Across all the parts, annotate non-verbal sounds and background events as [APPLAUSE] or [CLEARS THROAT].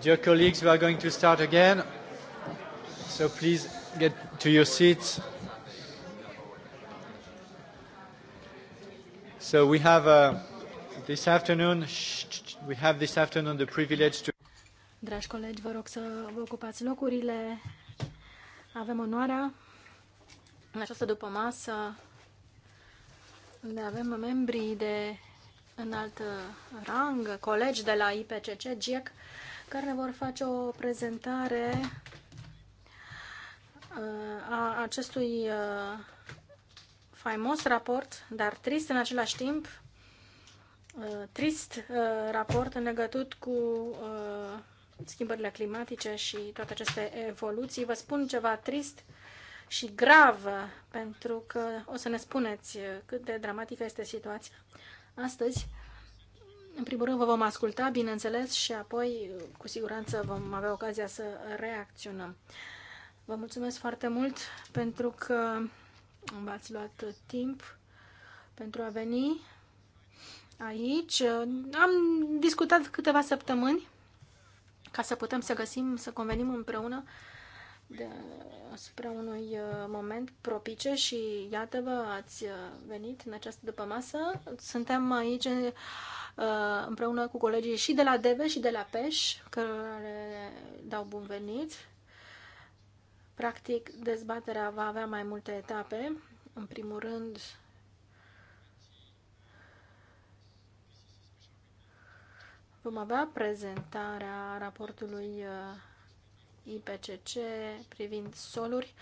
Dear colleagues, we are going to start again. So please get to your seats. So we have uh, this afternoon, we have this afternoon the privilege to. Dragi colegi, vă rog să vă ocupați locurile. Avem onoarea în această după masă unde avem membrii de înalt rang, colegi de la IPCC, GIEC, care ne vor face o prezentare uh, a acestui uh, faimos raport, dar trist în același timp, uh, trist raport în legătut cu schimbările climatice și toate aceste evoluții. Vă spun ceva trist, și gravă, pentru că o să ne spuneți cât de dramatică este situația. Astăzi, în primul rând, vă vom asculta, bineînțeles, și apoi, cu siguranță, vom avea ocazia să reacționăm. Vă mulțumesc foarte mult pentru că v-ați luat timp pentru a veni aici. Am discutat câteva săptămâni ca să putem să găsim, să convenim împreună uh, de, asupra unui uh, moment propice și iată vă ați uh, venit în această după masă. Suntem aici uh, împreună cu colegii și de la DEVE și de la PEș, care dau bun venit. Practic, dezbaterea va avea mai multe etape. În primul rând, vom avea prezentarea raportului IPCC privind soluri,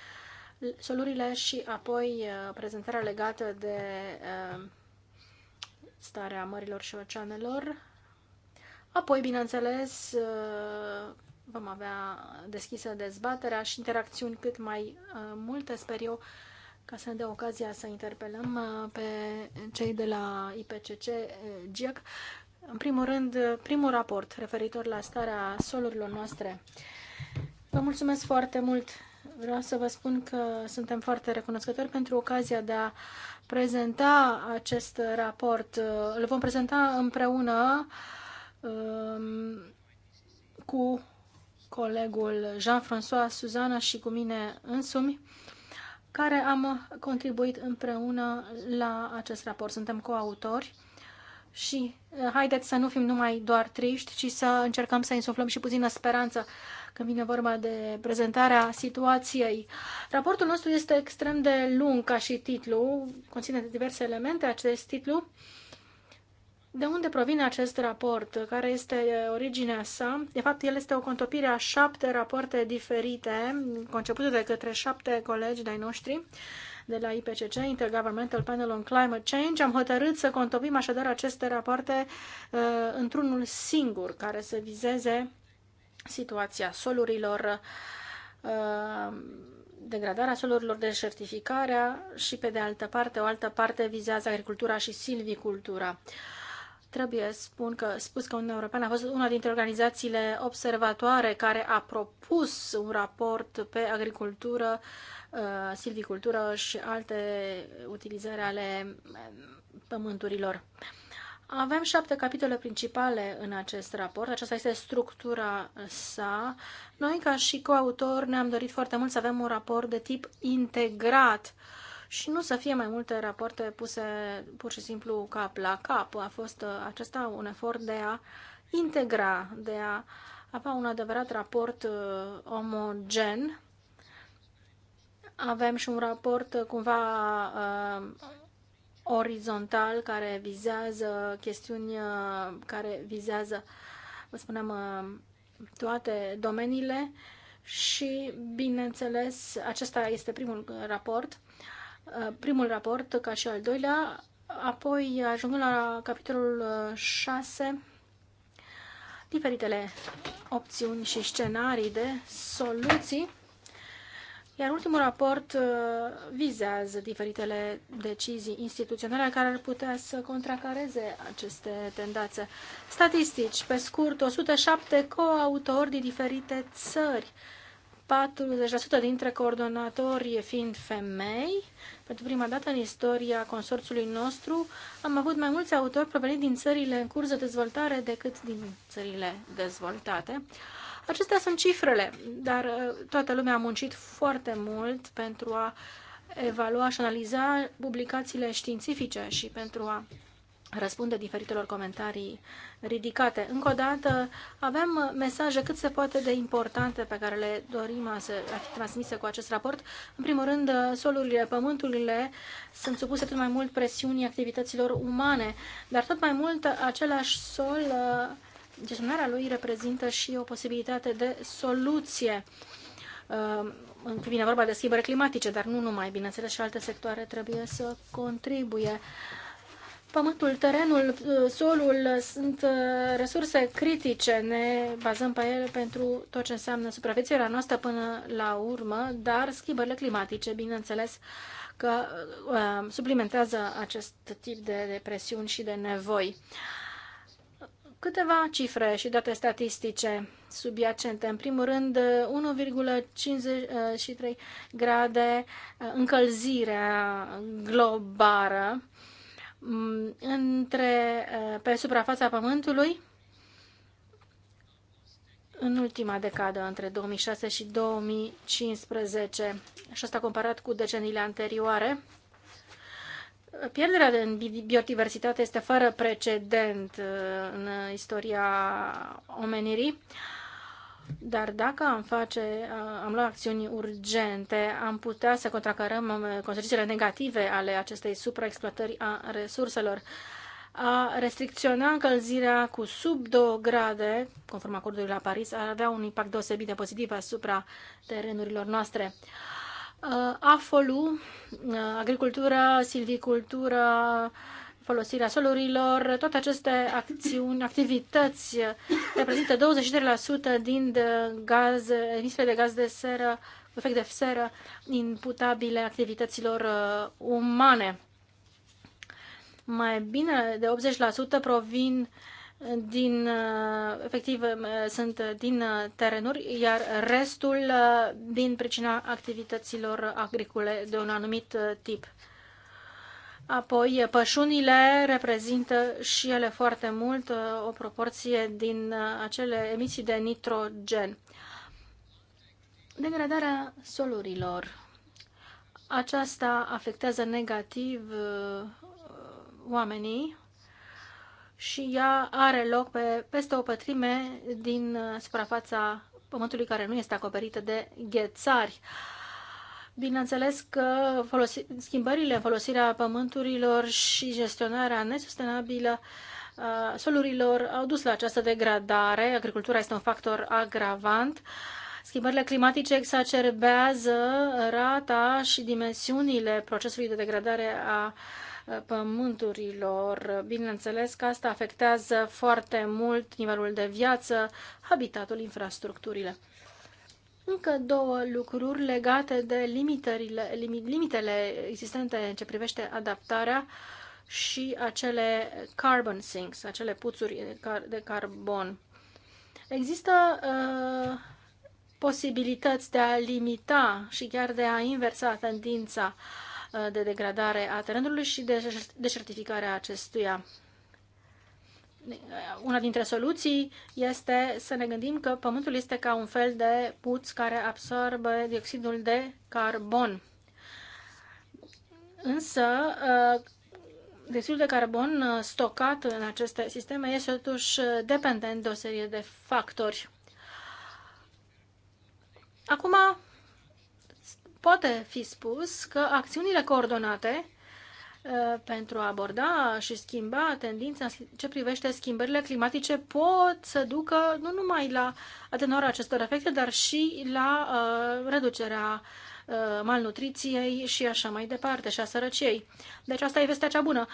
solurile și apoi uh, prezentarea legată de uh, starea mărilor și oceanelor. Apoi, bineînțeles, uh, vom avea deschisă dezbaterea și interacțiuni cât mai multe, sper eu, ca să ne dea ocazia să interpelăm pe cei de la IPCC, GIEC. În primul rând, primul raport referitor la starea solurilor noastre Vă mulțumesc foarte mult. Vreau să vă spun că suntem foarte recunoscători pentru ocazia de a prezenta acest raport. Îl vom prezenta împreună um, cu colegul Jean-François Suzana și cu mine însumi, care am contribuit împreună la acest raport. Suntem coautori și uh, haideți să nu fim numai doar triști, ci să încercăm să insuflăm și puțină speranță când vine vorba de prezentarea situației. Raportul nostru este extrem de lung ca și titlu, conține diverse elemente acest titlu. De unde provine acest raport? Care este uh, originea sa? De fapt, el este o contopire a șapte rapoarte diferite, concepute de către șapte colegi de-ai noștri de la IPCC, Intergovernmental Panel on Climate Change. Am hotărât să contopim așadar aceste rapoarte uh, într-unul singur care să vizeze situația solurilor, uh, degradarea solurilor, deșertificarea și, pe de altă parte, o altă parte vizează agricultura și silvicultura. Uh, Trebuie spun că, spus că Uniunea Europeană a fost una dintre organizațiile observatoare care a propus un raport pe agricultură, uh, silvicultură și alte utilizări ale uh, pământurilor. Avem șapte capitole principale în acest raport, aceasta este structura sa. Noi, ca și coautor, ne-am dorit foarte mult să avem un raport de tip integrat uh, și nu să fie mai multe rapoarte puse pur și simplu cap la cap. A fost uh, acesta un efort de a integra, de a avea un adevărat raport uh, omogen. Avem și un raport uh, cumva orizontal care vizează chestiuni care vizează, vă spunem, toate domeniile și, bineînțeles, acesta este primul raport Uh, primul raport ca și al doilea, apoi ajungând la capitolul 6, uh, diferitele opțiuni și scenarii de soluții, iar ultimul raport uh, vizează diferitele decizii instituționale care ar putea să contracareze aceste tendațe. Statistici, pe scurt, 107 coautori din diferite țări 40% dintre coordonatori fiind femei. Pentru prima dată în istoria consorțiului nostru am avut mai mulți autori proveniți din țările în curs de dezvoltare decât din țările dezvoltate. Acestea sunt cifrele, dar uh, toată lumea a muncit foarte mult pentru a evalua și analiza publicațiile științifice și pentru a răspunde diferitelor comentarii ridicate. Încă o dată, avem mesaje cât se poate de importante pe care le dorim a, se, a fi transmise cu acest raport. În primul rând, solurile, pământurile sunt supuse tot mai mult presiunii activităților umane, dar tot mai mult același sol, uh, gestionarea lui reprezintă și o posibilitate de soluție uh, când vine vorba de schimbări climatice, dar nu numai, bineînțeles, și alte sectoare trebuie să contribuie. Pământul, terenul, uh, solul uh, sunt uh, resurse critice, ne bazăm pe ele pentru tot ce înseamnă supraviețuirea noastră până la urmă, dar schimbările climatice, bineînțeles, că uh, suplimentează acest tip de, de presiuni și de nevoi. Câteva cifre și date statistice subiacente. În primul rând, 1,53 grade încălzirea globală Mm, între, uh, pe suprafața Pământului în ultima decadă, între 2006 și 2015, și asta comparat cu deceniile anterioare. Pierderea de biodiversitate este fără precedent uh, în istoria omenirii. Dar dacă am face, uh, am luat acțiuni urgente, am putea să contracarăm uh, consecințele negative ale acestei supraexploatări a resurselor. A restricționa încălzirea cu sub 2 grade, conform acordului la Paris, ar avea un impact deosebit de pozitiv asupra terenurilor noastre. Uh, Afolu, agricultura, silvicultura folosirea solurilor, toate aceste acțiuni, activități reprezintă 23% din gaz, emisiile de gaz de seră, efect de seră, imputabile activităților uh, umane. Mai bine de 80% provin din, uh, efectiv, uh, sunt din terenuri, iar restul din pricina activităților agricole de un anumit tip. Apoi, pășunile reprezintă și ele foarte mult uh, o proporție din uh, acele emisii de nitrogen. Degradarea solurilor. Aceasta afectează negativ uh, oamenii și ea are loc pe, peste o pătrime din suprafața pământului care nu este acoperită de ghețari. Uh, Bineînțeles că folosi, schimbările, folosirea pământurilor și gestionarea nesustenabilă a uh, solurilor au dus la această degradare. Agricultura este un factor agravant. Schimbările climatice exacerbează rata și dimensiunile procesului de degradare a uh, pământurilor. Bineînțeles că asta afectează foarte mult nivelul de viață, habitatul, infrastructurile. Încă două lucruri legate de limitările, limitele existente în ce privește adaptarea și acele carbon sinks, acele puțuri de carbon. Există uh, posibilități de a limita și chiar de a inversa tendința uh, de degradare a terenului și de, deșertificarea a acestuia una dintre soluții este să ne gândim că Pământul este ca un fel de puț care absorbă dioxidul de carbon. Însă, uh, dioxidul de carbon uh, stocat în aceste sisteme este totuși uh, dependent de o serie de factori. Acum, poate fi spus că acțiunile coordonate Uh, pentru a aborda și schimba tendința ce privește schimbările climatice pot să ducă nu numai la atenuarea acestor efecte, dar și la uh, reducerea uh, malnutriției și așa mai departe, și a sărăciei. Deci asta e vestea cea bună.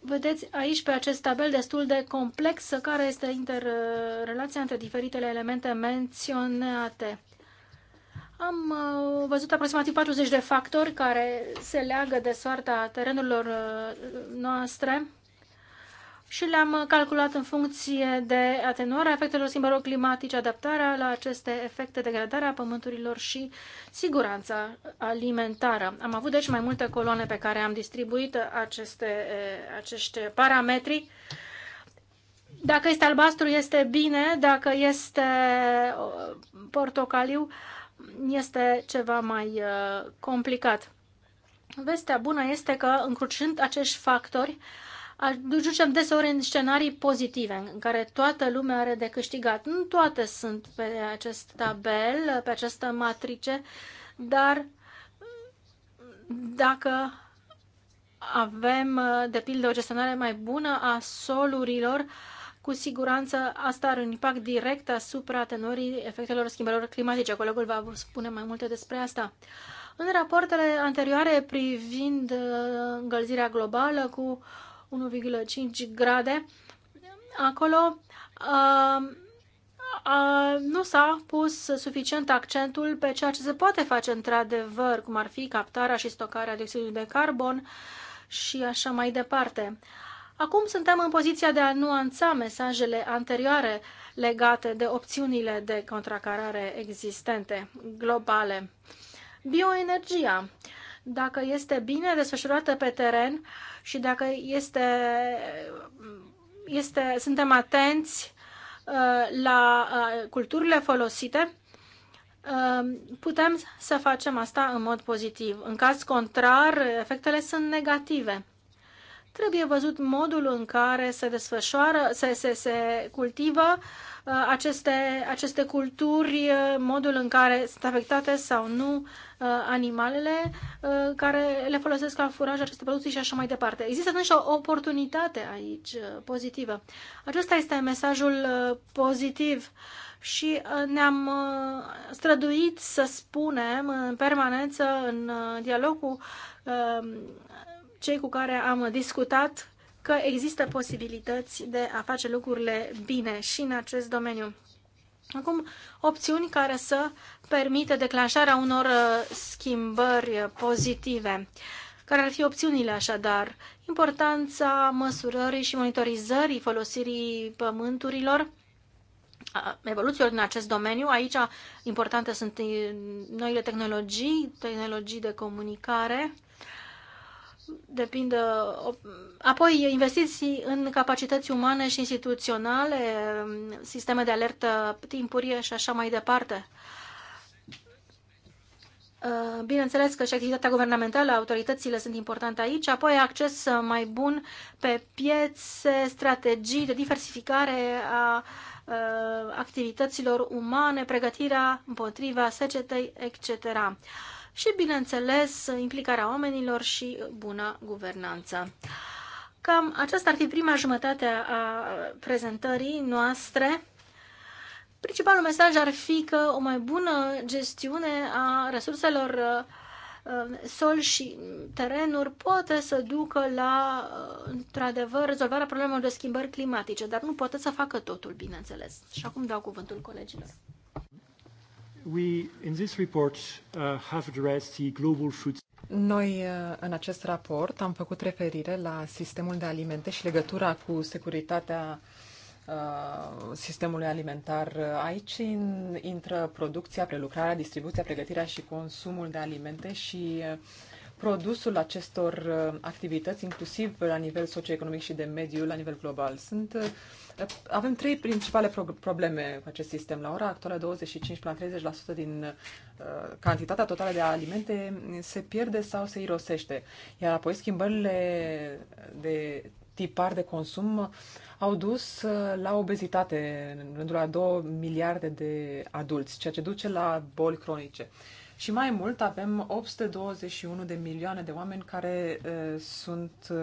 Vedeți aici pe acest tabel destul de complex care este interrelația între diferitele elemente menționate. Am uh, văzut aproximativ 40 de factori care se leagă de soarta terenurilor uh, noastre și le-am uh, calculat în funcție de atenuarea efectelor schimbărilor climatice, adaptarea la aceste efecte, degradarea pământurilor și siguranța alimentară. Am avut deci mai multe coloane pe care am distribuit aceste, acești parametri. Dacă este albastru este bine, dacă este portocaliu este ceva mai uh, complicat. Vestea bună este că, încrucișând acești factori, ducem deseori în scenarii pozitive, în care toată lumea are de câștigat. Nu toate sunt pe acest tabel, pe această matrice, dar dacă avem, de pildă, o gestionare mai bună a solurilor, uh, cu siguranță asta are un impact direct asupra tenorii efectelor schimbărilor climatice. Colegul va spune mai multe despre asta. În rapoartele anterioare privind uh, încălzirea globală cu 1,5 grade, acolo a, uh, a, nu s-a pus suficient accentul pe ceea ce se poate face într-adevăr, cum ar fi captarea și stocarea dioxidului de carbon și așa mai departe. Uh, Acum suntem în poziția de a nuanța mesajele anterioare legate de opțiunile de contracarare existente, globale. Bioenergia, dacă este bine desfășurată pe teren și dacă este, este, suntem atenți uh, la uh, culturile folosite, uh, putem să facem asta în mod pozitiv. În caz contrar, efectele sunt negative. Trebuie văzut modul în care se desfășoară, se, se, se cultivă uh, aceste, aceste culturi, uh, modul în care sunt afectate sau nu uh, animalele care le folosesc ca furaj aceste producții și așa mai departe. Există atunci o oportunitate aici pozitivă. Acesta este mesajul pozitiv și ne-am străduit să spunem în permanență în dialog cu cei cu care am discutat că există posibilități de a face lucrurile bine și în acest domeniu. Acum, opțiuni care să permită declanșarea unor uh, schimbări pozitive. Care ar fi opțiunile așadar? Importanța măsurării și monitorizării folosirii pământurilor, evoluțiilor din acest domeniu. Aici importante sunt uh, noile tehnologii, tehnologii de comunicare, Depinde. Apoi, investiții în capacități umane și instituționale, sisteme de alertă timpurie și așa mai departe. Uh, bineînțeles că și activitatea guvernamentală, autoritățile sunt importante aici, apoi acces mai bun pe piețe, strategii de diversificare a uh, activităților umane, pregătirea împotriva secetei, etc și, bineînțeles, implicarea oamenilor și bună guvernanță. Cam aceasta ar fi prima jumătate a prezentării noastre. Principalul mesaj ar fi că o mai bună gestiune a resurselor uh, sol și terenuri poate să ducă la, uh, într-adevăr, rezolvarea problemelor de schimbări climatice, dar nu poate să facă totul, bineînțeles. Și acum dau cuvântul colegilor. We, in this report, uh, have addressed the global food noi, uh, în acest raport, am făcut referire la sistemul de alimente și legătura cu securitatea uh, sistemului alimentar. Aici intră producția, prelucrarea, distribuția, pregătirea și consumul de alimente și uh, produsul acestor uh, activități, inclusiv la nivel socioeconomic și de mediu, la nivel global. Sunt, uh, avem trei principale pro probleme cu acest sistem. La ora actuală, 25 la 30% din uh, cantitatea totală de alimente se pierde sau se irosește. Iar apoi schimbările de tipar de consum au dus uh, la obezitate în rândul a 2 miliarde de adulți, ceea ce duce la boli cronice. Uh, și mai mult avem 821 de milioane de oameni care uh, sunt uh,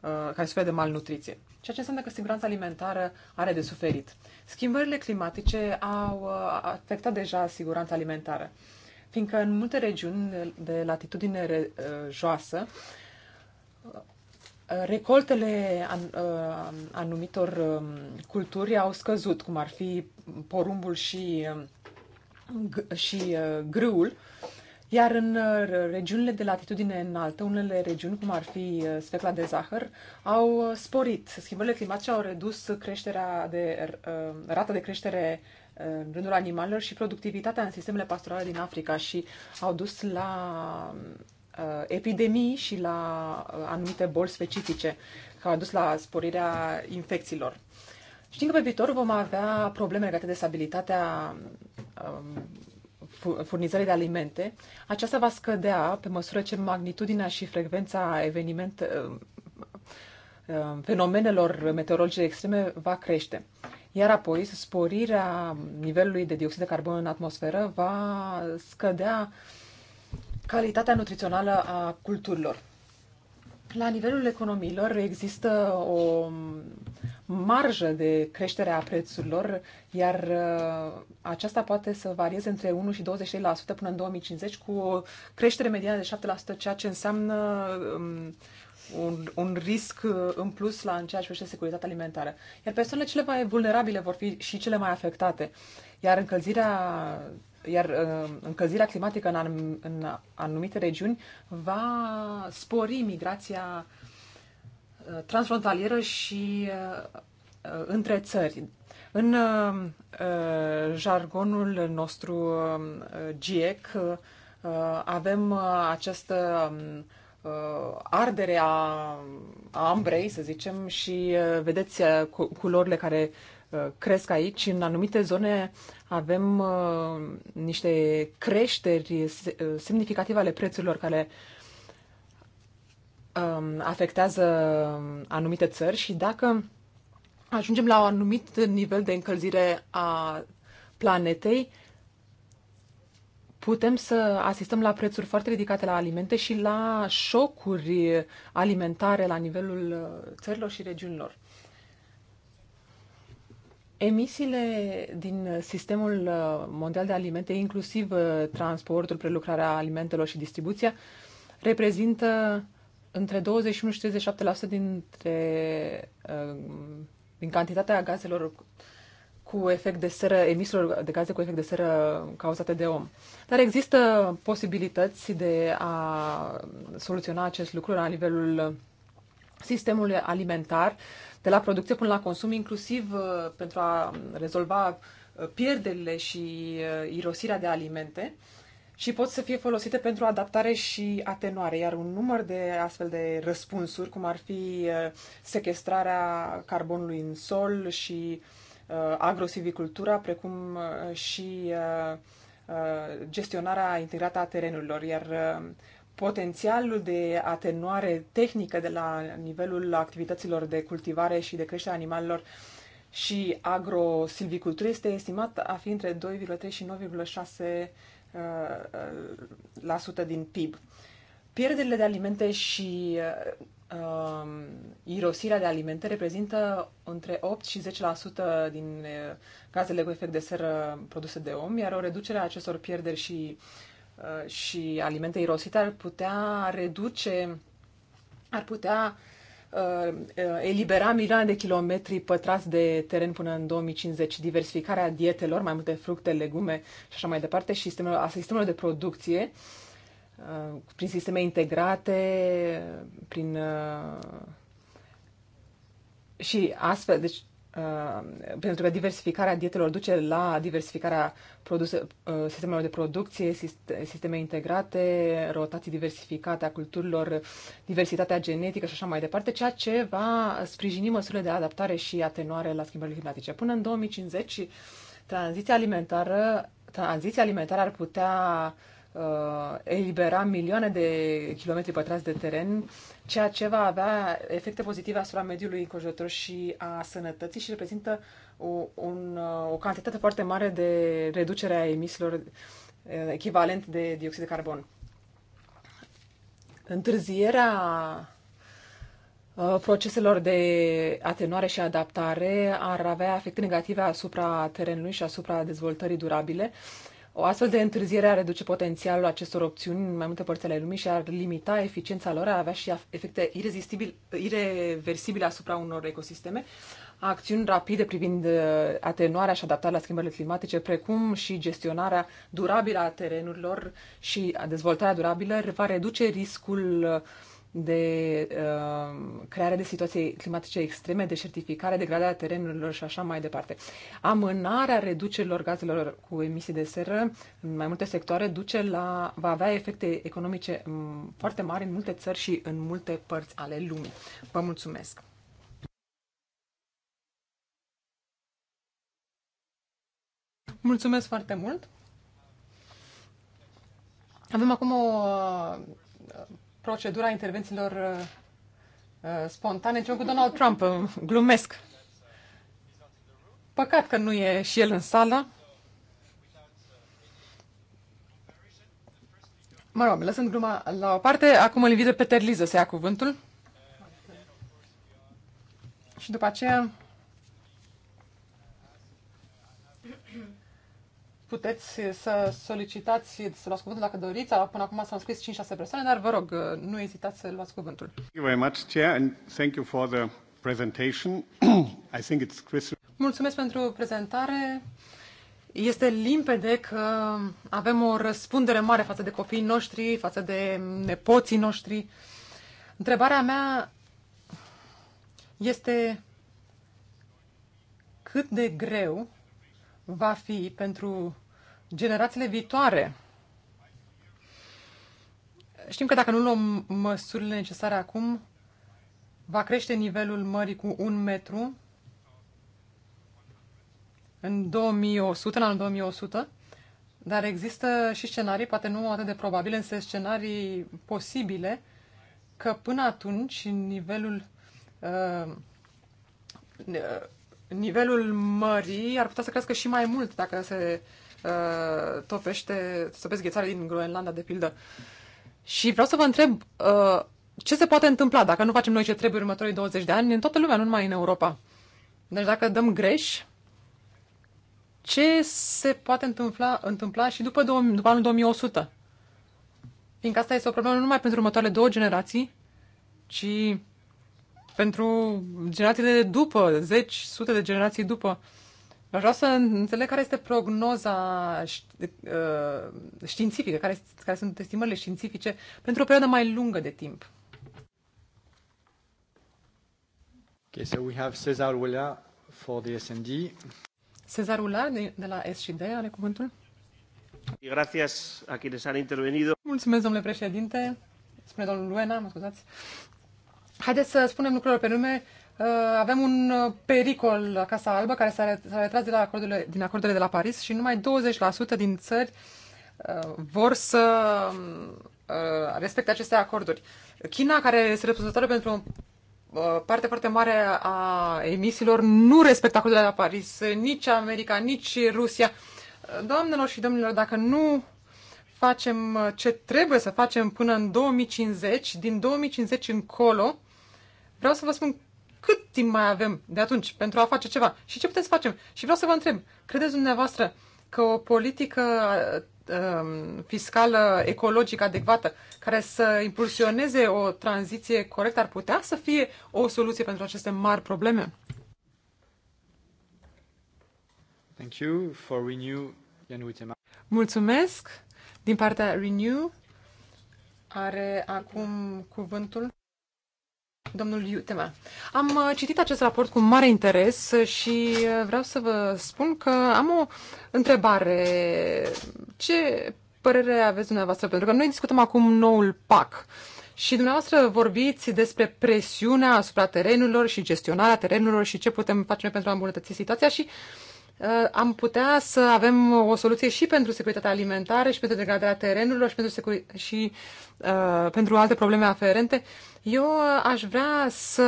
uh, care suferă de malnutriție. Ceea ce înseamnă că siguranța alimentară are de suferit. Schimbările climatice au uh, afectat deja siguranța alimentară, fiindcă în multe regiuni de latitudine re, uh, joasă uh, Recoltele uh, anumitor um, culturi au scăzut, cum ar fi porumbul și um, și uh, grâul, iar în uh, regiunile de latitudine înaltă, unele regiuni, cum ar fi uh, sfecla de zahăr, au sporit. Schimbările climatice au redus creșterea de, rata de creștere în rândul animalelor și productivitatea în sistemele pastorale din Africa și au dus la epidemii și la anumite boli specifice, care au dus la sporirea infecțiilor. Știm că pe viitor vom avea probleme legate de stabilitatea um, furnizării de alimente, aceasta va scădea pe măsură ce magnitudinea și frecvența eveniment, um, um, fenomenelor meteorologice extreme va crește. Iar apoi, sporirea nivelului de dioxid de carbon în atmosferă va scădea calitatea nutrițională a culturilor. La nivelul economiilor există o marjă de creștere a prețurilor, iar uh, aceasta poate să varieze între 1 și 23% până în 2050, cu o creștere mediană de 7%, ceea ce înseamnă um, un, un risc uh, în plus la în ceea ce privește securitatea alimentară. Iar persoanele cele mai vulnerabile vor fi și cele mai afectate. Iar încălzirea iar uh, încălzirea climatică în, în anumite regiuni va spori migrația uh, transfrontalieră și uh, între țări. În jargonul nostru GIEC avem această um, ardere a, a ambrei, să zicem, și vedeți culorile care cresc aici. În anumite zone avem uh, niște creșteri uh, semnificative ale prețurilor care um, afectează anumite țări și dacă ajungem la un anumit nivel de încălzire a planetei, putem să asistăm la prețuri foarte ridicate la alimente și la șocuri alimentare la nivelul uh, țărilor și regiunilor. Emisiile din sistemul uh, mondial de alimente, inclusiv uh, transportul, prelucrarea alimentelor și distribuția, reprezintă între 21 și 37% dintre, uh, din cantitatea gazelor cu efect de seră, emisiilor de gaze cu efect de seră cauzate de om. Dar există posibilități de a soluționa acest lucru la nivelul sistemului alimentar de la producție până la consum, inclusiv uh, pentru a um, rezolva uh, pierderile și uh, irosirea de alimente și pot să fie folosite pentru adaptare și atenuare, iar un număr de astfel de răspunsuri, cum ar fi sequestrarea carbonului în sol și agrosivicultura, precum și gestionarea integrată a terenurilor, iar potențialul de atenuare tehnică de la nivelul activităților de cultivare și de creștere a animalelor și agrosilvicultură este estimat a fi între 2,3 și 9,6% uh, la sută din PIB. Pierderile de alimente și uh, um, irosirea de alimente reprezintă între 8 și 10% din uh, gazele cu efect de seră produse de om, iar o reducere a acestor pierderi și uh, Uh, și alimente irosite ar putea reduce, ar putea uh, uh, elibera milioane de kilometri pătrați de teren până în 2050, diversificarea dietelor, mai multe fructe, legume și așa mai departe și sistemelor, a sistemelor de producție prin sisteme integrate, prin și astfel, deci Uh, pentru că diversificarea dietelor duce la diversificarea produse, uh, sistemelor de producție, sisteme integrate, rotații diversificate a culturilor, diversitatea genetică și așa mai departe, ceea ce va sprijini măsurile de adaptare și atenuare la schimbările climatice. Până în 2050, tranziția alimentară, tranziția alimentară ar putea uh, uh, elibera milioane de kilometri pătrați de teren, ceea ce va avea efecte pozitive asupra mediului înconjurător și a sănătății și reprezintă o, un, uh, o cantitate foarte mare de reducere a emisiilor uh, echivalent de dioxid de carbon. Întârzierea uh, proceselor de atenuare și adaptare ar avea efecte negative asupra terenului și asupra dezvoltării durabile. Uh, o astfel de întârziere ar reduce potențialul acestor opțiuni în mai multe părți ale lumii și ar limita eficiența lor, ar avea și efecte ireversibile asupra unor ecosisteme, acțiuni rapide privind uh, atenuarea și adaptarea la schimbările climatice, precum și gestionarea durabilă a terenurilor și dezvoltarea durabilă, va reduce riscul uh, de uh, creare de situații climatice extreme, de certificare, degradarea terenurilor și așa mai departe. Amânarea reducerilor gazelor cu emisii de seră în mai multe sectoare duce la, va avea efecte economice um, foarte mari în multe țări și în multe părți ale lumii. Vă mulțumesc! Mulțumesc foarte mult! Avem acum o uh, procedura intervențiilor uh, uh spontane, ce cu Donald Trump, glumesc. Păcat că nu e și el în sală. Mă rog, lăsând gluma la o parte, acum îl invit pe Terliză să ia cuvântul. Și după aceea puteți să solicitați, să luați cuvântul dacă doriți. Până acum s-au scris 5-6 persoane, dar vă rog, nu ezitați să luați cuvântul. [CLEARS THROAT] Mulțumesc pentru prezentare. Este limpede că avem o răspundere mare față de copiii noștri, față de nepoții noștri. Întrebarea mea este cât de greu va fi pentru generațiile viitoare. Știm că dacă nu luăm măsurile necesare acum, va crește nivelul mării cu un metru în 2100, în anul 2100, dar există și scenarii, poate nu atât de probabile, însă scenarii posibile, că până atunci nivelul uh, nivelul mării ar putea să crească și mai mult dacă se uh, topește, topesc ghețarea din Groenlanda, de pildă. Și vreau să vă întreb uh, ce se poate întâmpla dacă nu facem noi ce trebuie următorii 20 de ani în toată lumea, nu numai în Europa. Deci dacă dăm greș, ce se poate întâmpla, întâmpla și după, după anul 2100? Fiindcă asta este o problemă nu numai pentru următoarele două generații, ci pentru generațiile de după, zeci, sute de generații după. vrea să înțeleg care este prognoza uh, științifică, care, care sunt estimările științifice pentru o perioadă mai lungă de timp. Okay, so we have Cesar Ula for the SND. Cesar Ula de, de la SD are cuvântul. Gracias a quienes han intervenido. Mulțumesc, domnule președinte. Spune domnul Luena, mă scuzați. Haideți să spunem lucrurile pe nume. Uh, avem un uh, pericol la Casa Albă care s-a retras de la acordurile, din acordurile de la Paris și numai 20% din țări uh, vor să respecte aceste acorduri. China, care este reprezentată pentru o parte foarte mare a emisiilor, nu respectă acordurile de la Paris, nici America, nici Rusia. Doamnelor și domnilor, dacă nu facem ce trebuie să facem până în 2050, din 2050 încolo, Vreau să vă spun cât timp mai avem de atunci pentru a face ceva și ce putem să facem. Și vreau să vă întreb, credeți dumneavoastră că o politică um, fiscală ecologică adecvată care să impulsioneze o tranziție corectă ar putea să fie o soluție pentru aceste mari probleme? Thank you for Renew, Mulțumesc din partea Renew. Are acum cuvântul Domnul Iutema, am uh, citit acest raport cu mare interes și uh, vreau să vă spun că am o întrebare. Ce părere aveți dumneavoastră? Pentru că noi discutăm acum noul PAC. Și dumneavoastră vorbiți despre presiunea asupra terenurilor și gestionarea terenurilor și ce putem face noi pentru a îmbunătăți situația și uh, am putea să avem o soluție și pentru securitatea alimentară și pentru degradarea terenurilor și pentru, securi- și, uh, pentru alte probleme aferente. Uh, eu uh, aș vrea să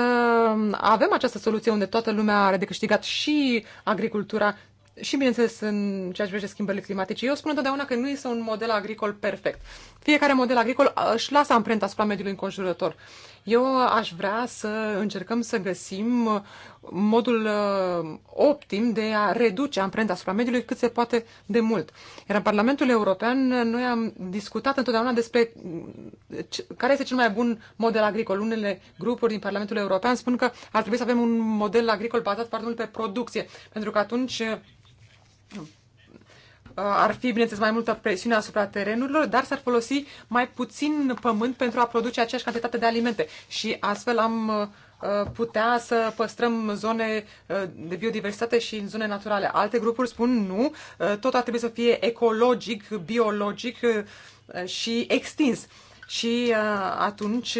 avem această soluție unde toată lumea are de câștigat și agricultura și, bineînțeles, în ceea ce privește schimbările climatice. Eu spun întotdeauna că nu este un model agricol perfect. Fiecare model agricol uh, își lasă amprenta asupra mediului înconjurător. Eu uh, aș vrea să încercăm să găsim uh, modul optim de a reduce amprenta asupra mediului cât se poate de mult. Iar în Parlamentul European noi am discutat întotdeauna despre care este cel mai bun model agricol. Unele grupuri din Parlamentul European spun că ar trebui să avem un model agricol bazat foarte mult pe producție, pentru că atunci Uh, ar fi, bineînțeles, mai multă presiune asupra terenurilor, dar s-ar folosi mai puțin pământ pentru a produce aceeași cantitate de alimente. Și astfel am uh, putea să păstrăm zone uh, de biodiversitate și în zone naturale. Alte grupuri spun nu, tot ar trebui să fie ecologic, biologic și extins. Și atunci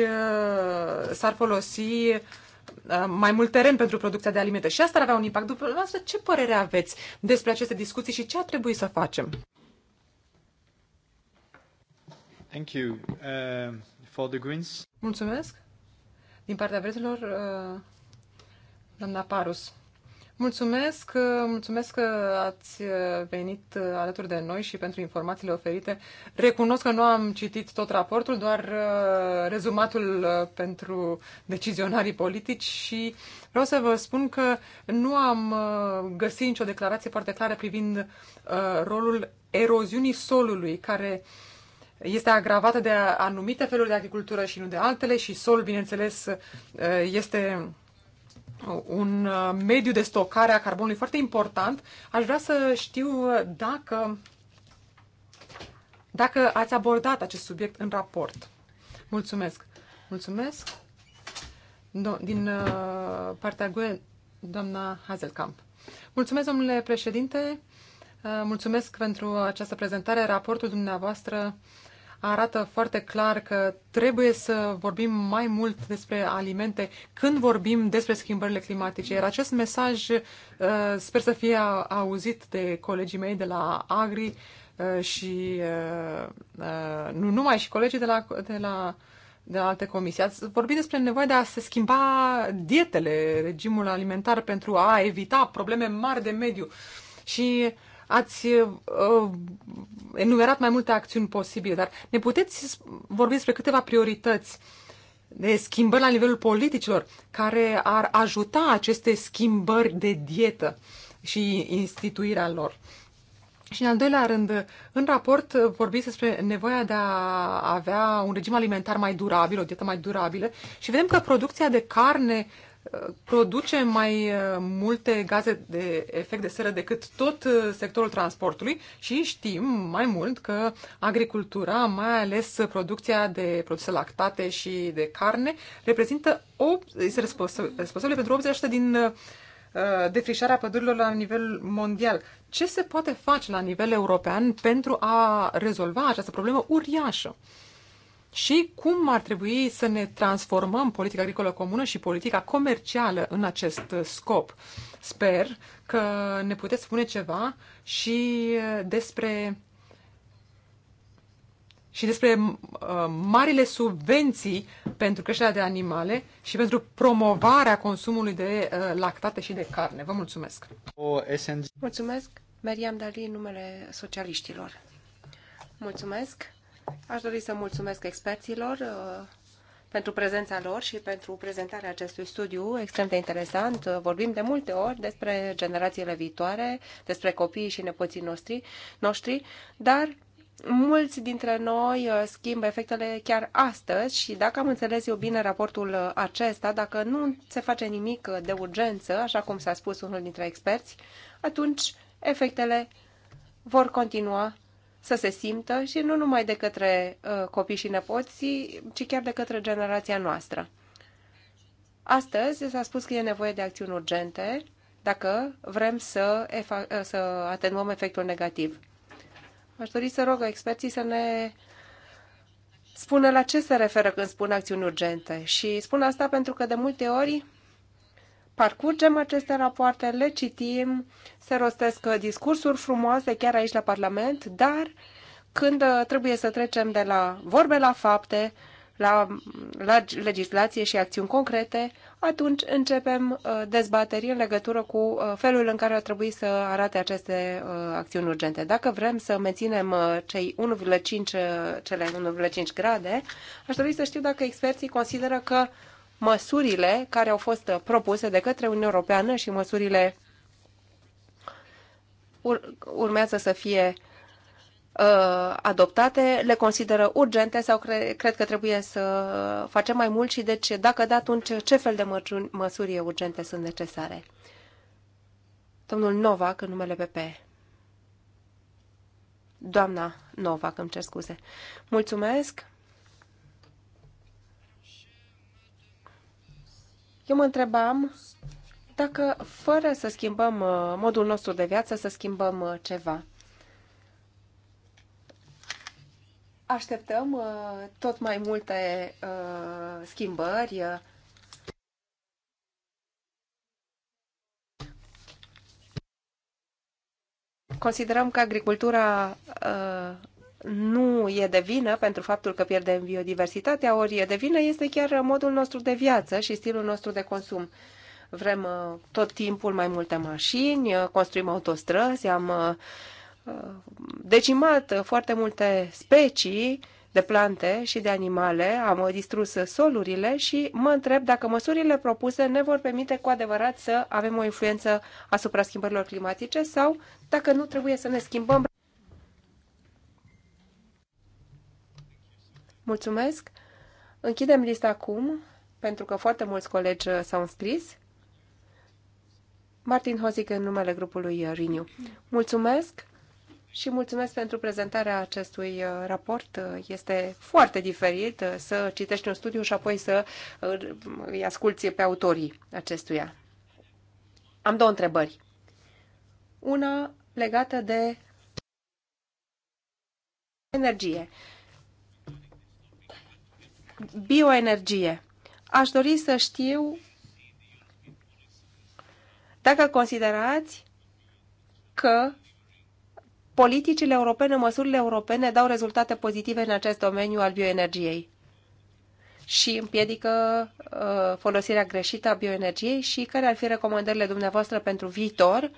s-ar folosi Uh, mai mult teren pentru producția de alimente și asta ar avea un impact. După asta, ce părere aveți despre aceste discuții și ce ar trebui să facem? Thank you. Uh, for the Greens. Mulțumesc. Din partea verzilor, uh, doamna Parus. Mulțumesc, uh, mulțumesc că ați uh, venit uh, alături de noi și pentru informațiile oferite. Recunosc că nu am citit tot raportul, doar rezumatul pentru decizionarii politici și vreau să vă spun că nu am găsit nicio declarație foarte clară privind rolul eroziunii solului, care este agravată de anumite feluri de agricultură și nu de altele și sol, bineînțeles, este un uh, mediu de stocare a carbonului foarte important. Aș vrea să știu dacă, dacă ați abordat acest subiect în raport. Mulțumesc! Mulțumesc! Do- din uh, partea GUE, doamna Hazelkamp. Mulțumesc, domnule președinte! Uh, mulțumesc pentru această prezentare. Raportul dumneavoastră arată foarte clar că trebuie să vorbim mai mult despre alimente când vorbim despre schimbările climatice. Iar acest mesaj uh, sper să fie auzit de colegii mei de la Agri uh, și uh, nu numai și colegii de la, de la de alte comisii. Ați vorbit despre nevoia de a se schimba dietele, regimul alimentar pentru a evita probleme mari de mediu. Și Ați uh, uh, enumerat mai multe acțiuni posibile, dar ne puteți vorbi despre câteva priorități de schimbări la nivelul politicilor care ar ajuta aceste schimbări de dietă și instituirea lor. Și în al doilea rând, în raport vorbiți despre nevoia de a avea un regim alimentar mai durabil, o dietă mai durabilă și vedem că producția de carne produce mai uh, multe gaze de efect de seră decât tot uh, sectorul transportului și știm mai mult că agricultura, mai ales producția de produse lactate și de carne, reprezintă este responsabilă pentru 80% din uh, defrișarea pădurilor la nivel mondial. Ce se poate face la nivel european pentru a rezolva această problemă uriașă? și cum ar trebui să ne transformăm politica agricolă comună și politica comercială în acest uh, scop. Sper că ne puteți spune ceva și uh, despre și despre uh, marile subvenții pentru creșterea de animale și pentru promovarea consumului de uh, lactate și de carne. Vă mulțumesc! O Mulțumesc! Meriam Dali numele socialiștilor. Mulțumesc! Aș dori să mulțumesc experților uh, pentru prezența lor și pentru prezentarea acestui studiu extrem de interesant. Uh, vorbim de multe ori despre generațiile viitoare, despre copiii și nepoții noștri, noștri dar mulți dintre noi uh, schimbă efectele chiar astăzi și dacă am înțeles eu bine raportul acesta, dacă nu se face nimic de urgență, așa cum s-a spus unul dintre experți, atunci efectele vor continua să se simtă și nu numai de către uh, copii și nepoții, ci chiar de către generația noastră. Astăzi s-a spus că e nevoie de acțiuni urgente dacă vrem să, uh, să atenuăm efectul negativ. Aș dori să rog experții să ne spună la ce se referă când spun acțiuni urgente. Și spun asta pentru că de multe ori parcurgem aceste rapoarte, le citim, se rostesc discursuri frumoase chiar aici la Parlament, dar când uh, trebuie să trecem de la vorbe la fapte, la, la legislație și acțiuni concrete, atunci începem uh, dezbateri în legătură cu uh, felul în care ar trebui să arate aceste acțiuni urgente. Dacă vrem să menținem cei 1,5, cele 1,5 grade, aș dori să știu dacă experții consideră că măsurile care au fost propuse de către Uniunea Europeană și măsurile urmează să fie uh, adoptate, le consideră urgente sau cre cred că trebuie să facem mai mult și deci dacă da, atunci ce fel de măsuri urgente sunt necesare? Domnul Novac, în numele PP. Doamna Novac, îmi cer scuze. Mulțumesc. Eu mă întrebam dacă, fără să schimbăm uh, modul nostru de viață, să schimbăm uh, ceva. Așteptăm uh, tot mai multe schimbări. Considerăm că agricultura nu e de vină pentru faptul că pierdem biodiversitatea, ori e de vină este chiar modul nostru de viață și stilul nostru de consum. Vrem uh, tot timpul mai multe mașini, uh, construim autostrăzi, am uh, decimat foarte multe specii de plante și de animale, am distrus solurile și mă întreb dacă măsurile propuse ne vor permite cu adevărat să avem o influență asupra schimbărilor climatice sau dacă nu trebuie să ne schimbăm Mulțumesc! Închidem lista acum, pentru că foarte mulți colegi uh, s-au înscris. Martin Hozic în numele grupului uh, Riniu. Mulțumesc și mulțumesc pentru prezentarea acestui uh, raport. Este foarte diferit să citești un studiu și apoi să îi asculți pe autorii acestuia. Am două întrebări. Una legată de energie bioenergie. Aș dori să știu dacă considerați că politicile europene, măsurile europene dau rezultate pozitive în acest domeniu al bioenergiei și împiedică uh, folosirea greșită a bioenergiei și care ar fi recomandările dumneavoastră pentru viitor,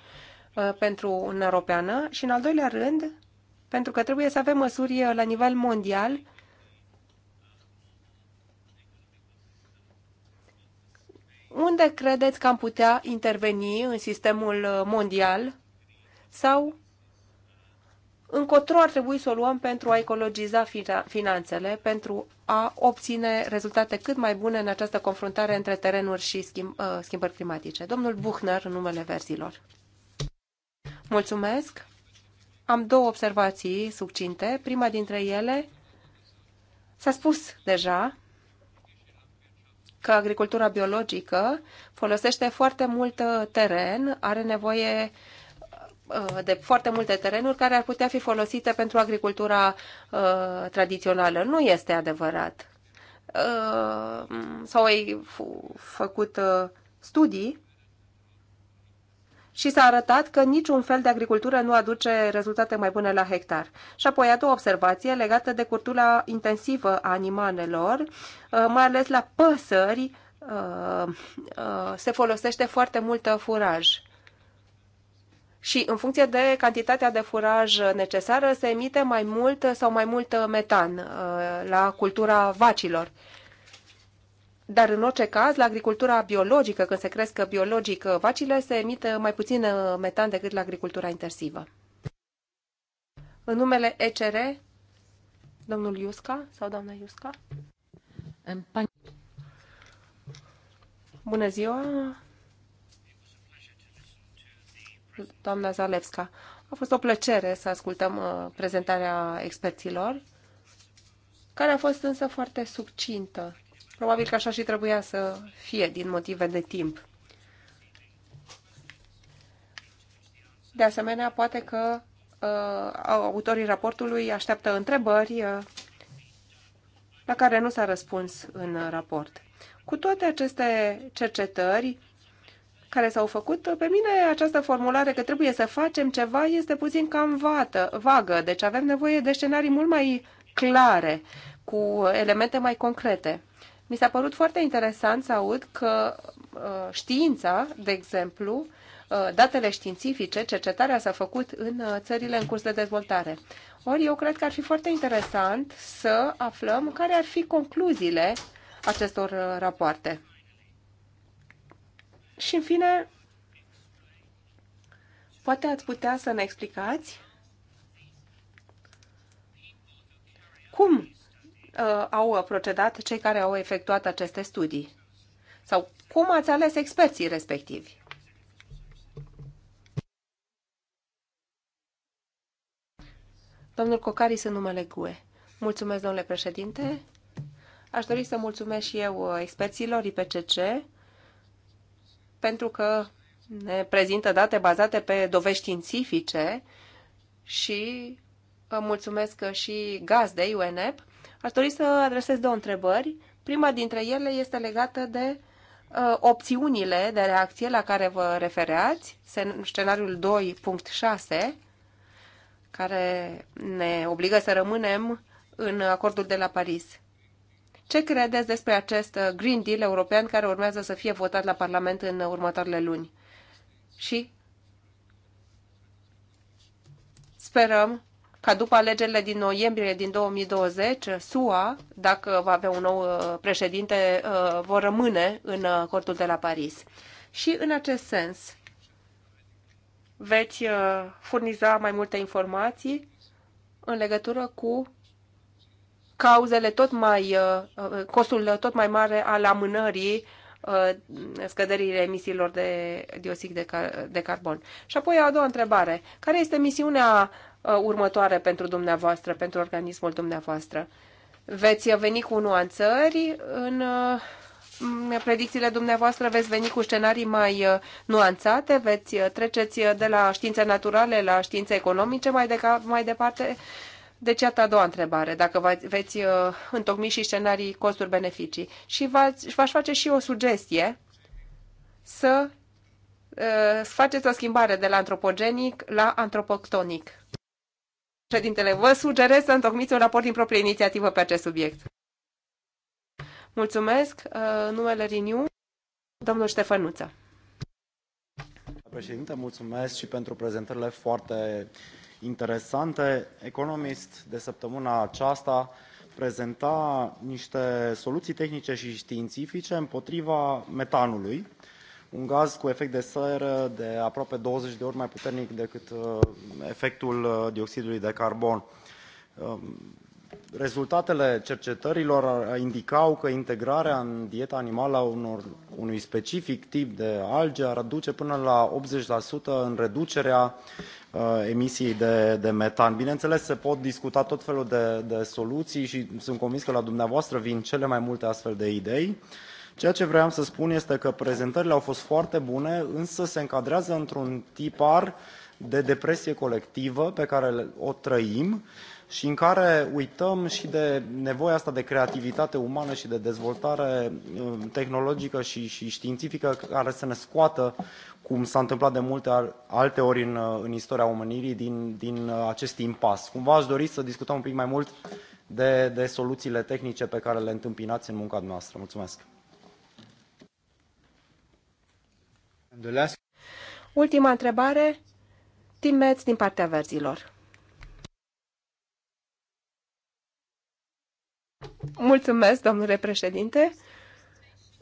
uh, pentru Uniunea Europeană și, în al doilea rând, pentru că trebuie să avem măsuri uh, la nivel mondial unde credeți că am putea interveni în sistemul mondial sau încotro ar trebui să o luăm pentru a ecologiza finanțele, pentru a obține rezultate cât mai bune în această confruntare între terenuri și schimb, uh, schimbări climatice. Domnul Buchner, în numele verzilor. Mulțumesc. Am două observații succinte. Prima dintre ele s-a spus deja că agricultura biologică folosește foarte mult uh, teren, are nevoie uh, de foarte multe terenuri care ar putea fi folosite pentru agricultura uh, tradițională. Nu este adevărat. Uh, S-au făcut uh, studii și s-a arătat că niciun fel de agricultură nu aduce rezultate mai bune la hectar. Și apoi a doua observație legată de cultura intensivă a animalelor, uh, mai ales la păsări, uh, uh, se folosește foarte mult furaj. Și în funcție de cantitatea de furaj necesară, se emite mai mult sau mai mult metan la cultura vacilor. Dar în orice caz, la agricultura biologică, când se cresc biologic vacile, se emită mai puțin metan decât la agricultura intensivă. În numele ECR, domnul Iusca sau doamna Iusca? Bună ziua, doamna Zalevska. A fost o plăcere să ascultăm uh, prezentarea experților, care a fost însă foarte succintă. Probabil că așa și trebuia să fie din motive de timp. De asemenea, poate că uh, autorii raportului așteaptă întrebări uh, la care nu s-a răspuns în raport. Cu toate aceste cercetări care s-au făcut, pe mine această formulare că trebuie să facem ceva este puțin cam vată, vagă, deci avem nevoie de scenarii mult mai clare, cu elemente mai concrete. Mi s-a părut foarte interesant să aud că uh, știința, de exemplu, uh, datele științifice, cercetarea s-a făcut în uh, țările în curs de dezvoltare. Ori eu cred că ar fi foarte interesant să aflăm care ar fi concluziile acestor rapoarte. Și în fine, poate ați putea să ne explicați cum Uh, au procedat cei care au efectuat aceste studii? Sau cum ați ales experții respectivi? Domnul Cocari, sunt numele GUE. Mulțumesc, domnule președinte. Aș dori să mulțumesc și eu uh, experților IPCC pentru că ne prezintă date bazate pe dovești științifice și uh, mulțumesc și gazdei UNEP Aș dori să adresez două întrebări. Prima dintre ele este legată de uh, opțiunile de reacție la care vă refereați, scenariul 2.6, care ne obligă să rămânem în acordul de la Paris. Ce credeți despre acest uh, Green Deal european care urmează să fie votat la Parlament în următoarele luni? Și sperăm ca după alegerile din noiembrie din 2020, SUA, dacă va avea un nou uh, președinte, uh, vor rămâne în uh, cortul de la Paris. Și în acest sens, veți furniza mai multe informații în legătură cu cauzele tot mai, costul tot mai mare al amânării scăderii emisiilor de dioxid de, car- de carbon. Și apoi a doua întrebare. Care este misiunea Uh, următoare pentru dumneavoastră, pentru organismul dumneavoastră. Veți veni cu nuanțări în uh, predicțiile dumneavoastră, veți veni cu scenarii mai uh, nuanțate, veți treceți de la științe naturale la științe economice mai, de mai departe. Deci, iată a doua întrebare, dacă veți întocmi și scenarii costuri-beneficii. Și v-aș face și o sugestie să faceți o schimbare de la antropogenic la antropoctonic. Președintele, vă sugerez să întocmiți un raport din proprie inițiativă pe acest subiect. Mulțumesc. Uh, numele Riniu, domnul Ștefănuță. Președinte, mulțumesc și pentru prezentările foarte interesante. Economist de săptămâna aceasta prezenta niște soluții tehnice și științifice împotriva metanului un gaz cu efect de seră de aproape 20 de ori mai puternic decât uh, efectul uh, dioxidului de carbon. Um, rezultatele cercetărilor indicau că integrarea în dieta animală a unor, unui specific tip de alge ar duce până la 80% în reducerea uh, emisiei de, de, metan. Bineînțeles, se pot discuta tot felul de, de soluții și sunt convins că la dumneavoastră vin cele mai multe astfel de idei. Uh, Ceea ce vreau să spun este că prezentările au fost foarte bune, însă se încadrează într-un tipar de depresie colectivă pe care o trăim și în care uităm și de nevoia asta de creativitate umană și de dezvoltare um, tehnologică și, și științifică care să ne scoată, cum s-a întâmplat de multe alte ori în, uh, în istoria omenirii, din, din uh, acest impas. Cumva aș dori să discutăm un pic mai mult de, de soluțiile tehnice pe care le întâmpinați în munca noastră. Mulțumesc! Ultima întrebare, Timeți din partea verzilor. Mulțumesc, domnule președinte.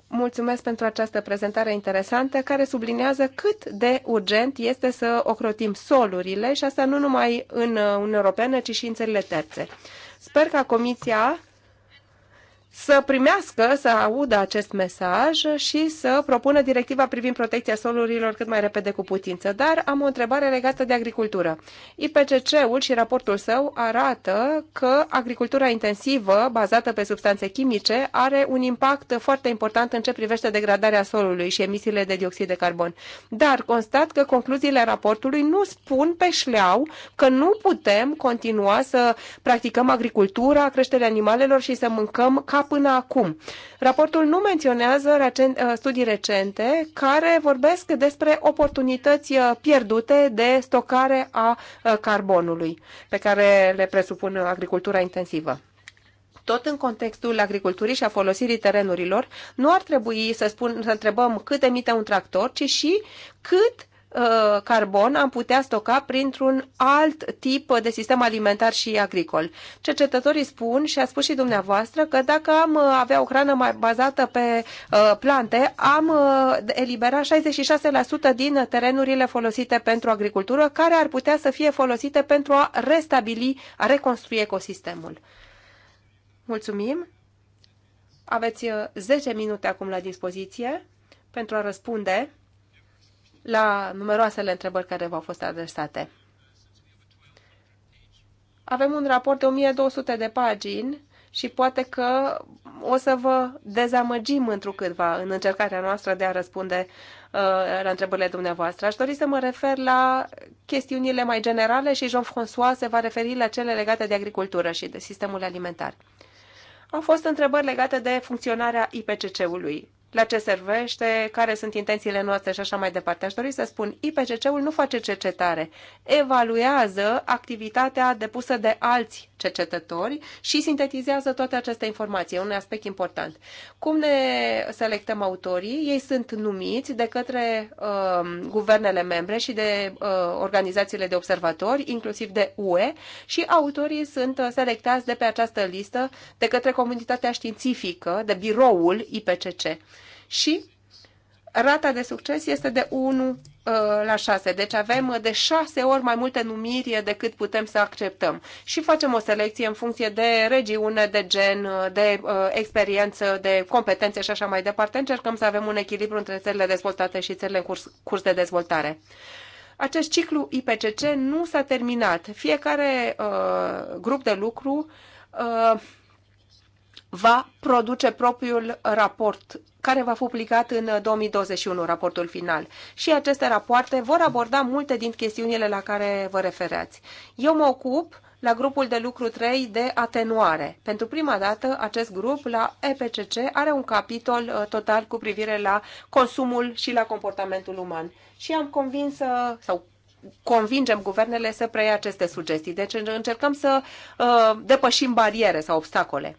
Mulțumesc pentru această prezentare interesantă care subliniază cât de urgent este să ocrotim solurile și asta nu numai în Uniunea Europeană, ci și în țările terțe. Sper ca Comisia să primească, să audă acest mesaj și să propună directiva privind protecția solurilor cât mai repede cu putință. Dar am o întrebare legată de agricultură. IPCC-ul și raportul său arată că agricultura intensivă, bazată pe substanțe chimice, are un impact foarte important în ce privește degradarea solului și emisiile de dioxid de carbon. Dar constat că concluziile raportului nu spun pe șleau că nu putem continua să practicăm agricultura, creșterea animalelor și să mâncăm ca până acum. Raportul nu menționează recent, uh, studii recente care vorbesc despre oportunități uh, pierdute de stocare a uh, carbonului pe care le presupun agricultura intensivă tot în contextul agriculturii și a folosirii terenurilor, nu ar trebui să, spun, să întrebăm cât emite un tractor, ci și cât Uh, carbon am putea stoca printr-un alt tip de sistem alimentar și agricol. Cercetătorii spun și a spus și dumneavoastră că dacă am uh, avea o hrană mai bazată pe uh, plante, am elibera 66% din terenurile folosite pentru agricultură, care ar putea să fie folosite pentru a restabili, a reconstrui ecosistemul. Mulțumim! Aveți 10 minute acum la dispoziție pentru a răspunde la numeroasele întrebări care v-au fost adresate. Avem un raport de 1200 de pagini și poate că o să vă dezamăgim întrucâtva în încercarea noastră de a răspunde uh, la întrebările dumneavoastră. Aș dori să mă refer la chestiunile mai generale și Jean-François se va referi la cele legate de agricultură și de sistemul alimentar. Au fost întrebări legate de funcționarea IPCC-ului la ce servește, care sunt intențiile noastre și așa mai departe. Aș dori să spun, IPCC-ul nu face cercetare, evaluează activitatea depusă de alți cercetători și sintetizează toate aceste informații. E un aspect important. Cum ne selectăm autorii? Ei sunt numiți de către uh, guvernele membre și de uh, organizațiile de observatori, inclusiv de UE, și autorii sunt selectați de pe această listă de către comunitatea științifică, de biroul IPCC și rata de succes este de 1 uh, la 6. Deci avem de 6 ori mai multe numiri decât putem să acceptăm. Și facem o selecție în funcție de regiune, de gen, uh, de uh, experiență, de competențe și așa mai departe. Încercăm să avem un echilibru între țările dezvoltate și țările în curs, curs de dezvoltare. Acest ciclu IPCC nu s-a terminat. Fiecare uh, grup de lucru uh, va produce propriul raport care va fi publicat în 2021 uh, raportul final. Și aceste rapoarte vor aborda multe din chestiunile la care vă refereați. Eu mă ocup la grupul de lucru 3 de atenuare. Pentru prima dată, acest grup la EPCC are un capitol uh, total cu privire la consumul și la comportamentul uman. Și am convins uh, sau convingem guvernele să preia aceste sugestii. Deci încercăm să uh, depășim bariere sau obstacole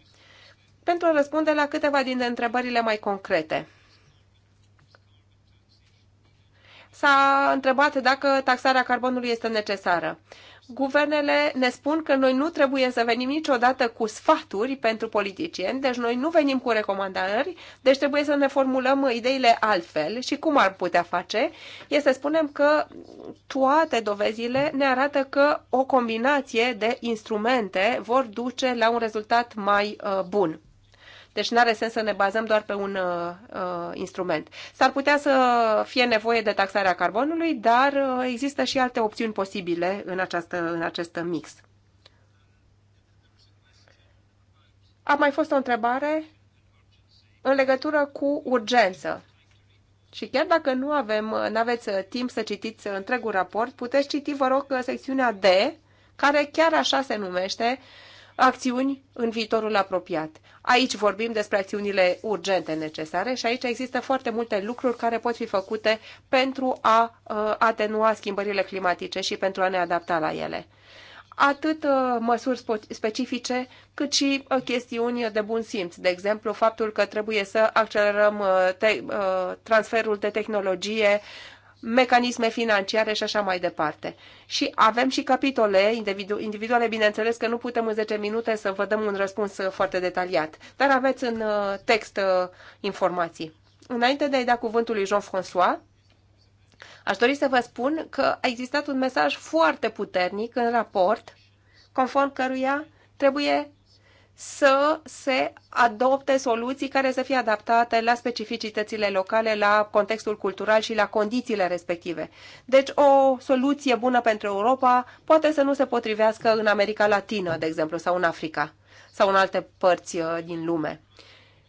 pentru a răspunde la câteva din întrebările mai concrete. S-a întrebat dacă taxarea carbonului este necesară. Guvernele ne spun că noi nu trebuie să venim niciodată cu sfaturi pentru politicieni, deci noi nu venim cu recomandări, deci trebuie să ne formulăm ideile altfel și cum ar putea face, este să spunem că toate dovezile ne arată că o combinație de instrumente vor duce la un rezultat mai uh, bun. Deci nu are sens să ne bazăm doar pe un uh, instrument. S-ar putea să fie nevoie de taxarea carbonului, dar uh, există și alte opțiuni posibile în, această, în acest mix. A mai fost o întrebare în legătură cu urgență. Și chiar dacă nu avem, aveți uh, timp să citiți uh, întregul raport, puteți citi, vă rog, uh, secțiunea D, care chiar așa se numește, uh, acțiuni în viitorul apropiat. Aici vorbim despre acțiunile urgente necesare și aici există foarte multe lucruri care pot fi făcute pentru a uh, atenua schimbările climatice și pentru a ne adapta la ele atât uh, măsuri specifice, cât și uh, chestiuni de bun simț. De exemplu, faptul că trebuie să accelerăm transferul de tehnologie mecanisme financiare și așa mai departe. Și avem și capitole individu individuale, bineînțeles că nu putem în 10 minute să vă dăm un răspuns uh, foarte detaliat, dar aveți în uh, text uh, informații. Înainte de a-i da cuvântul lui Jean-François, aș dori să vă spun că a existat un mesaj foarte puternic în raport, conform căruia trebuie să se adopte soluții care să fie adaptate la specificitățile locale, la contextul cultural și la condițiile respective. Deci o soluție bună pentru Europa poate să nu se potrivească în America Latină, de exemplu, sau în Africa, sau în alte părți uh, din lume.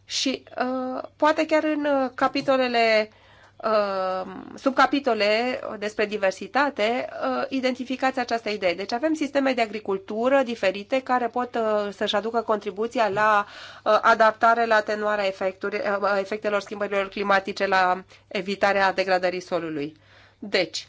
Și uh, poate chiar în uh, capitolele Uh, subcapitole despre diversitate, uh, identificați această idee. Deci avem sisteme de agricultură diferite care pot uh, să-și aducă contribuția la adaptare, la atenuarea efectelor schimbărilor climatice, la evitarea degradării solului. Deci,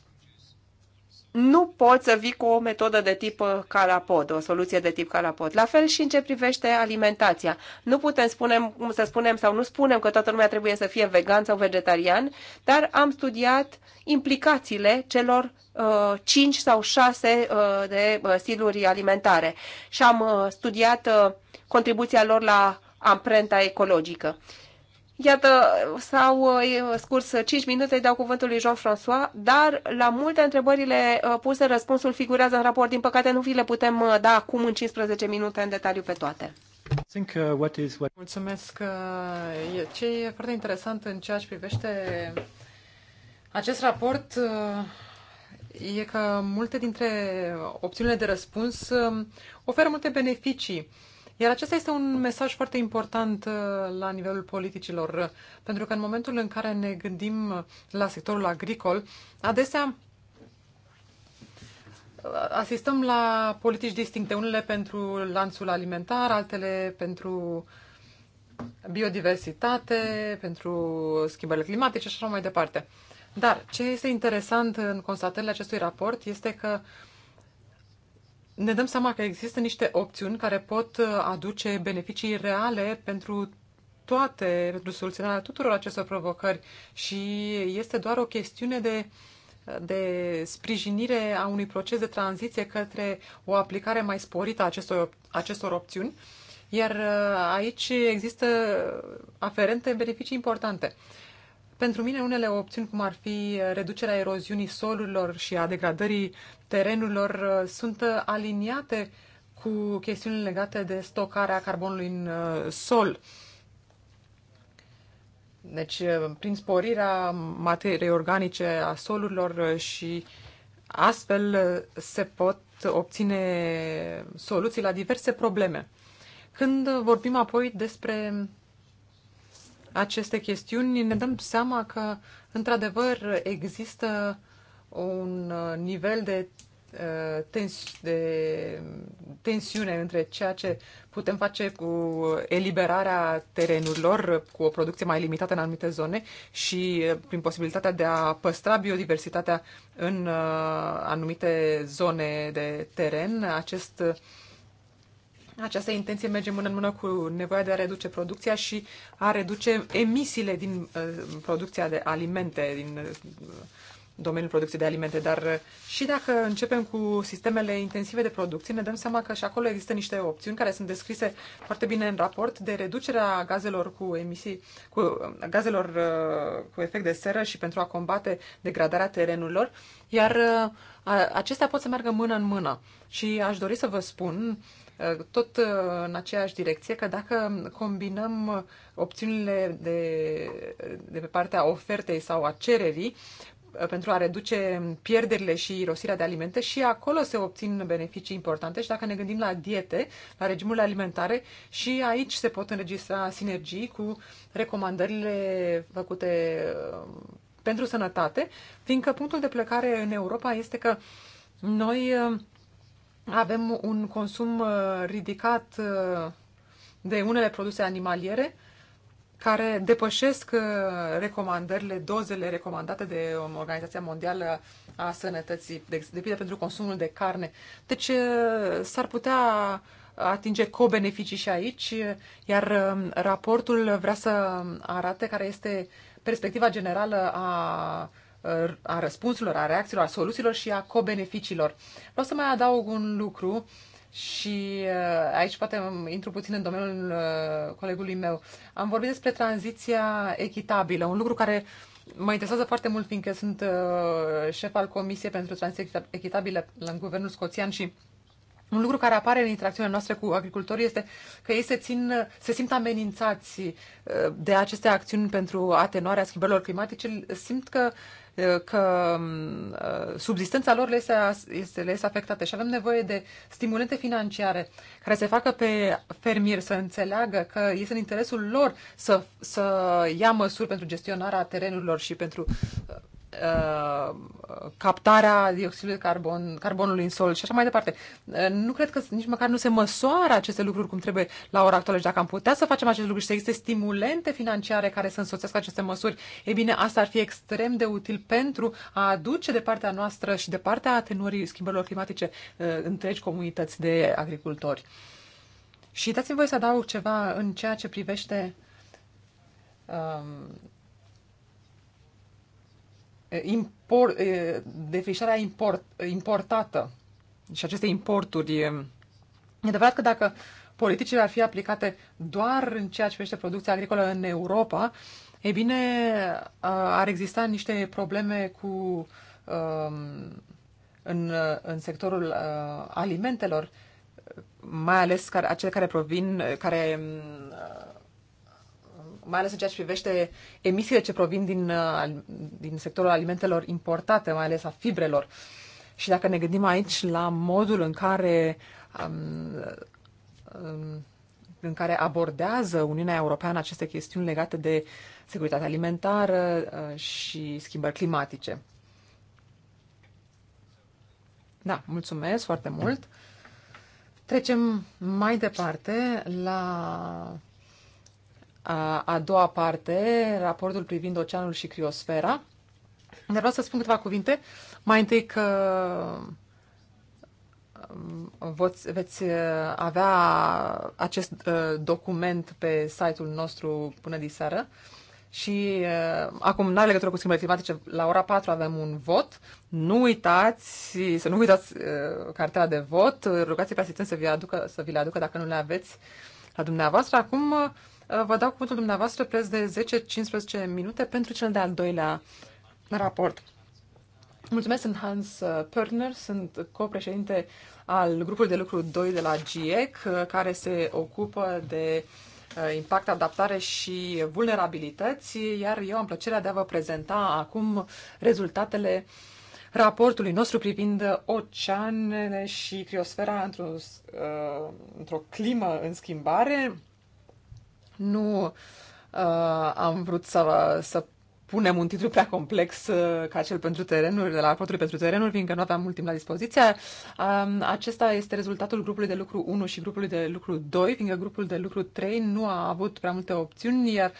nu poți să vii cu o metodă de tip uh, calapod, o soluție de tip calapod. La fel și în ce privește alimentația. Nu putem spune, cum să spunem sau nu spunem că toată lumea trebuie să fie vegan sau vegetarian, dar am studiat implicațiile celor uh, 5 sau 6 uh, de uh, stiluri alimentare și am uh, studiat uh, contribuția lor la amprenta ecologică. Iată, s-au uh, scurs 5 minute, îi dau cuvântul lui Jean-François, dar la multe întrebările uh, puse, răspunsul figurează în raport. Din păcate, nu vi le putem uh, da acum în 15 minute în detaliu pe toate. Mulțumesc. Ce e foarte interesant în ceea ce privește acest raport e că multe dintre opțiunile de răspuns um, oferă multe beneficii iar acesta este un mesaj foarte important uh, la nivelul politicilor, uh, pentru că în momentul în care ne gândim uh, la sectorul agricol, adesea asistăm la politici distincte, unele pentru lanțul alimentar, altele pentru biodiversitate, pentru schimbările climatice și așa mai departe. Dar ce este interesant în constatările acestui raport este că uh, ne dăm seama că există niște opțiuni care pot uh, aduce beneficii reale pentru toate, pentru soluționarea tuturor acestor provocări și este doar o chestiune de de sprijinire a unui proces de tranziție către o aplicare mai sporită a acestor, acestor opțiuni, iar uh, aici există uh, aferente beneficii importante. Pentru mine, unele opțiuni, cum ar fi eh, reducerea eroziunii solurilor și a degradării terenurilor, eh, sunt eh, aliniate cu chestiunile legate de stocarea carbonului în sol. Deci, prin sporirea materiei organice a solurilor și astfel se pot obține soluții la diverse probleme. Când vorbim apoi despre aceste chestiuni, ne dăm seama că, într-adevăr, există un uh, nivel de, uh, de tensiune între ceea ce putem face cu eliberarea terenurilor, cu o producție mai limitată în anumite zone și uh, prin posibilitatea de a păstra biodiversitatea în anumite zone de teren. Acest această intenție merge mână în mână cu nevoia de a reduce producția și a reduce emisiile din uh, producția de alimente, din uh, domeniul producției de alimente, dar uh, și dacă începem cu sistemele intensive de producție, ne dăm seama că și acolo există niște opțiuni care sunt descrise foarte bine în raport de reducerea gazelor cu emisii, cu gazelor cu efect de seră și pentru a combate degradarea terenurilor, iar acestea pot să meargă mână în mână. Și aș dori să vă spun tot uh, în aceeași direcție, că dacă combinăm opțiunile de, de pe partea ofertei sau a cererii, uh, pentru a reduce pierderile și irosirea de alimente și acolo se obțin beneficii importante și dacă ne gândim la diete, la regimurile alimentare și aici se pot înregistra sinergii cu recomandările făcute uh, pentru sănătate, fiindcă punctul de plecare în Europa este că noi avem un consum uh, ridicat uh, de unele produse animaliere care depășesc uh, recomandările, dozele recomandate de um, Organizația Mondială a Sănătății, de, pildă pentru consumul de carne. Deci s-ar putea atinge co-beneficii și aici, iar um, raportul vrea să arate care este perspectiva generală a a răspunsurilor, a reacțiilor, a soluțiilor și a co-beneficiilor. Vreau să mai adaug un lucru și uh, aici poate intru puțin în domeniul uh, colegului meu. Am vorbit despre tranziția echitabilă, un lucru care mă interesează foarte mult, fiindcă sunt uh, șef al Comisiei pentru Tranziție Echitabilă în Guvernul Scoțian și un lucru care apare în interacțiunea noastră cu agricultorii este că ei se, țin, se simt amenințați de aceste acțiuni pentru atenuarea schimbărilor climatice, simt că că subsistența lor le este, este, le este afectată și avem nevoie de stimulente financiare care să facă pe fermier să înțeleagă că este în interesul lor să, să ia măsuri pentru gestionarea terenurilor și pentru Uh, captarea dioxidului de carbon, carbonului în sol și așa mai departe. Uh, nu cred că nici măcar nu se măsoară aceste lucruri cum trebuie la ora actuală și deci dacă am putea să facem acest lucru și să existe stimulente financiare care să însoțească aceste măsuri, e bine, asta ar fi extrem de util pentru a aduce de partea noastră și de partea atenuării schimbărilor climatice uh, întregi comunități de agricultori. Și dați-mi voi să adaug ceva în ceea ce privește um, import, defrișarea import, importată și aceste importuri. E adevărat că dacă politicile ar fi aplicate doar în ceea ce privește producția agricolă în Europa, e bine, ar exista niște probleme cu um, în, în sectorul alimentelor, mai ales care, acele care provin, care mai ales în ceea ce privește emisiile ce provin din, uh, din sectorul alimentelor importate, mai ales a fibrelor. Și dacă ne gândim aici la modul în care, um, um, în care abordează Uniunea Europeană aceste chestiuni legate de securitate alimentară uh, și schimbări climatice. Da, mulțumesc foarte mult. Trecem mai departe la a doua parte, raportul privind oceanul și criosfera. Dar vreau să spun câteva cuvinte. Mai întâi că um, voți, veți uh, avea acest uh, document pe site-ul nostru până seară. Și uh, acum nu are legătură cu schimbările climatice. La ora 4 avem un vot. Nu uitați, să nu uitați uh, cartea de vot. Rugați pe asistență să vi, aducă, să vi le aducă dacă nu le aveți la dumneavoastră. Acum uh, Uh, vă dau cuvântul dumneavoastră preț de 10-15 minute pentru cel de-al doilea raport. Mulțumesc, sunt Hans uh, Pörner, sunt copreședinte al grupului de lucru 2 de la GIEC, uh, care se ocupă de impact, adaptare și vulnerabilități, iar eu am plăcerea de a vă prezenta acum rezultatele raportului nostru privind oceanele și criosfera într-o, într, -o, într -o climă în schimbare, nu uh, am vrut să, să punem un titlu prea complex uh, ca cel pentru terenuri, de la raportul pentru terenuri, fiindcă nu aveam mult timp la dispoziție. Uh, acesta este rezultatul grupului de lucru 1 și grupului de lucru 2, fiindcă grupul de lucru 3 nu a avut prea multe opțiuni, iar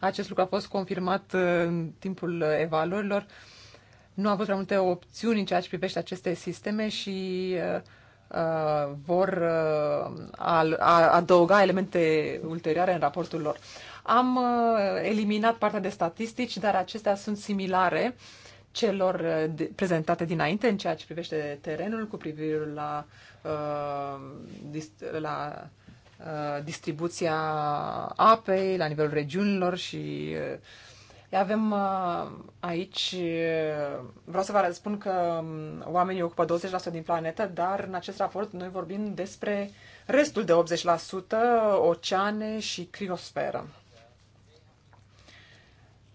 acest lucru a fost confirmat uh, în timpul evaluărilor. Nu a avut prea multe opțiuni în ceea ce privește aceste sisteme și uh, Uh, vor uh, adăuga elemente ulterioare în raportul lor. Am uh, eliminat partea de statistici, dar acestea sunt similare celor prezentate dinainte în ceea ce privește terenul cu privire la, la distribuția apei la nivelul regiunilor și uh, avem uh, aici, uh, vreau să vă spun că um, oamenii ocupă 20% din planetă, dar în acest raport noi vorbim despre restul de 80%, oceane și criosferă.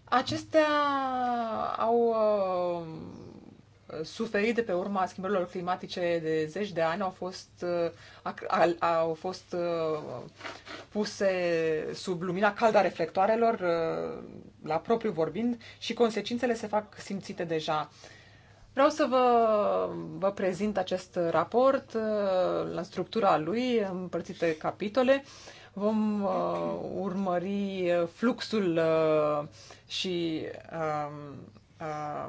Acestea au uh, suferit de pe urma schimbărilor climatice de zeci de ani au fost, uh, au fost uh, puse sub lumina caldă a reflectoarelor, uh, la propriu vorbind, și consecințele se fac simțite deja. Vreau să vă, vă prezint acest raport la structura lui, împărțite capitole. Vom urmări fluxul și um, Uh,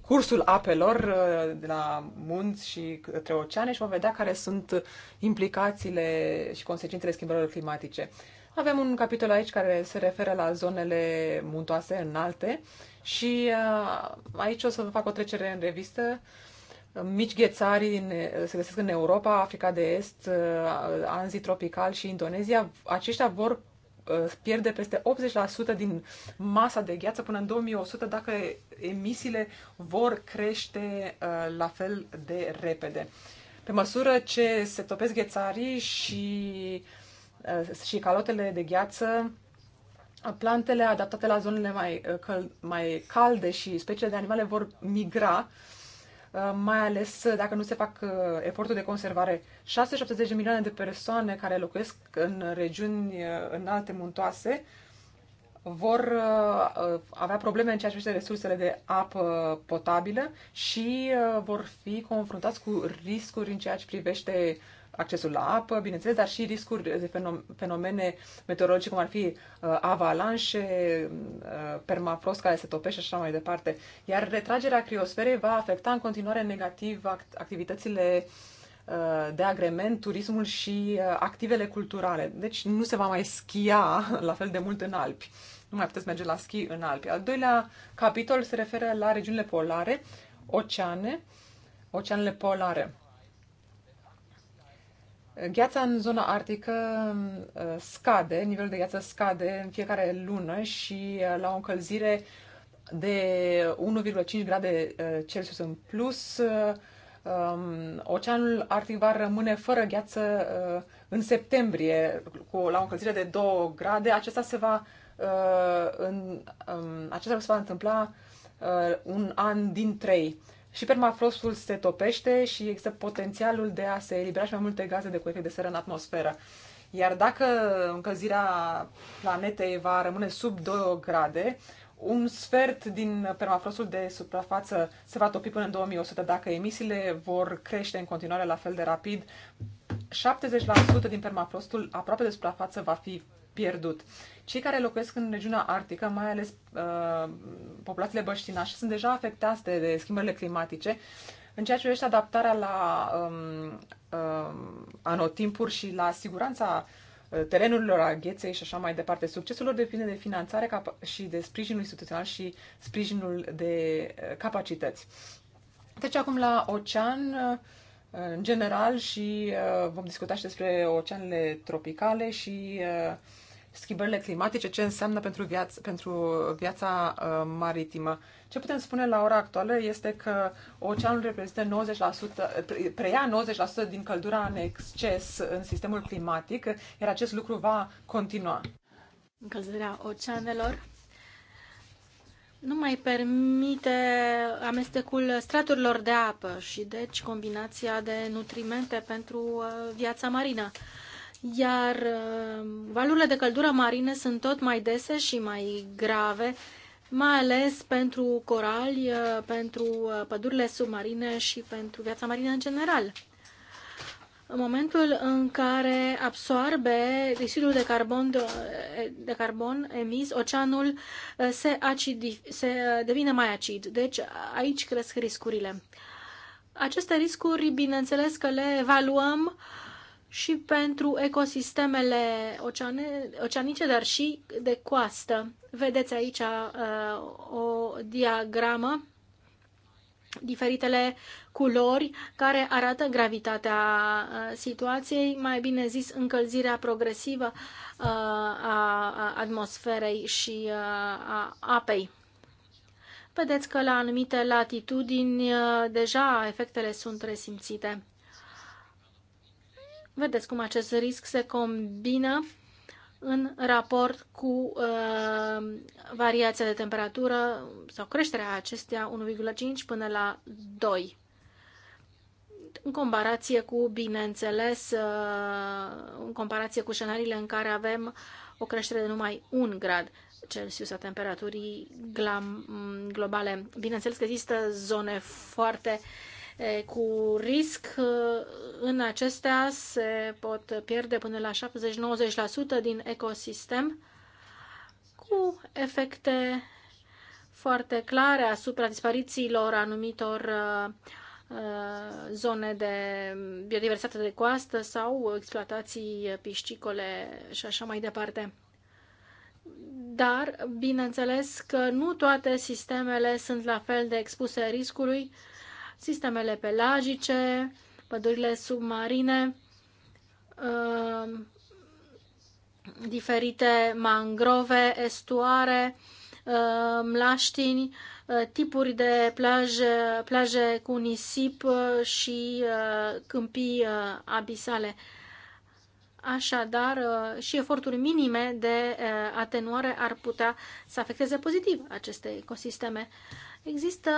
cursul apelor uh, de la munți și către oceane și vom vedea care sunt implicațiile și consecințele schimbărilor climatice. Avem un capitol aici care se referă la zonele muntoase înalte și uh, aici o să vă fac o trecere în revistă. Mici ghețari se găsesc în Europa, Africa de Est, Anzi tropical și Indonezia. Aceștia vor Uh, pierde peste 80% din masa de gheață până în 2100 dacă emisiile vor crește uh, la fel de repede. Pe măsură ce se topesc ghețarii și, uh, și calotele de gheață, plantele adaptate la zonele mai, mai calde și speciile de animale vor migra Uh, mai ales uh, dacă nu se fac uh, eforturi de conservare. 670 de milioane de persoane care locuiesc în regiuni înalte muntoase vor avea probleme în ceea ce privește resursele de apă potabilă și vor fi confruntați cu riscuri în ceea ce privește accesul la apă, bineînțeles, dar și riscuri de fenomene meteorologice, cum ar fi uh, avalanșe, uh, permafrost care se topește și așa mai departe. Iar retragerea criosferei va afecta în continuare negativ activitățile uh, de agrement, turismul și activele culturale. Deci nu se va mai schia la fel de mult în Alpi. Nu mai puteți merge la schi în Alpi. Al doilea capitol se referă la regiunile polare, oceane, oceanele polare. Gheața în zona arctică mm, uh, scade, nivelul de gheață scade în fiecare lună și uh, la o încălzire de 1,5 grade uh, Celsius în plus, um, Oceanul Arctic va rămâne fără gheață în septembrie, cu, la o încălzire de 2 grade. Acesta se va, în, um, acesta se va întâmpla un an din trei și permafrostul se topește și există potențialul de a se elibera și mai multe gaze de cu efect de seră în atmosferă. Iar dacă încălzirea planetei va rămâne sub 2 grade, un sfert din permafrostul de suprafață se va topi până în 2100 dacă emisiile vor crește în continuare la fel de rapid. 70% din permafrostul aproape de suprafață va fi pierdut. Cei care locuiesc în regiunea arctică, mai ales uh, populațiile băștinașe, sunt deja afectați de, de schimbările climatice în ceea ce privește adaptarea la um, um, anotimpuri și la siguranța uh, terenurilor, a gheței și așa mai departe. Succesul lor depinde de finanțare și de sprijinul instituțional și sprijinul de uh, capacități. Deci acum la ocean, uh, în general, și vom discuta și despre oceanele tropicale și uh, schimbările climatice, ce înseamnă pentru, viaț- pentru viața uh, maritimă. Ce putem spune la ora actuală este că oceanul reprezintă 90%, preia 90% din căldura în exces în sistemul climatic, iar acest lucru va continua. Încălzirea oceanelor nu mai permite amestecul straturilor de apă și deci combinația de nutrimente pentru uh, viața marină iar uh, valurile de căldură marine sunt tot mai dese și mai grave, mai ales pentru corali, uh, pentru uh, pădurile submarine și pentru viața marină în general. În momentul în care absorbe dioxidul de carbon, de, de carbon emis, oceanul se, acidi, se devine mai acid. Deci aici cresc riscurile. Aceste riscuri, bineînțeles că le evaluăm uh, și pentru ecosistemele oceane, oceanice, dar și de coastă. Vedeți aici uh, o diagramă, diferitele culori care arată gravitatea uh, situației, mai bine zis încălzirea progresivă uh, a, atmosferei și uh, a apei. Vedeți că la anumite latitudini uh, deja efectele sunt resimțite. Vedeți cum acest risc se combină în raport cu uh, variația de temperatură sau creșterea acestea 1,5 până la 2 în comparație cu, bineînțeles, uh, în comparație cu scenariile în care avem o creștere de numai 1 grad Celsius a temperaturii mm, globale. Bineînțeles că există zone foarte uh, cu risc, în acestea se pot pierde până la 70-90% din ecosistem cu efecte foarte clare asupra disparițiilor anumitor zone de biodiversitate de coastă sau exploatații piscicole și așa mai departe. Dar, bineînțeles că nu toate sistemele sunt la fel de expuse riscului sistemele pelagice, pădurile submarine, uh, diferite mangrove, estuare, uh, mlaștini, uh, tipuri de plaje, plaje cu nisip și câmpii abisale. Așadar, și eforturi minime de atenuare ar putea să afecteze pozitiv aceste ecosisteme. Există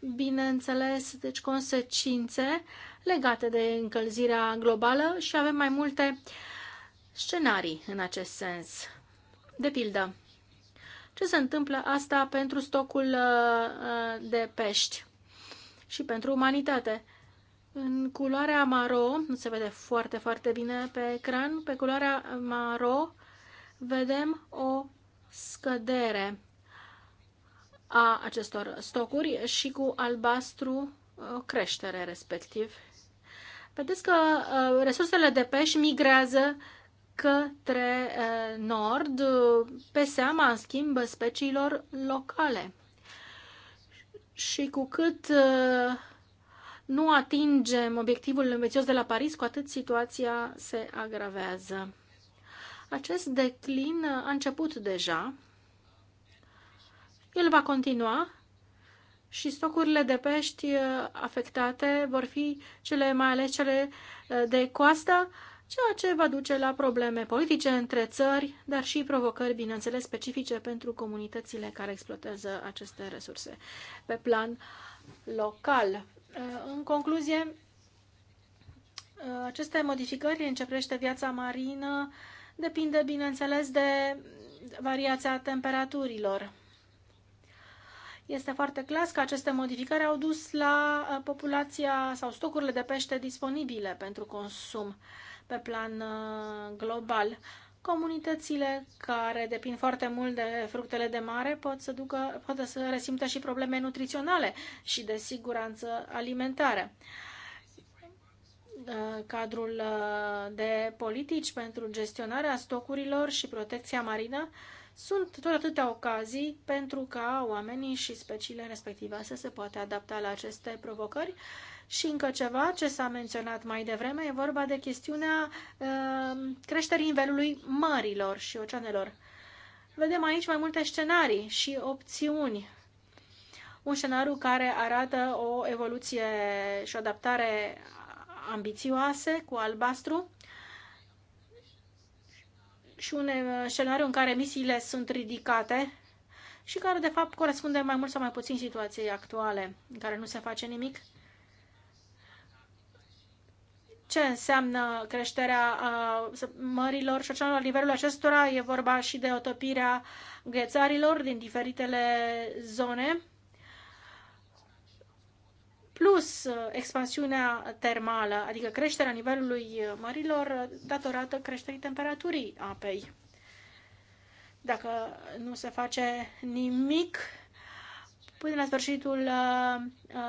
bineînțeles, deci consecințe legate de încălzirea globală și avem mai multe scenarii în acest sens. De pildă, ce se întâmplă asta pentru stocul uh, uh, de pești și pentru umanitate? În culoarea maro, nu se vede foarte, foarte bine pe ecran, pe culoarea maro vedem o scădere a acestor stocuri și cu albastru uh, creștere respectiv. Vedeți că uh, resursele de pești migrează către uh, nord pe seama, în schimb, speciilor locale. Și cu cât nu atingem obiectivul ambițios de la Paris, cu atât situația se agravează. Acest declin a început deja el va continua și stocurile de pești uh, afectate vor fi cele mai ales cele uh, de coastă, ceea ce va duce la probleme politice între țări, dar și provocări, bineînțeles, specifice pentru comunitățile care exploatează aceste resurse pe plan local. Uh, în concluzie, aceste modificări începește viața marină, depinde, bineînțeles, de variația temperaturilor este foarte clar că aceste modificări au dus la uh, populația sau stocurile de pește disponibile pentru consum pe plan uh, global. Comunitățile care depind foarte mult de fructele de mare pot să, ducă, pot să resimtă și probleme nutriționale și de siguranță alimentară uh, cadrul de politici pentru gestionarea stocurilor și protecția marină sunt tot atâtea ocazii pentru ca oamenii și speciile respective să se poată adapta la aceste provocări. Și încă ceva ce s-a menționat mai devreme, e vorba de chestiunea e, uh, creșterii nivelului mărilor și oceanelor. Vedem aici mai multe scenarii și opțiuni. Un scenariu care arată o evoluție și o adaptare ambițioase cu albastru, și un uh, scenariu în care emisiile sunt ridicate și care, de fapt, corespunde mai mult sau mai puțin situației actuale, în care nu se face nimic. Ce înseamnă creșterea uh, mărilor și oceanelor la nivelul acestora? E vorba și de otopirea ghețarilor din diferitele zone plus uh, expansiunea termală, adică creșterea nivelului uh, mărilor uh, datorată creșterii temperaturii apei. Dacă nu se face nimic, până la sfârșitul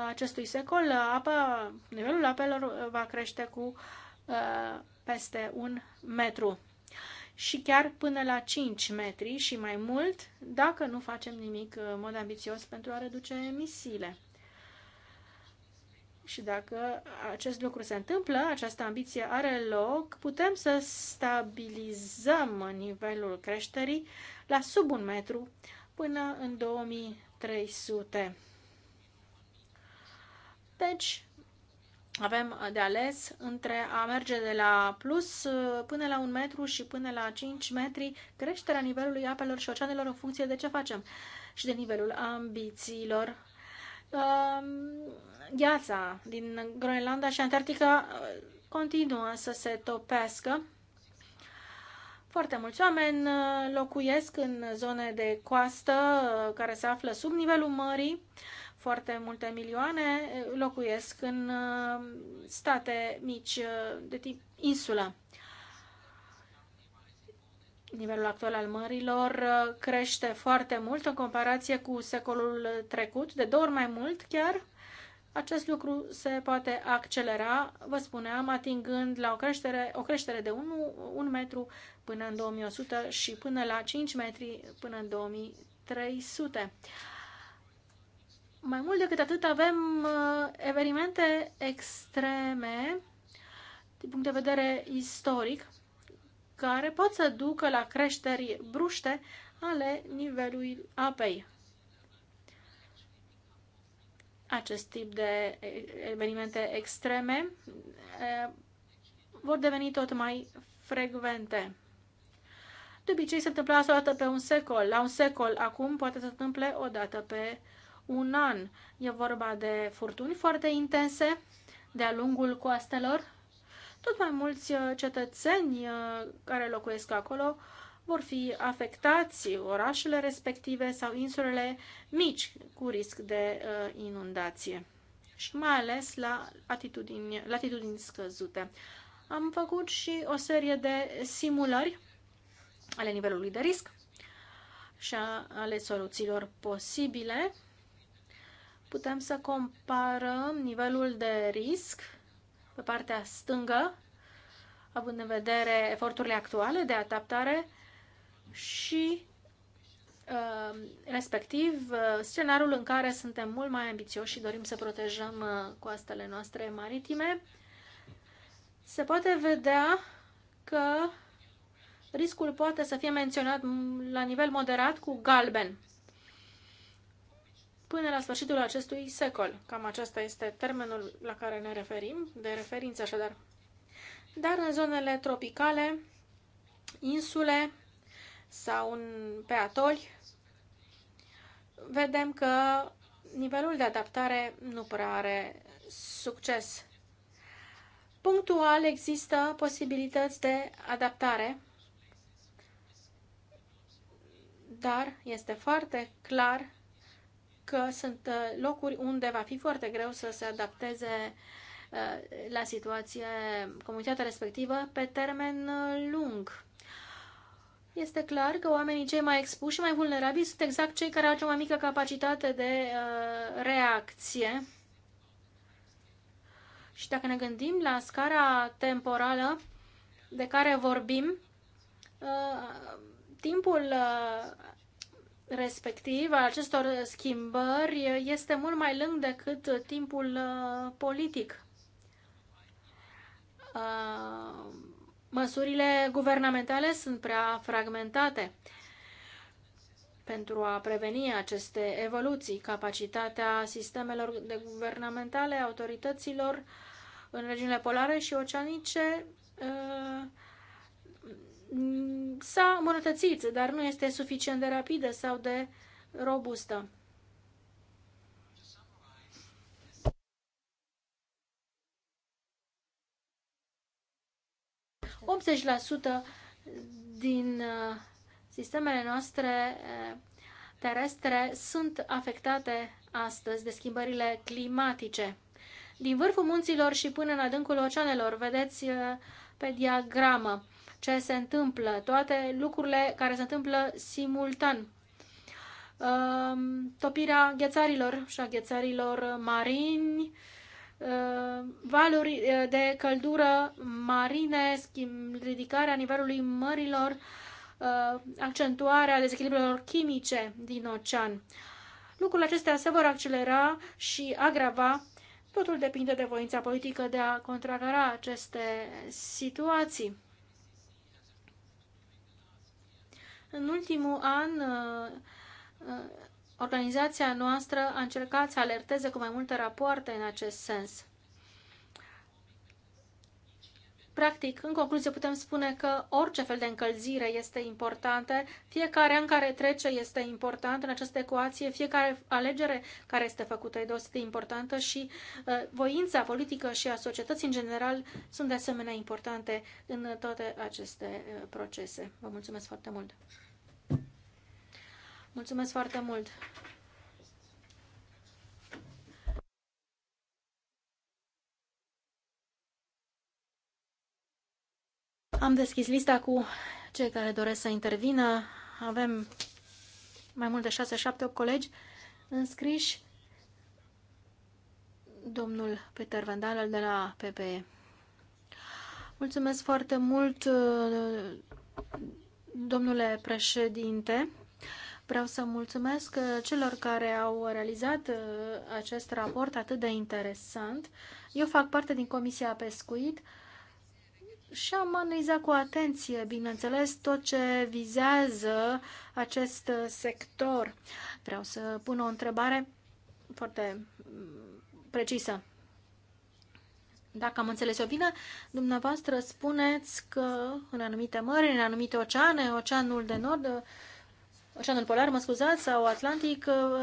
acestui secol, apa, nivelul apelor va crește cu peste un metru și chiar până la 5 metri și mai mult dacă nu facem nimic în mod ambițios pentru a reduce emisiile. Și dacă acest lucru se întâmplă, această ambiție are loc, putem să stabilizăm nivelul creșterii la sub un metru până în 2300. Deci, avem de ales între a merge de la plus până la un metru și până la 5 metri creșterea nivelului apelor și oceanelor în funcție de ce facem și de nivelul ambițiilor Um, gheața din Groenlanda și Antarctica uh, continuă să se topească. Foarte mulți oameni uh, locuiesc în zone de coastă uh, care se află sub nivelul mării. Foarte multe milioane locuiesc în state mici de tip insulă nivelul actual al mărilor uh, crește foarte mult în comparație cu secolul trecut, de două ori mai mult chiar. Acest lucru se poate accelera, vă spuneam, atingând la o creștere, o creștere de 1, 1 metru până în 2100 și până la 5 metri până în 2300. Mai mult decât atât avem uh, evenimente extreme din punct de vedere istoric, care pot să ducă la creșteri bruște ale nivelului apei. Acest tip de evenimente extreme vor deveni tot mai frecvente. De obicei se întâmplă asta o dată pe un secol. La un secol acum poate să se întâmple o dată pe un an. E vorba de furtuni foarte intense de-a lungul coastelor tot mai mulți uh, cetățeni uh, care locuiesc acolo vor fi afectați orașele respective sau insulele mici cu risc de uh, inundație și mai ales la atitudini, latitudini scăzute. Am făcut și o serie de simulări ale nivelului de risc și ale soluțiilor posibile. Putem să comparăm nivelul de risc pe partea stângă, având în vedere eforturile actuale de adaptare și uh, respectiv uh, scenariul în care suntem mult mai ambițioși și dorim să protejăm uh, coastele noastre maritime, se poate vedea că riscul poate să fie menționat la nivel moderat cu galben până la sfârșitul acestui secol. Cam acesta este termenul la care ne referim, de referință așadar. Dar în zonele tropicale, insule sau în, pe atoli, vedem că nivelul de adaptare nu prea are succes. Punctual există posibilități de adaptare, dar este foarte clar că sunt uh, locuri unde va fi foarte greu să se adapteze uh, la situație comunitatea respectivă pe termen uh, lung. Este clar că oamenii cei mai expuși și mai vulnerabili sunt exact cei care au cea mai mică capacitate de reacție. Și dacă ne gândim la scara temporală de care vorbim, timpul respectiv al acestor schimbări este mult mai lung decât timpul uh, politic. Uh, măsurile guvernamentale sunt prea fragmentate pentru a preveni aceste evoluții. Capacitatea sistemelor de guvernamentale, autorităților în regiunile polare și oceanice uh, s-a îmbunătățit, dar nu este suficient de rapidă sau de robustă. ...80% din uh, sistemele noastre uh, terestre sunt afectate astăzi de schimbările climatice. Din vârful munților și până în adâncul oceanelor, vedeți uh, pe diagramă ce se întâmplă, toate lucrurile care se întâmplă simultan. Ehm, topirea ghețarilor și a ghețarilor marini, ehm, valuri eh, de căldură marine, ridicarea nivelului mărilor, ehm, accentuarea dezechilibrelor chimice din ocean. Lucrurile acestea se vor accelera și agrava. Totul depinde de voința politică de a contracara aceste situații. În ultimul an, uh, uh, organizația noastră a încercat să alerteze cu mai multe rapoarte în acest sens. Practic, în concluzie putem spune că orice fel de încălzire este importantă, fiecare an care trece este important în această ecuație, fiecare alegere care este făcută e deosebit de importantă și uh, voința politică și a societății în general sunt de asemenea importante în toate aceste uh, procese. Vă mulțumesc foarte mult! Mulțumesc foarte mult! Am deschis lista cu cei care doresc să intervină. Avem mai mult de 6-7-8 colegi înscriși. Domnul Peter Vandalel de la PPE. Mulțumesc foarte mult, domnule președinte. Vreau să mulțumesc celor care au realizat acest raport atât de interesant. Eu fac parte din Comisia Pescuit și am analizat cu atenție, bineînțeles, tot ce vizează acest uh, sector. Vreau să pun o întrebare foarte mm, precisă. Dacă am înțeles o bine, dumneavoastră spuneți că în anumite mări, în anumite oceane, Oceanul de Nord, uh, Oceanul Polar, mă scuzați, sau Atlantic, uh,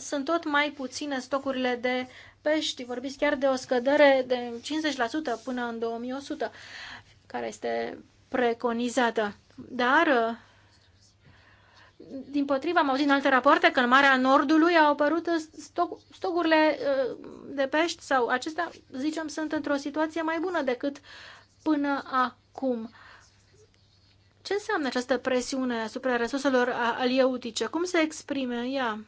sunt tot mai puține stocurile de pești. Vorbiți chiar de o scădere de 50% până în 2100 care este preconizată. Dar, din potrivă, am auzit în alte rapoarte că în Marea Nordului au apărut stoc, stocurile eh, de pești sau acestea, zicem, sunt într-o situație mai bună decât până acum. Ce înseamnă această presiune asupra resurselor alieutice? Cum se exprime ea?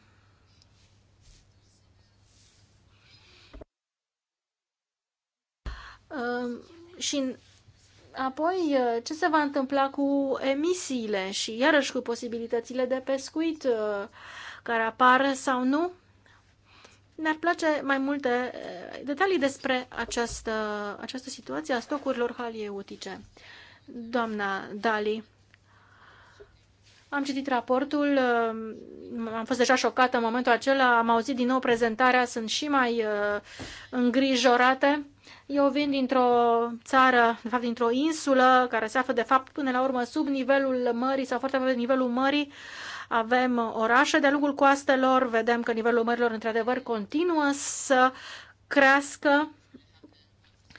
Uh, și în Apoi, uh, ce se va întâmpla cu emisiile și iarăși cu posibilitățile de pescuit uh, care apar sau nu? Ne-ar place mai multe uh, detalii despre această, această situație a stocurilor halieutice. Doamna Dali, am citit raportul, am fost deja șocată în momentul acela, am auzit din nou prezentarea, sunt și mai îngrijorate eu vin dintr-o țară, de fapt dintr-o insulă, care se află de fapt până la urmă sub nivelul mării sau foarte aproape de nivelul mării. Avem orașe de-a lungul coastelor, vedem că nivelul mărilor într-adevăr continuă să crească.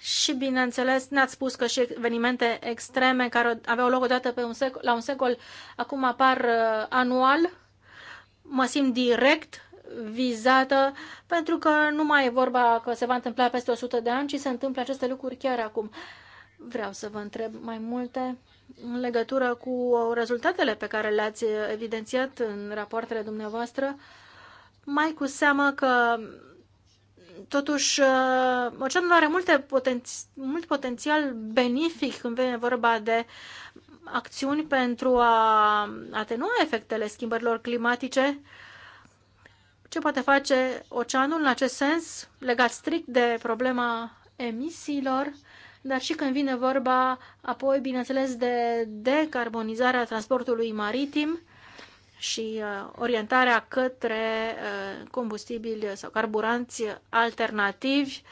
Și, bineînțeles, ne-ați spus că și evenimente extreme care aveau loc odată pe un secol, la un secol, acum apar uh, anual. Mă simt direct vizată, pentru că nu mai e vorba că se va întâmpla peste 100 de ani, ci se întâmplă aceste lucruri chiar acum. Vreau să vă întreb mai multe în legătură cu rezultatele pe care le-ați evidențiat în rapoartele dumneavoastră, mai cu seamă că totuși oceanul are multe poten- mult potențial benefic când vine vorba de acțiuni pentru a atenua efectele schimbărilor climatice, uh, ce poate face oceanul în acest sens, legat strict de problema emisiilor, dar și când vine vorba apoi, bineînțeles, de decarbonizarea transportului maritim și uh, orientarea către uh, combustibili sau carburanți alternativi,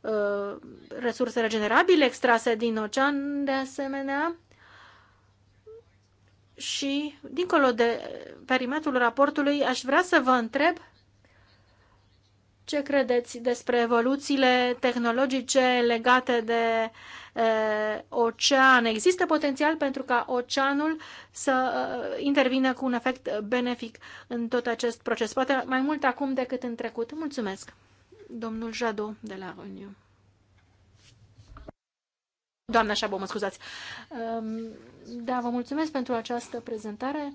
uh, resurse regenerabile extrase din ocean, de asemenea, și, dincolo de perimetrul raportului, aș vrea să vă întreb ce credeți despre evoluțiile tehnologice legate de e, ocean? Există potențial pentru ca oceanul să intervină cu un efect benefic în tot acest proces? Poate mai mult acum decât în trecut. Mulțumesc, domnul Jadot de la Uniu. Doamna Șabo, mă scuzați. Ehm, da, vă mulțumesc pentru această prezentare.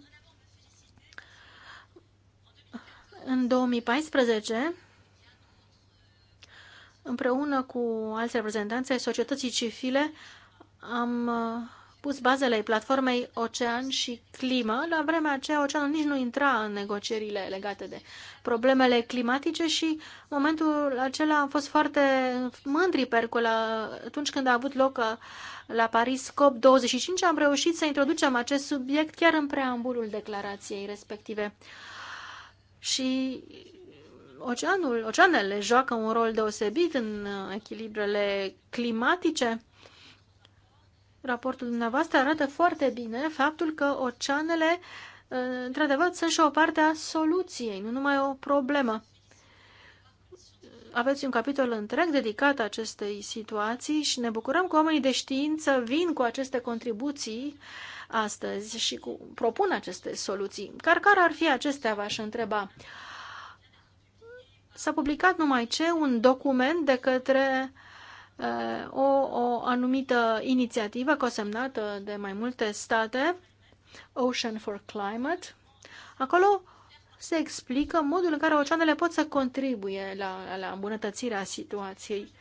În 2014, împreună cu alți reprezentanți ai societății civile, am pus bazele platformei Ocean și Climă. La vremea aceea, Oceanul nici nu intra în negocierile legate de problemele climatice și în momentul acela am fost foarte mândri pentru că atunci când a avut loc uh, la Paris COP25 am reușit să introducem acest subiect chiar în preambulul declarației respective. Și oceanul, oceanele joacă un rol deosebit în uh, echilibrele climatice raportul dumneavoastră arată foarte bine faptul că oceanele, uh, într-adevăr, sunt și o parte a soluției, nu numai o problemă. Aveți un capitol întreg dedicat acestei situații și ne bucurăm că oamenii de știință vin cu aceste contribuții astăzi și cu, propun aceste soluții. Car care ar fi acestea, v-aș întreba. S-a publicat numai ce un document de către Uh, o, o anumită inițiativă cosemnată de mai multe state, Ocean for Climate. Acolo se explică modul în care oceanele pot să contribuie la, la îmbunătățirea situației.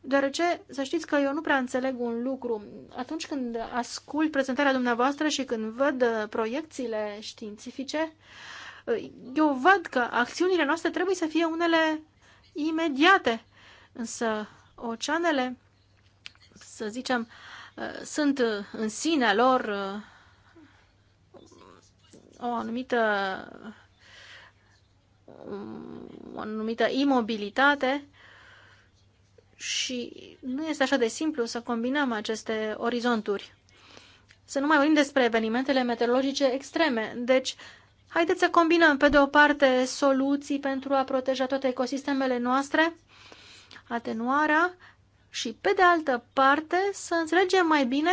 Deoarece, să știți că eu nu prea înțeleg un lucru. Atunci când ascult prezentarea dumneavoastră și când văd uh, proiecțiile științifice, uh, eu văd că acțiunile noastre trebuie să fie unele imediate. Însă Oceanele, să zicem, uh, sunt uh, în sine lor uh, o anumită um, o anumită imobilitate și nu este așa de simplu să combinăm aceste orizonturi. Să nu mai vorbim despre evenimentele meteorologice extreme. Deci, haideți să combinăm, pe de o parte, soluții pentru a proteja toate ecosistemele noastre atenuarea și, pe de altă parte, să înțelegem mai bine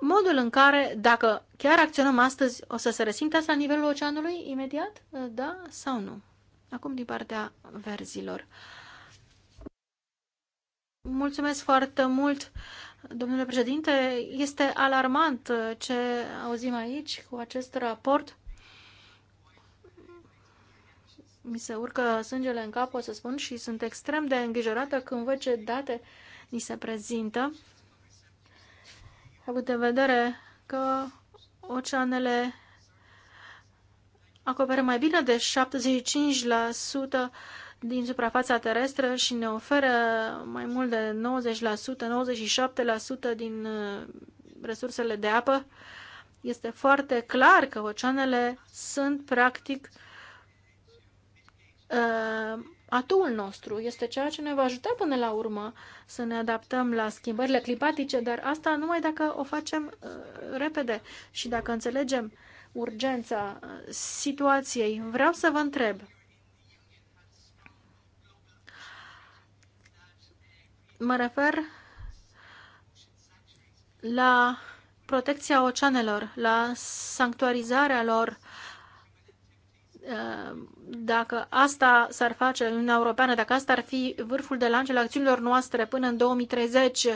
modul în care, dacă chiar acționăm astăzi, o să se resimte asta la nivelul oceanului imediat? Da sau nu? Acum din partea verzilor. Mulțumesc foarte mult, domnule președinte. Este alarmant uh, ce auzim aici cu acest raport mi se urcă sângele în cap, o să spun, și sunt extrem de îngrijorată când văd ce date ni se prezintă, având în vedere că oceanele acoperă mai bine de 75% din suprafața terestră și ne oferă mai mult de 90%, 97% din uh, resursele de apă, este foarte clar că oceanele sunt practic uh, uh, atul nostru, este ceea ce ne va ajuta până la urmă să ne adaptăm la schimbările climatice, dar asta numai dacă o facem uh, repede și dacă înțelegem urgența uh, situației. Vreau să vă întreb. Mă refer la protecția oceanelor, la sanctuarizarea lor, Ehm, dacă asta s-ar face în Uniunea Europeană, dacă asta ar fi vârful de lanț al acțiunilor noastre până în 2030,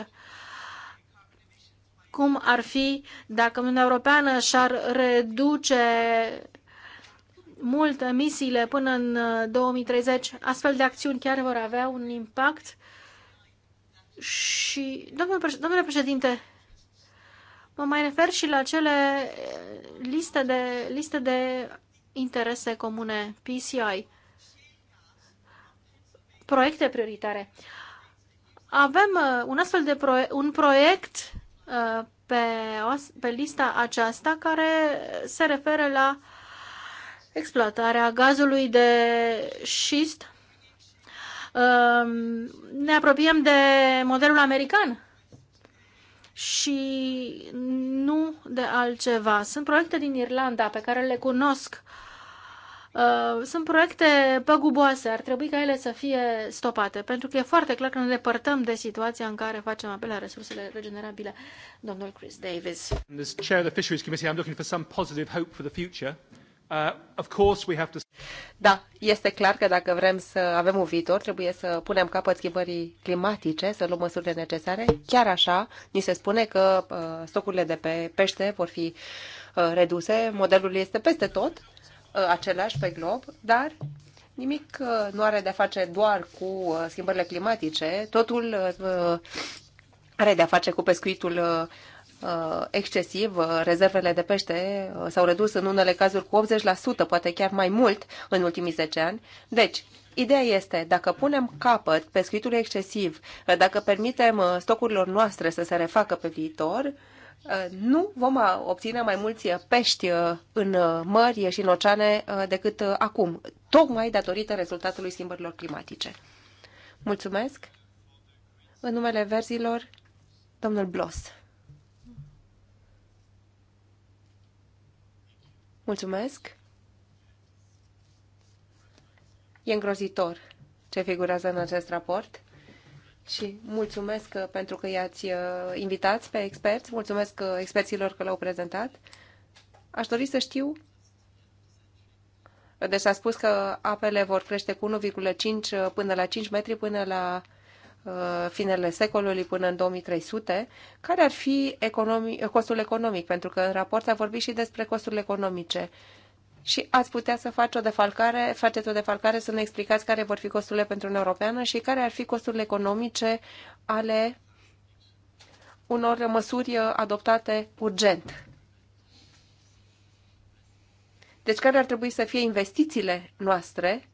cum ar fi dacă Uniunea Europeană și-ar reduce mult emisiile până în 2030, astfel de acțiuni chiar vor avea un impact. Și, domnule președinte, mă mai refer și la cele liste de, liste de interese comune, PCI, proiecte prioritare. Avem uh, un astfel de proie un proiect uh, pe, pe lista aceasta care se referă la exploatarea gazului de șist. Um, ne apropiem de modelul american și nu de altceva. Sunt proiecte din Irlanda pe care le cunosc. Uh, sunt proiecte păguboase, ar trebui ca ele să fie stopate, pentru că e foarte clar că ne depărtăm de situația în care facem apel la resursele regenerabile. Domnul Chris Davis. Uh, da, este clar că dacă vrem să avem un viitor, trebuie să punem capăt schimbării climatice, să luăm măsurile necesare. Chiar așa, ni se spune că uh, stocurile de pe pește vor fi uh, reduse. Modelul este peste tot, același pe glob, dar nimic nu are de-a face doar cu schimbările climatice. Totul are de-a face cu pescuitul Uh, excesiv. Uh, rezervele de pește uh, s-au redus în unele cazuri cu 80%, poate chiar mai mult în ultimii 10 ani. Deci, Ideea este, dacă punem capăt pescuitului excesiv, dacă permitem stocurilor noastre să se refacă pe viitor, nu vom obține mai mulți pești în mări și în oceane decât acum, tocmai datorită rezultatului schimbărilor climatice. Mulțumesc! În numele verzilor, domnul Blos. Mulțumesc. E îngrozitor ce figurează în acest raport și mulțumesc uh, pentru că i-ați uh, invitat pe experți, mulțumesc uh, experților că l-au prezentat. Aș dori să știu deci s-a spus că apele vor crește cu 1,5 până la 5 metri până la Uh, finele secolului până în 2300, care ar fi economi, costul economic, pentru că în raport a vorbit și despre costurile economice. Și ați putea să faceți o defalcare, faceți o defalcare să ne explicați care vor fi costurile pentru Uniunea Europeană și care ar fi costurile economice ale unor măsuri uh, adoptate urgent. Deci care ar trebui să fie investițiile noastre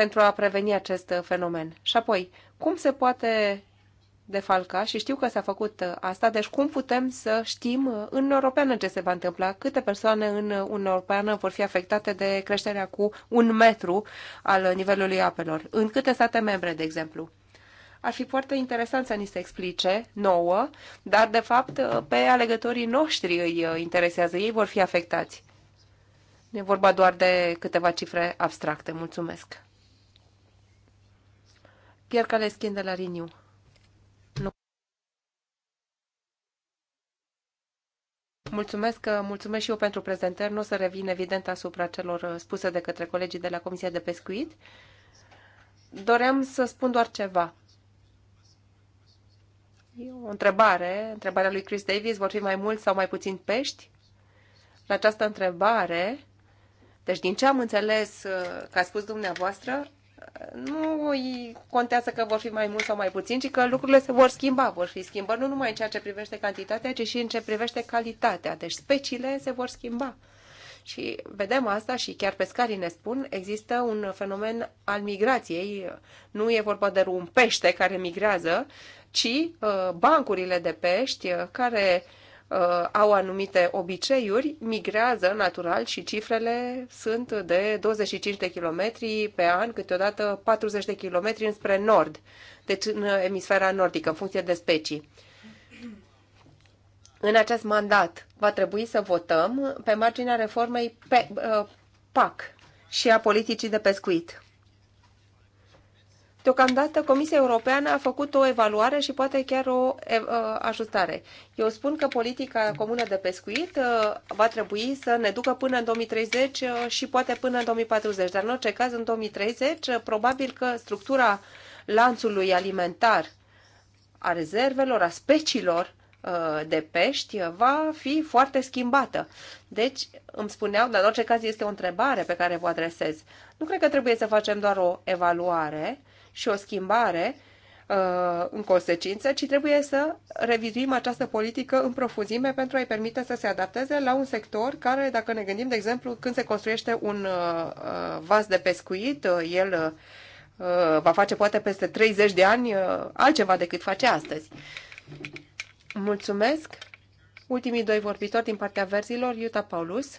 pentru a preveni acest fenomen? Și apoi, cum se poate defalca și știu că s-a făcut asta, deci cum putem să știm în Europeană ce se va întâmpla, câte persoane în Uniunea Europeană vor fi afectate de creșterea cu un metru al nivelului apelor, în câte state membre, de exemplu. Ar fi foarte interesant să ni se explice nouă, dar de fapt pe alegătorii noștri îi interesează, ei vor fi afectați. Ne vorba doar de câteva cifre abstracte. Mulțumesc! Pierre Caleschin de la Riniu. Mulțumesc, mulțumesc și eu pentru prezentări. Nu o să revin evident asupra celor spuse de către colegii de la Comisia de Pescuit. Doream să spun doar ceva. E o întrebare, întrebarea lui Chris Davis, vor fi mai mulți sau mai puțin pești? La această întrebare, deci din ce am înțeles uh, că a spus dumneavoastră, nu îi contează că vor fi mai mult sau mai puțin, ci că lucrurile se vor schimba, vor fi schimbări nu numai în ceea ce privește cantitatea, ci și în ce privește calitatea. Deci speciile se vor schimba. Și vedem asta și chiar pescarii ne spun, există un fenomen al migrației. Nu e vorba de un pește care migrează, ci uh, bancurile de pești uh, care uh, uh, au anumite obiceiuri, migrează natural și cifrele sunt de 25 de kilometri pe an, câteodată 40 de kilometri înspre nord, deci în emisfera nordică, în funcție de specii. În acest mandat va trebui să votăm pe marginea reformei pe, uh, PAC și a politicii de pescuit. Deocamdată Comisia Europeană a făcut o evaluare și poate chiar o ă, ajustare. Eu spun că politica comună de pescuit ă, va trebui să ne ducă până în 2030 ă, și poate până în 2040, dar în orice caz în 2030 probabil că structura lanțului alimentar a rezervelor, a speciilor de pești va fi foarte schimbată. Deci, îmi spuneau, dar în orice caz este o întrebare pe care vă adresez. Nu cred că trebuie să facem doar o evaluare, și o schimbare uh, în consecință, ci trebuie să revizuim această politică în profunzime pentru a-i permite să se adapteze la un sector care, dacă ne gândim, de exemplu, când se construiește un uh, uh, vas de pescuit, el va face poate peste 30 de ani altceva decât face astăzi. Mulțumesc! Ultimii doi vorbitori din partea verzilor, Iuta Paulus.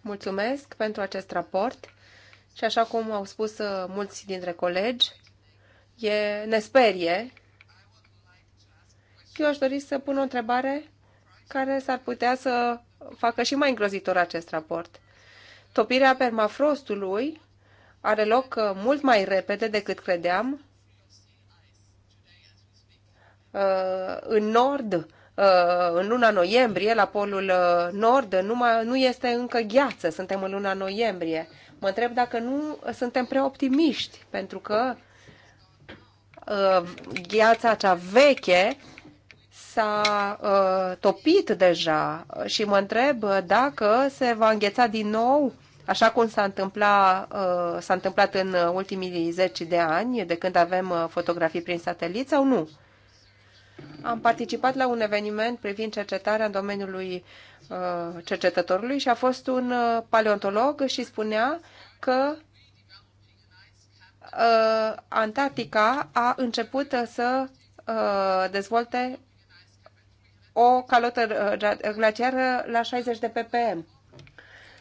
Mulțumesc pentru acest raport și așa cum au spus uh, mulți dintre colegi, e, nesperie. Eu aș dori să pun o întrebare care s-ar putea să facă și mai îngrozitor acest raport. Topirea permafrostului are loc uh, mult mai repede decât credeam. Uh, în nord, în luna noiembrie, la polul nord, nu, mai, nu este încă gheață, suntem în luna noiembrie. Mă întreb dacă nu suntem prea optimiști, pentru că uh, gheața acea veche s-a uh, topit deja și mă întreb dacă se va îngheța din nou așa cum s-a întâmplat, uh, întâmplat în ultimii zeci de ani, de când avem uh, fotografii prin satelit sau nu. Am participat la un eveniment privind cercetarea în domeniul uh, cercetătorului și a fost un uh, paleontolog și spunea că uh, Antarctica a început să dezvolte o calotă glaciară la 60 de ppm.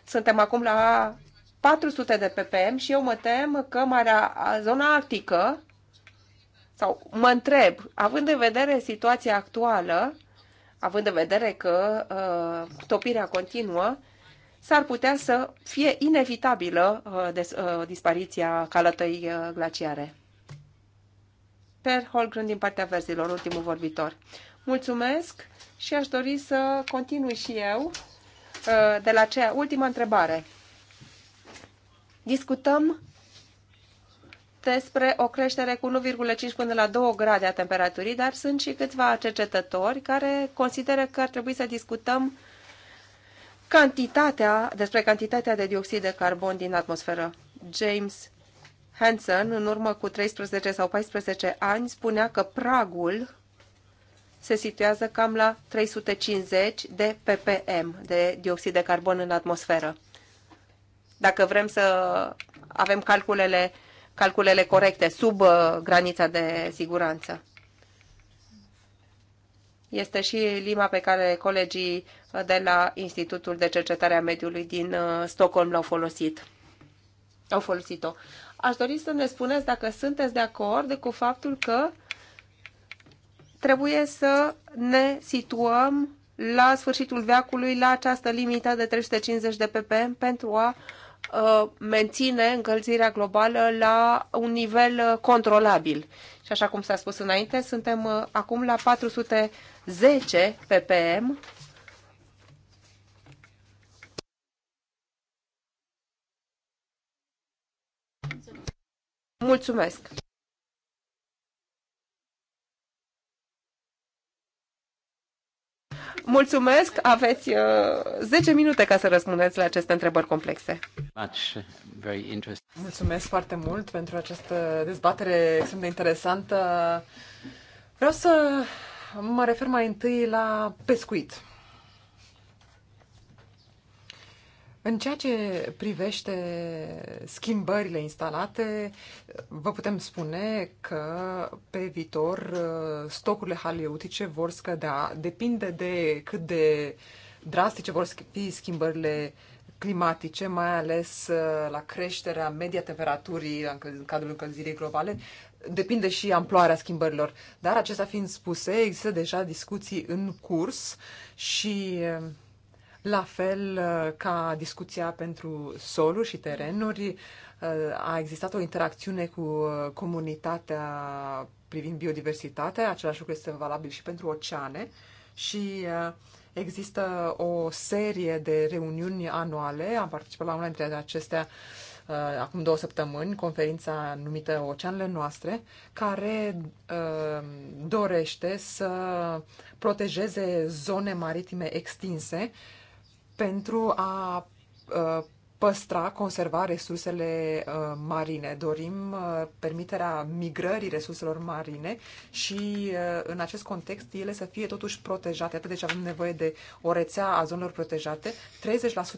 Suntem acum la 400 de ppm și eu mă tem că marea zona arctică sau mă întreb, având în vedere situația actuală, având în vedere că uh, topirea continuă, s-ar putea să fie inevitabilă uh, des, uh, dispariția calătăi uh, glaciare. Per Holgrund, din partea verzilor, ultimul vorbitor. Mulțumesc și aș dori să continui și eu uh, de la cea ultima întrebare. Discutăm despre o creștere cu 1,5 până la 2 grade a temperaturii, dar sunt și câțiva cercetători care consideră că ar trebui să discutăm cantitatea, despre cantitatea de dioxid de carbon din atmosferă. James Hansen, în urmă cu 13 sau 14 ani, spunea că pragul se situează cam la 350 de ppm de dioxid de carbon în atmosferă. Dacă vrem să avem calculele calculele corecte sub uh, granița de siguranță. Este și lima pe care colegii de la Institutul de Cercetare a Mediului din uh, Stockholm l-au folosit. Au folosit-o. Aș dori să ne spuneți dacă sunteți de acord cu faptul că trebuie să ne situăm la sfârșitul veacului la această limită de 350 de ppm pentru a Uh, menține încălzirea globală la un nivel uh, controlabil. Și așa cum s-a spus înainte, suntem uh, acum la 410 ppm. Mulțumesc! Mulțumesc, aveți uh, 10 minute ca să răspundeți la aceste întrebări complexe. Mulțumesc foarte mult pentru această dezbatere extrem de interesantă. Vreau să mă refer mai întâi la pescuit. În ceea ce privește schimbările instalate, vă putem spune că pe viitor uh, stocurile haleutice vor scădea. Depinde de cât de drastice vor fi schimbările climatice, mai ales uh, la creșterea media temperaturii în cadrul încălzirii globale, depinde și amploarea schimbărilor. Dar acestea fiind spuse, există deja discuții în curs și uh, la fel uh, ca discuția pentru soluri și terenuri, uh, a existat o interacțiune cu uh, comunitatea privind biodiversitatea, același lucru este valabil și pentru oceane și există o serie de reuniuni anuale, am participat la una dintre acestea acum două săptămâni, conferința numită Oceanele Noastre, care dorește să protejeze zone maritime extinse pentru a uh, păstra, conserva resursele uh, marine. Dorim uh, permiterea migrării resurselor marine și în acest context ele să fie totuși protejate. Atât deci avem nevoie de o rețea a zonelor protejate.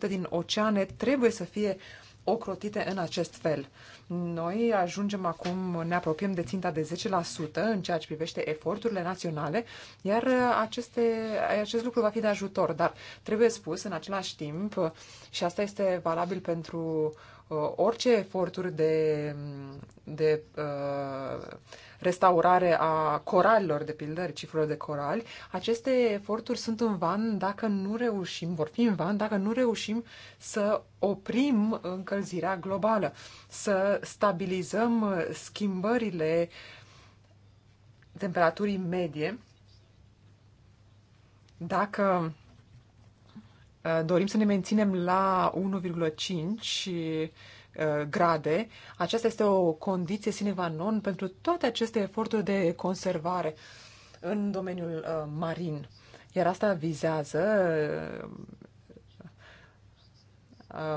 30% din oceane trebuie să fie ocrotite în acest fel. Noi ajungem acum, ne apropiem de ținta de 10% în ceea ce privește eforturile naționale, iar aceste, acest lucru va fi de ajutor. Dar trebuie spus în același timp, și asta este valabil pentru uh, Uh, orice eforturi de, de uh, restaurare a coralilor, de pildă, cifrelor de corali, aceste eforturi sunt în van dacă nu reușim, vor fi în van dacă nu reușim să oprim încălzirea globală, să stabilizăm schimbările temperaturii medie, dacă Uh, dorim să ne menținem la 1,5 uh, grade. Aceasta este o condiție sine qua non pentru toate aceste eforturi de conservare în domeniul uh, marin. Iar asta vizează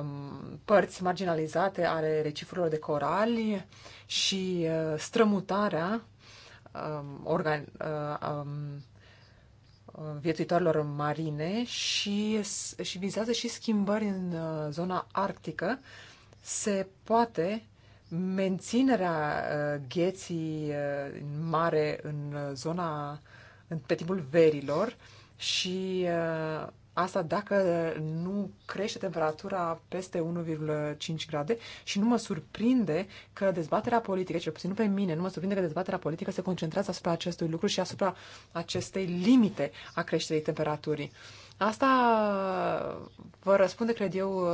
um, părți marginalizate ale recifurilor de corali și strămutarea um, organ, um, Uh, viețuitorilor marine și, și vizează și schimbări în uh, zona arctică. Se poate menținerea uh, gheții în mare în zona, în, pe timpul verilor și Asta dacă nu crește temperatura peste 1,5 grade și nu mă surprinde că dezbaterea politică, cel puțin nu pe mine, nu mă surprinde că dezbaterea politică se concentrează asupra acestui lucru și asupra acestei limite a creșterii temperaturii. Asta vă răspunde, cred eu,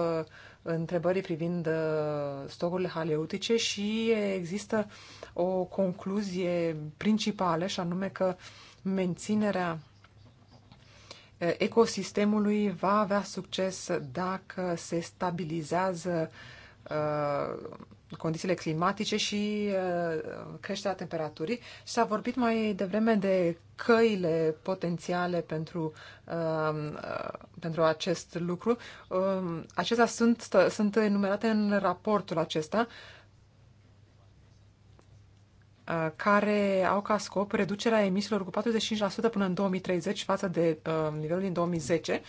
întrebării privind uh, stocurile haleutice și există o concluzie principală și anume că menținerea ecosistemului va avea succes dacă se stabilizează uh, condițiile climatice și uh, creșterea temperaturii. s-a vorbit mai devreme de căile potențiale pentru, um, uh, pentru acest lucru. Um, acestea sunt, sunt enumerate în raportul acesta Uh, care au ca scop reducerea emisiilor cu 45% până în 2030 față de uh, nivelul din 2010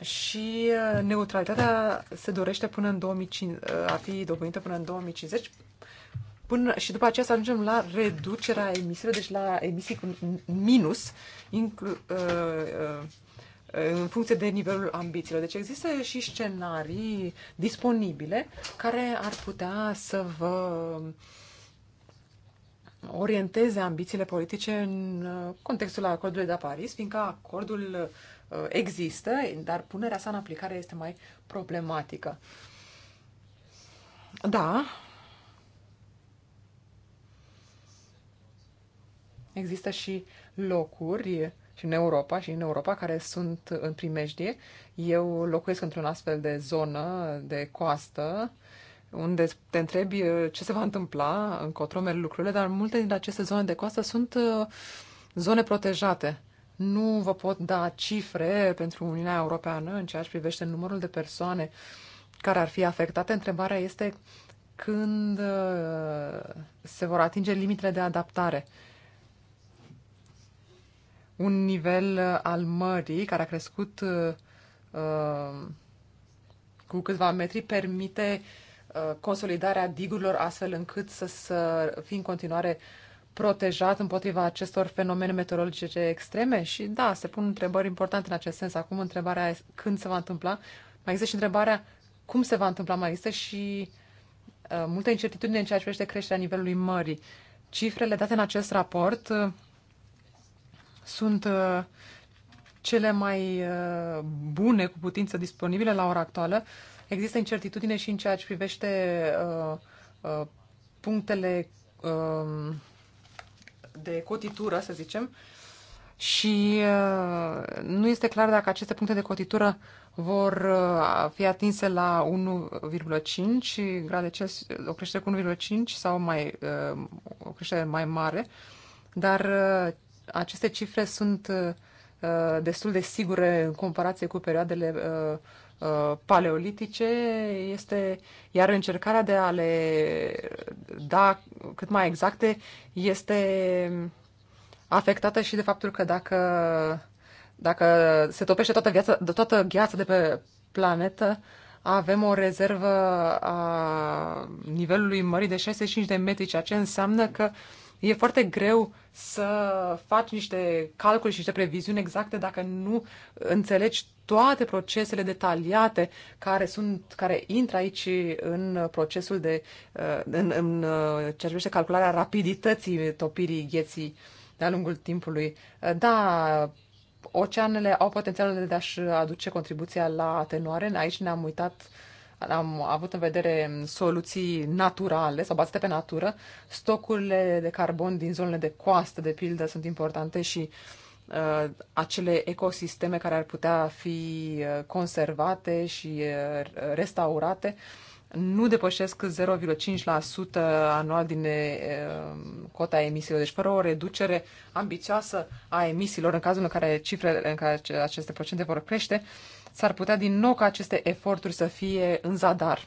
și uh, neutralitatea se dorește până în 2050, a fi dobândită până în 2050 până, și după aceea să ajungem la reducerea emisiilor, deci la emisii cu minus, inclu, uh, uh, în funcție de nivelul ambițiilor. Deci există și scenarii disponibile care ar putea să vă uh, orienteze ambițiile politice în uh, contextul acordului de la Paris, fiindcă acordul uh, există, dar punerea sa în aplicare este mai problematică. Da. Există și locuri și în Europa și în Europa care sunt în primejdie. Eu locuiesc într-un astfel de zonă de coastă unde te întrebi uh, ce se va întâmpla, încotro merg lucrurile, dar multe din aceste zone de coastă sunt uh, zone protejate. Nu vă pot da cifre pentru Uniunea Europeană în ceea ce privește numărul de persoane care ar fi afectate. Întrebarea este când uh, se vor atinge limitele de adaptare. Un nivel al mării care a crescut uh, cu câțiva metri permite uh, Uh, consolidarea digurilor astfel încât să, să fie în continuare protejat împotriva acestor fenomene meteorologice extreme? Și da, se pun întrebări importante în acest sens. Acum întrebarea e când se va întâmpla. Mai există și întrebarea cum se va întâmpla. Mai există și uh, multă incertitudine în ceea ce privește creșterea nivelului mării. Cifrele date în acest raport uh, sunt cele mai bune cu putință disponibile la ora actuală. Există incertitudine și în ceea ce privește uh, uh, punctele uh, de cotitură, să zicem, și uh, nu este clar dacă aceste puncte de cotitură vor uh, fi atinse la 1,5 grade Celsius, o creștere cu 1,5 sau mai, uh, o creștere mai mare, dar uh, aceste cifre sunt uh, destul de sigure în comparație cu perioadele uh, Uh, paleolitice este, iar încercarea de a le da cât mai exacte este afectată și de faptul că dacă, dacă se topește toată, viața, de toată gheața de pe planetă, avem o rezervă a nivelului mării de 65 de metri, ceea ce înseamnă că uh, E foarte greu să faci niște calcule și niște previziuni exacte dacă nu înțelegi toate procesele detaliate care sunt care intră aici în procesul de uh, în, în uh, ce privește calcularea rapidității topirii gheții de-a lungul timpului. Uh, da, oceanele au potențialul de a-și aduce contribuția la atenuare. Aici ne-am uitat uh, am avut în vedere soluții naturale sau bazate pe natură. Stocurile de carbon din zonele de coastă, de pildă, sunt importante și uh, acele ecosisteme care ar putea fi uh, conservate și uh, restaurate nu depășesc 0,5% anual din uh, cota emisiilor. Deci fără o reducere ambițioasă a emisiilor, în cazul în care cifrele, în care aceste procente vor crește, uh, s-ar putea din nou ca aceste eforturi să fie în zadar.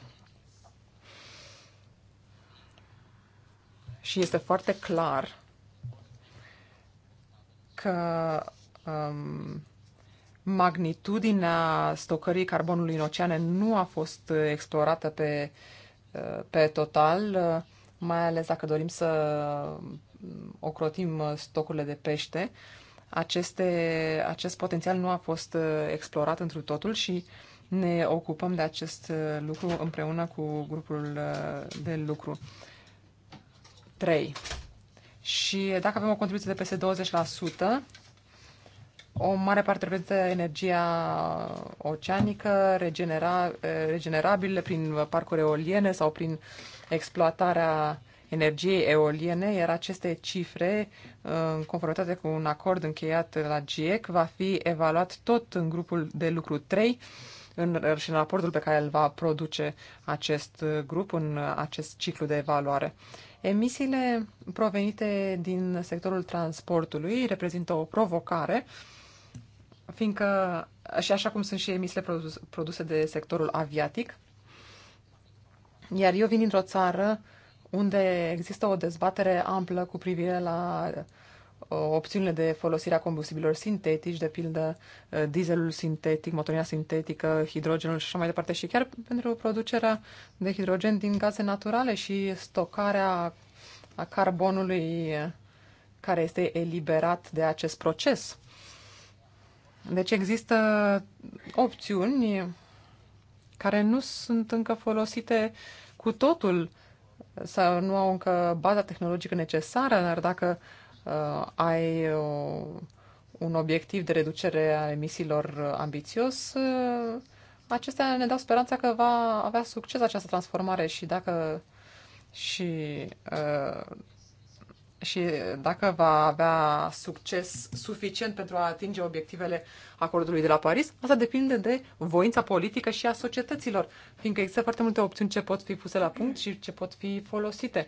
Și este foarte clar că um, magnitudinea stocării carbonului în oceane nu a fost explorată pe, uh, pe total, uh, mai ales dacă dorim să ocrotim stocurile de pește. Uh, aceste, acest potențial nu a fost uh, explorat întru totul și ne ocupăm de acest uh, lucru împreună cu grupul uh, de lucru. 3. Și dacă avem o contribuție de peste 20%, o mare parte reprezintă energia oceanică, regenera, regenerabilă prin parcuri eoliene sau prin exploatarea uh, energiei eoliene, iar aceste cifre, în conformitate cu un acord încheiat la GIEC, va fi evaluat tot în grupul de lucru 3 în, și în raportul pe care îl va produce acest grup în acest ciclu de evaluare. Emisiile provenite din sectorul transportului reprezintă o provocare, fiindcă și așa cum sunt și emisiile produse de sectorul aviatic, iar eu vin dintr-o țară unde există o dezbatere amplă cu privire la uh, opțiunile de folosire a combustibilor sintetici, de pildă uh, dieselul sintetic, motorina sintetică, hidrogenul și așa mai departe, și chiar pentru producerea de hidrogen din gaze naturale și stocarea a carbonului uh, care este eliberat de acest proces. Deci există opțiuni care nu sunt încă folosite cu totul să nu au încă baza tehnologică necesară, dar dacă uh, ai uh, un obiectiv de reducere a emisiilor uh, ambițios, uh, acestea ne dau speranța că va avea succes această transformare și dacă și uh, și dacă va avea succes suficient pentru a atinge obiectivele acordului de la Paris, asta depinde de voința politică și a societăților, fiindcă există foarte multe opțiuni ce pot fi puse la punct și ce pot fi folosite.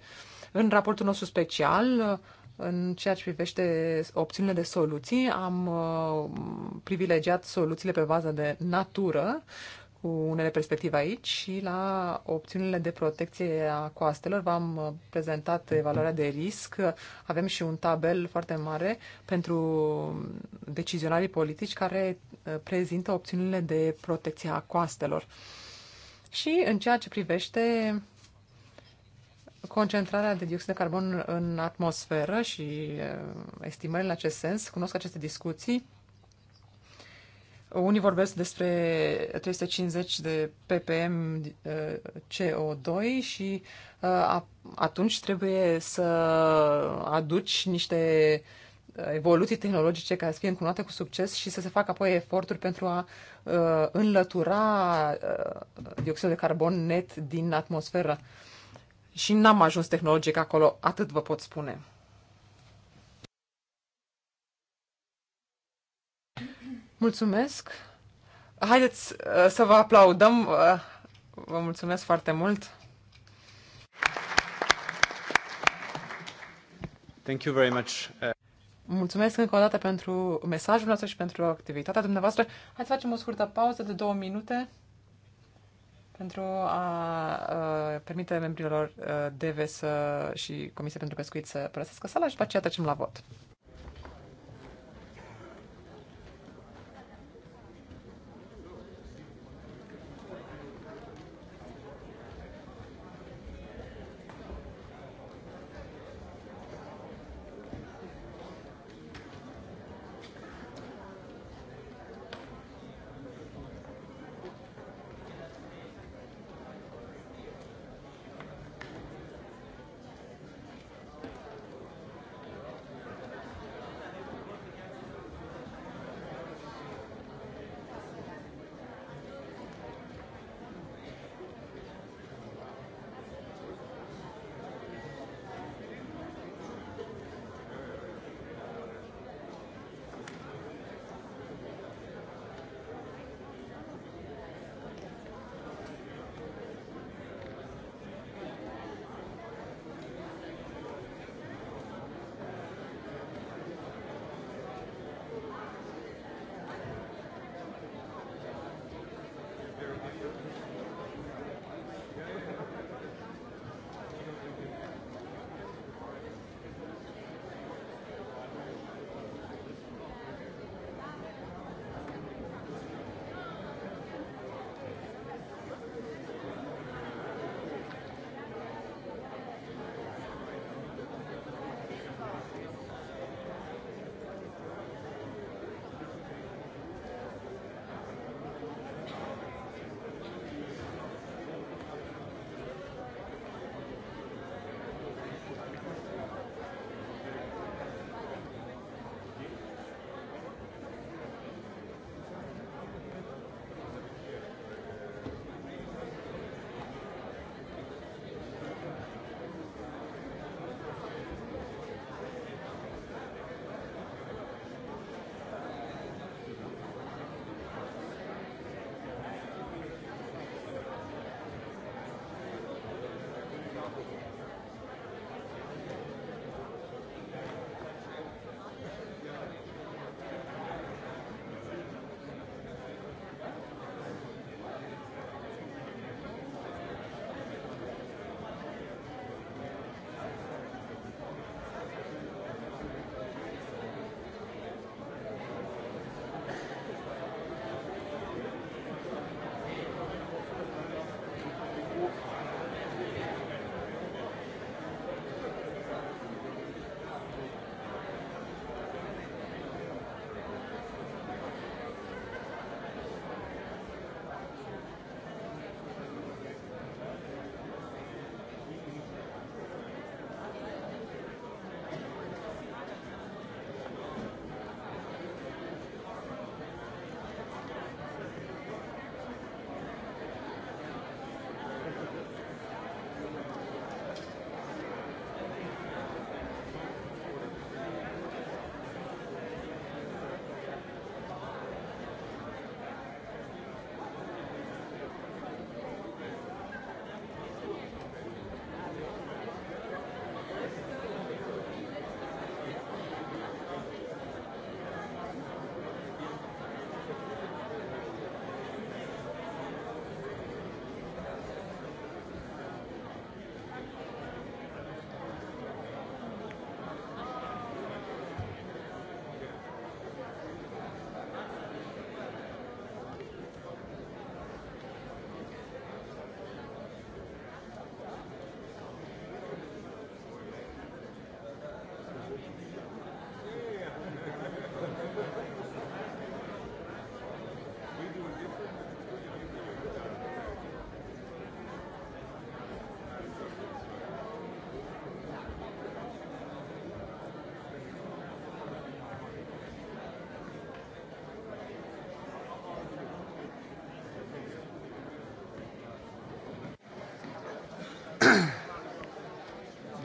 În raportul nostru special, în ceea ce privește opțiunile de soluții, am uh, privilegiat soluțiile pe bază de natură, cu unele perspective aici și la opțiunile de protecție a coastelor. V-am uh, prezentat evaluarea de risc. Avem și un tabel foarte mare pentru decizionarii politici care uh, prezintă opțiunile de protecție a coastelor. Și în ceea ce privește concentrarea de dioxid de carbon în atmosferă și uh, estimările în acest sens, cunosc aceste discuții unii vorbesc despre 350 de ppm eh, CO2 și eh, atunci trebuie să aduci niște evoluții tehnologice care să fie încunoate cu succes și să se facă apoi eforturi pentru a eh, înlătura dioxidul de carbon net din atmosferă. Și n-am ajuns tehnologic acolo, atât vă pot spune. Mulțumesc. Haideți uh, să vă aplaudăm. Uh, vă mulțumesc foarte mult. Thank you very much. Uh... Mulțumesc încă o dată pentru mesajul nostru și pentru activitatea dumneavoastră. Hai să facem o scurtă pauză de două minute pentru a uh, permite membrilor uh, DV să, și Comisia pentru Pescuit să părăsească sala și după aceea trecem la vot.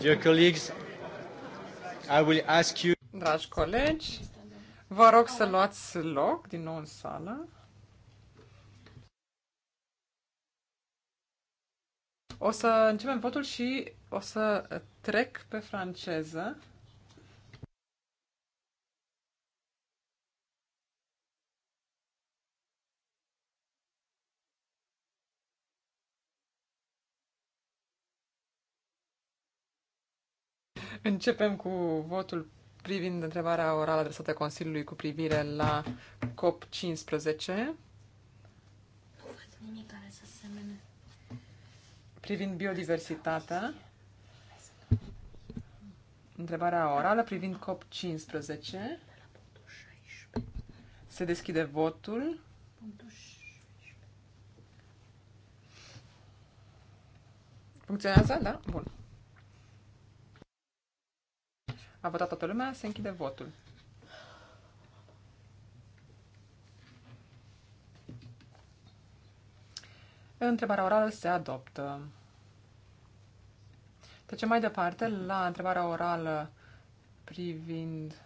Dear colleagues, I will ask you... Dragi colegi, vă rog să luați loc din nou în sală. O să începem votul și o să trec pe franceză. Începem cu votul privind întrebarea orală adresată Consiliului cu privire la COP15. Privind biodiversitatea. Întrebarea orală privind COP15. Se deschide votul. Funcționează? Da? Bun. A votat toată lumea, se închide votul. Întrebarea orală se adoptă. Trecem mai departe la întrebarea orală privind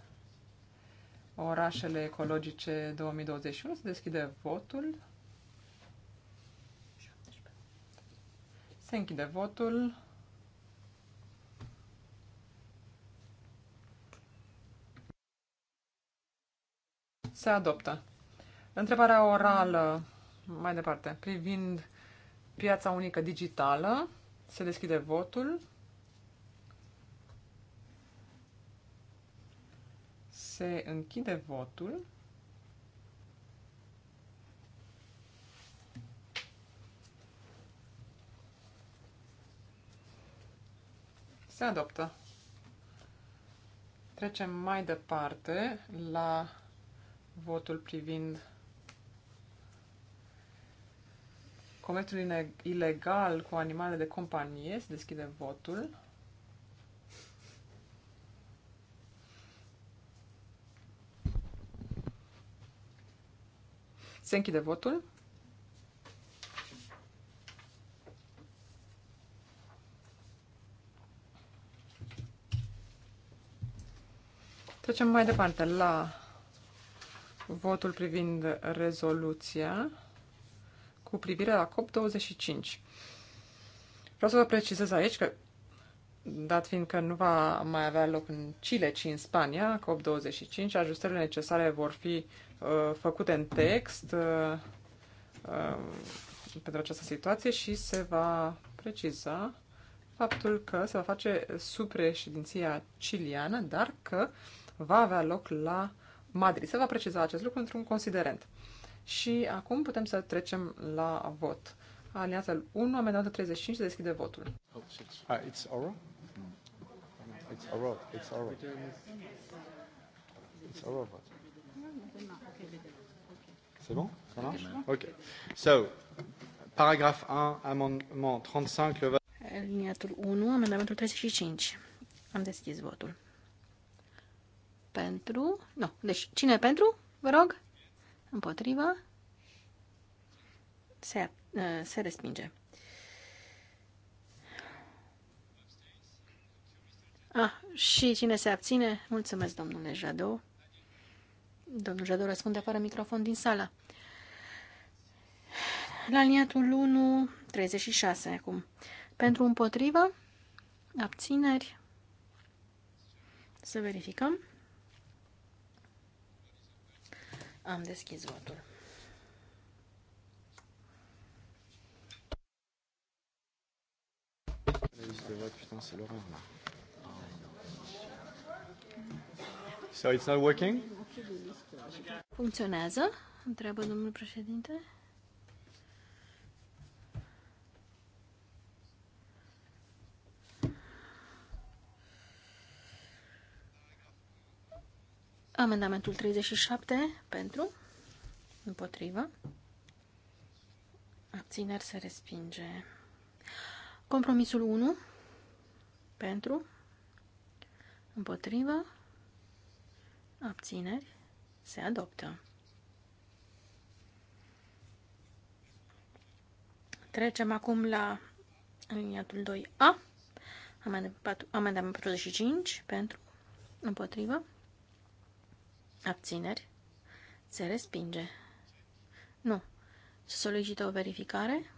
orașele ecologice 2021. Se deschide votul. Se închide votul. Se adoptă. Întrebarea orală, mai departe, privind piața unică digitală, se deschide votul. Se închide votul. Se adoptă. Trecem mai departe la votul privind comerțul ilegal cu animale de companie. Se deschide votul. Se închide votul. Trecem mai departe la votul privind rezoluția cu privire la COP25. Vreau să vă precizez aici că, dat fiind că nu va mai avea loc în Chile, ci în Spania, COP25, ajustările necesare vor fi uh, făcute în text uh, uh, pentru această situație și se va preciza faptul că se va face sub președinția ciliană, dar că va avea loc la uh, Madrid. Se va preciza acest lucru într-un considerent. Și acum putem să trecem la vot. Alianța 1, amendamentul 35, deschide votul. Oh, it's oral? It's oral. It's oral. It's oral vote. C'est bon Ça marche Ok. So, paragraph 1, amendement 35, le vote. 1, amendamentul 35. Am deschis votul pentru? Nu. Deci, cine pentru? Vă rog. Împotriva. Se, uh, se respinge. Ah, și cine se abține? Mulțumesc, domnule Jadou. Domnul Jadou răspunde fără microfon din sala. La liniatul 1, 36 acum. Pentru împotrivă, abțineri, să verificăm. Am deschis votul. So it's not working? Funcționează? Întreabă domnul președinte. Amendamentul 37 pentru, împotrivă, abțineri se respinge. Compromisul 1 pentru, împotrivă, abțineri se adoptă. Trecem acum la aliniatul 2A, amendamentul 45 pentru, împotrivă, Abțineri. Se respinge. Nu. Se solicită o verificare.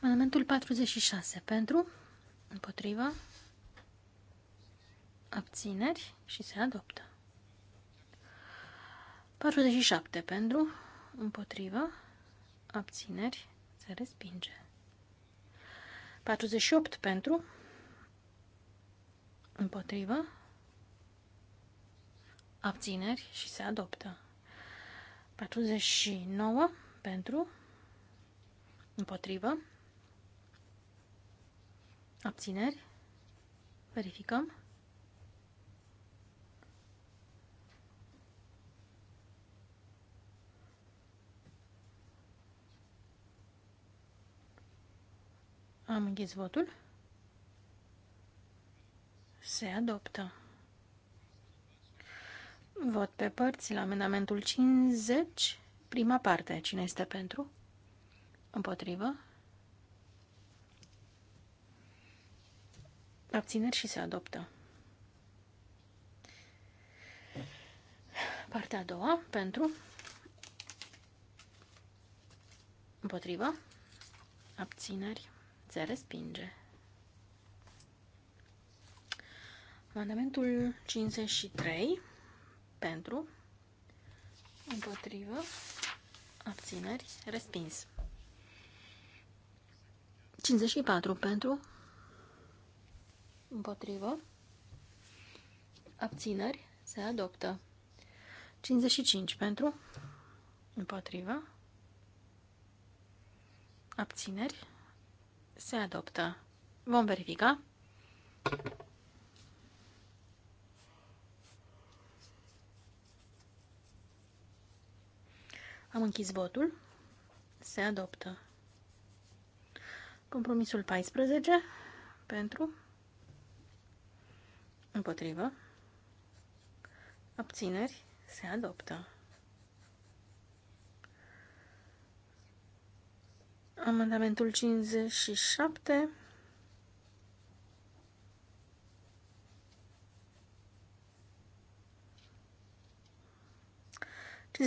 Amendamentul 46. Pentru, împotriva, abțineri și se adoptă. 47 pentru, împotrivă, abțineri, se respinge. 48 pentru, împotrivă, abțineri și se adoptă. 49 pentru, împotrivă, abțineri, verificăm. Am închis votul. Se adoptă. Vot pe părți la amendamentul 50, prima parte. Cine este pentru? Împotrivă? Abțineri și se adoptă. Partea a doua, pentru, împotrivă, abțineri. Se respinge. Mandamentul 53 pentru, împotrivă, abțineri, respins. 54 pentru, împotrivă, abțineri, se adoptă. 55 pentru, împotrivă, abțineri, se adoptă. Vom verifica. Am închis votul. Se adoptă. Compromisul 14 pentru împotrivă abțineri se adoptă. Amendamentul 57.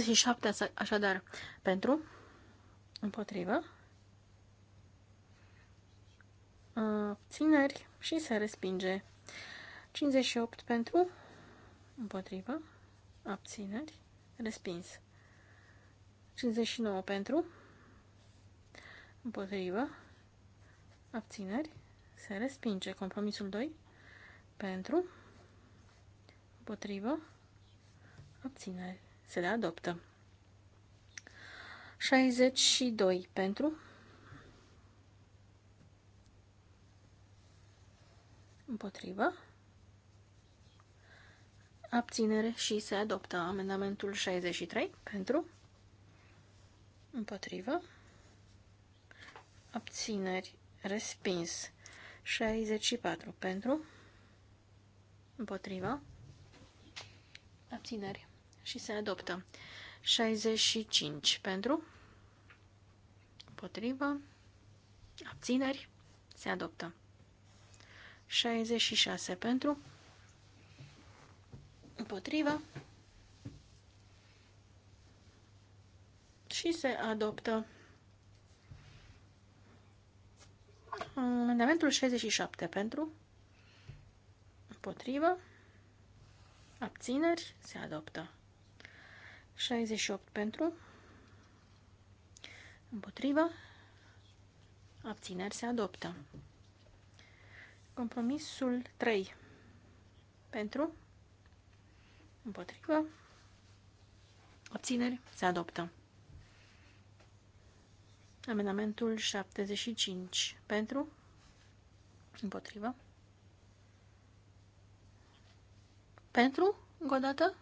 și șapte, așadar, pentru, împotrivă, țineri și se respinge. 58 pentru, împotrivă, abțineri, respins. 59 pentru, Împotrivă. Abțineri. Se respinge. Compromisul 2. Pentru. Împotrivă. Abțineri. Se le adoptă. 62 pentru. Împotrivă. Abținere și se adoptă amendamentul 63 pentru. Împotrivă abțineri, respins. 64 pentru, împotriva, abțineri și se adoptă. 65 pentru, împotriva, abțineri, se adoptă. 66 pentru, împotriva și se adoptă. Amendamentul 67 pentru, împotrivă, abțineri, se adoptă. 68 pentru, împotrivă, abțineri, se adoptă. Compromisul 3 pentru, împotrivă, abțineri, se adoptă. Amendamentul 75 pentru, împotrivă. Pentru, încă o dată,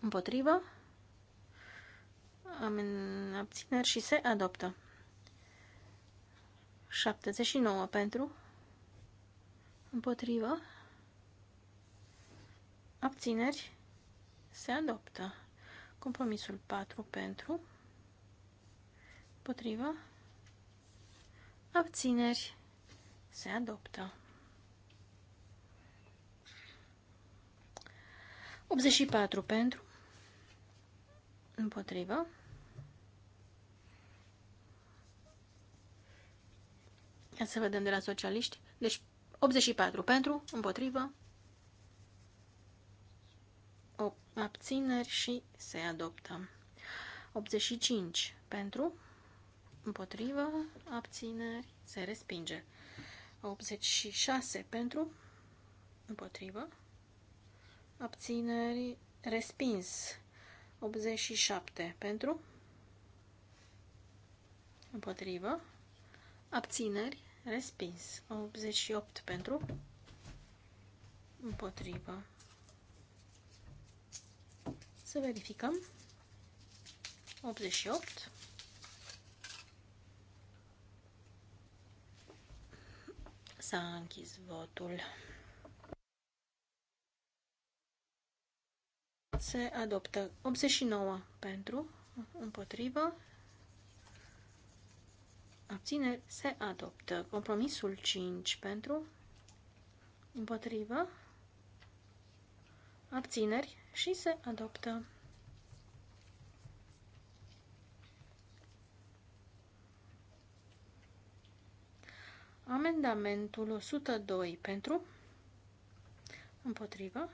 împotrivă. Amen, abțineri și se adoptă. 79 pentru, împotrivă, abțineri, se adoptă. Compromisul 4 pentru, Potrivă. Abțineri. Se adoptă. 84 pentru. Împotrivă. Ia să vedem de la socialiști. Deci 84 pentru, împotrivă. O abțineri și se adoptă. 85 pentru, împotrivă, abțineri, se respinge. 86 pentru, împotrivă, abțineri, respins. 87 pentru, împotrivă, abțineri, respins. 88 pentru, împotrivă. Să verificăm. 88 S-a închis votul. Se adoptă 89 pentru, împotrivă, abțineri, se adoptă. Compromisul 5 pentru, împotrivă, abțineri și se adoptă. Amendamentul 102 pentru, împotrivă,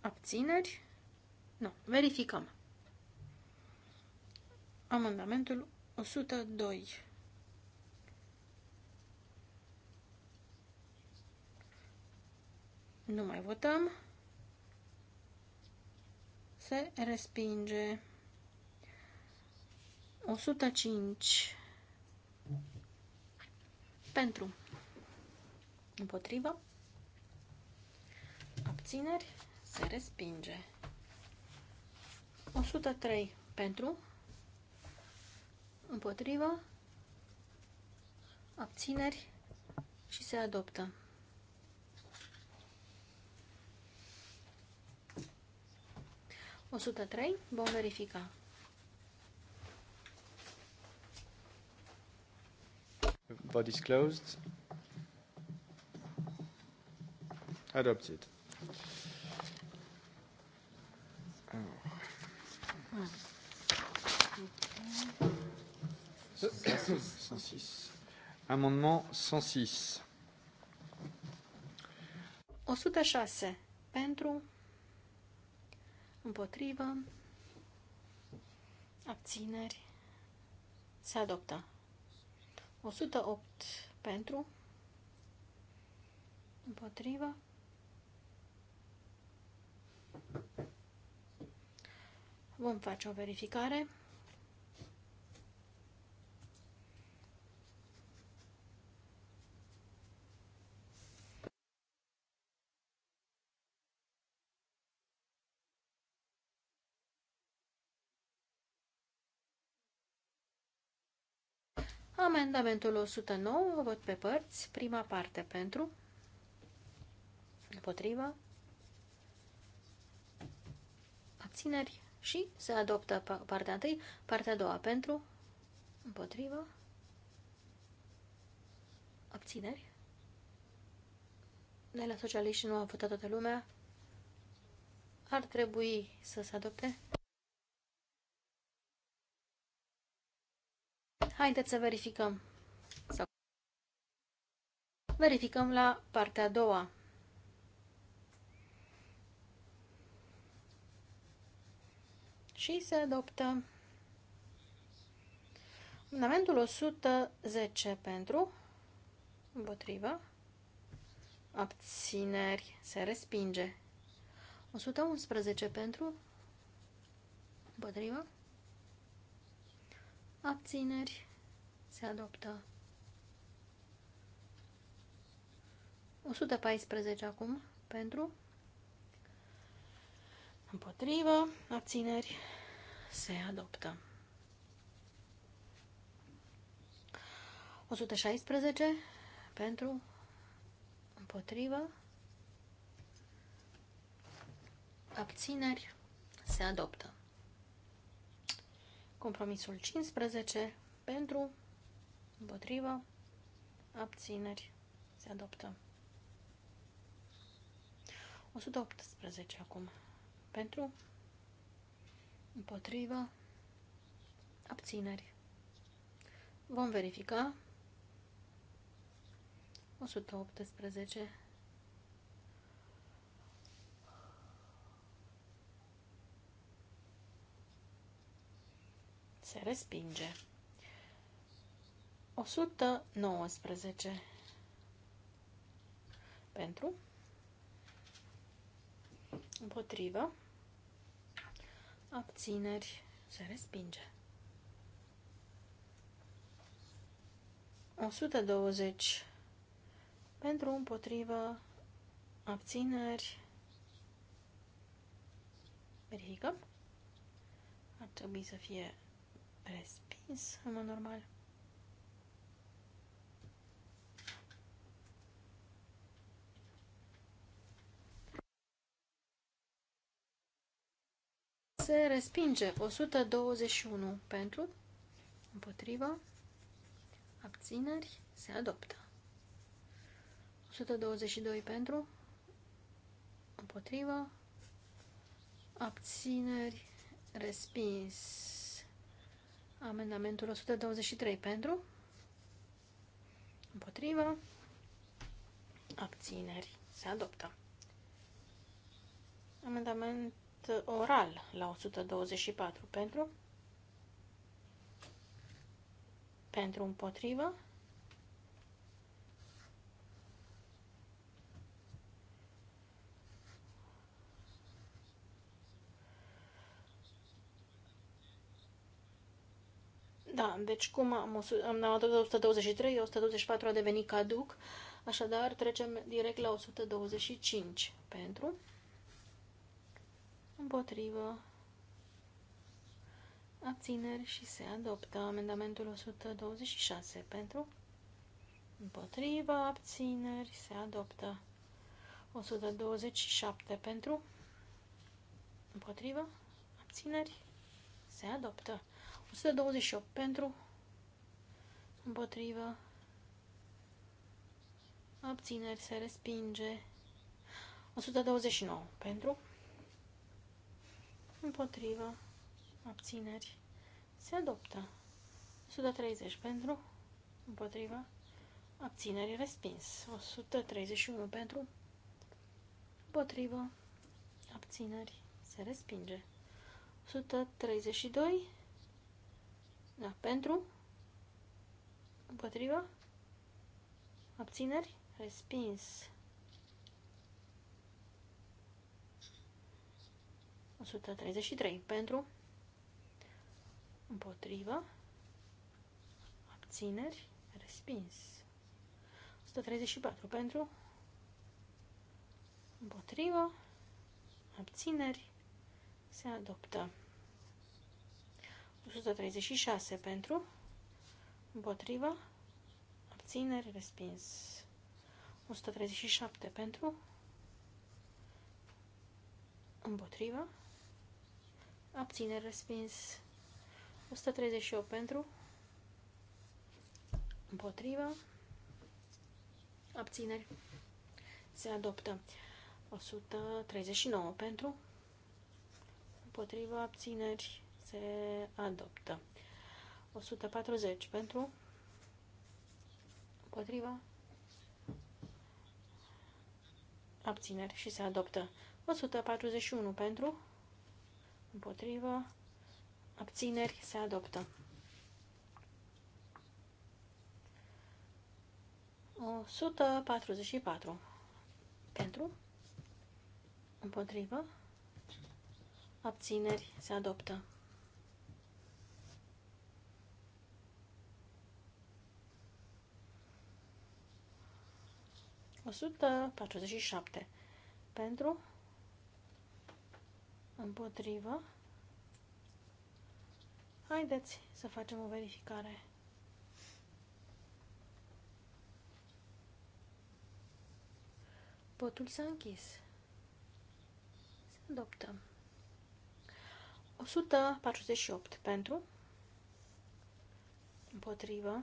abțineri, nu, verificăm. Amendamentul 102. Nu mai votăm. Se respinge. 105 pentru, împotrivă, abțineri, se respinge. 103 pentru, împotrivă, abțineri și se adoptă. O sută trei vom verifica. Vote is closed. Adopted. [COUGHS] Amendement 106. 106. Pentru, împotrivă, abțineri, se adoptă. 108 pentru, împotrivă. Vom face o verificare. Amendamentul 109, vot pe părți, prima parte pentru, împotriva abțineri și se adoptă partea 1, partea a doua pentru, împotriva abțineri. De la socialiști nu a votat toată lumea. Ar trebui să se adopte. Haideți să verificăm. Sau verificăm la partea a doua. Și se adoptă amendamentul 110 pentru, împotrivă, abțineri, se respinge. 111 pentru, împotrivă, abțineri, se adoptă. 114 acum, pentru, împotrivă, abțineri, se adoptă. 116 pentru, împotrivă, abțineri, se adoptă. Compromisul 15 pentru, Împotrivă. Abțineri. Se adoptă. 118 acum. Pentru. Împotrivă. Abțineri. Vom verifica. 118. Se respinge. 119 pentru, împotrivă, abțineri, se respinge. 120 pentru, împotrivă, abțineri, verificăm. Ar trebui să fie respins în mod normal. se respinge. 121 pentru, împotrivă, abțineri, se adoptă. 122 pentru, împotrivă, abțineri, respins. Amendamentul 123 pentru, împotrivă, abțineri, se adoptă. Amendament oral la 124 pentru pentru împotrivă Da, deci cum am, am adoptat 123, 124 a devenit caduc, așadar trecem direct la 125 pentru împotrivă, abțineri și se adoptă amendamentul 126 pentru, împotrivă, abțineri, se adoptă 127 pentru, împotrivă, abțineri, se adoptă 128 pentru, împotrivă, abțineri, se respinge 129 pentru, împotrivă, abțineri, se adoptă. 130 pentru, împotrivă, abțineri, respins. 131 pentru, împotrivă, abțineri, se respinge. 132, da, pentru, împotrivă, abțineri, respins. 133 pentru, împotrivă, abțineri, respins. 134 pentru, împotrivă, abțineri, se adoptă. 136 pentru, împotrivă, abțineri, respins. 137 pentru, împotrivă, Abține respins. 138 pentru. Împotriva. Abțineri. Se adoptă. 139 pentru. Împotriva abțineri. Se adoptă. 140 pentru. Împotriva. Abțineri și se adoptă. 141 pentru împotrivă, abțineri, se adoptă. 144 pentru, împotrivă, abțineri, se adoptă. O 147 pentru împotrivă. Haideți să facem o verificare. Potul s-a închis. Se adoptă. 148 pentru, împotrivă,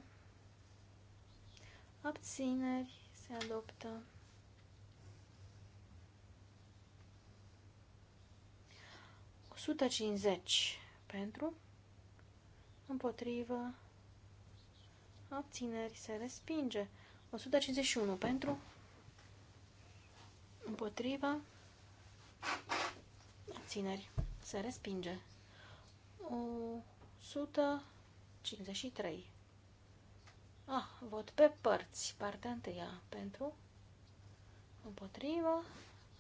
abțineri, se adoptă. 150 pentru, împotrivă, abțineri, se respinge. 151 pentru, împotrivă, abțineri, se respinge. 153. Ah, vot pe părți, partea întâia, pentru, împotrivă,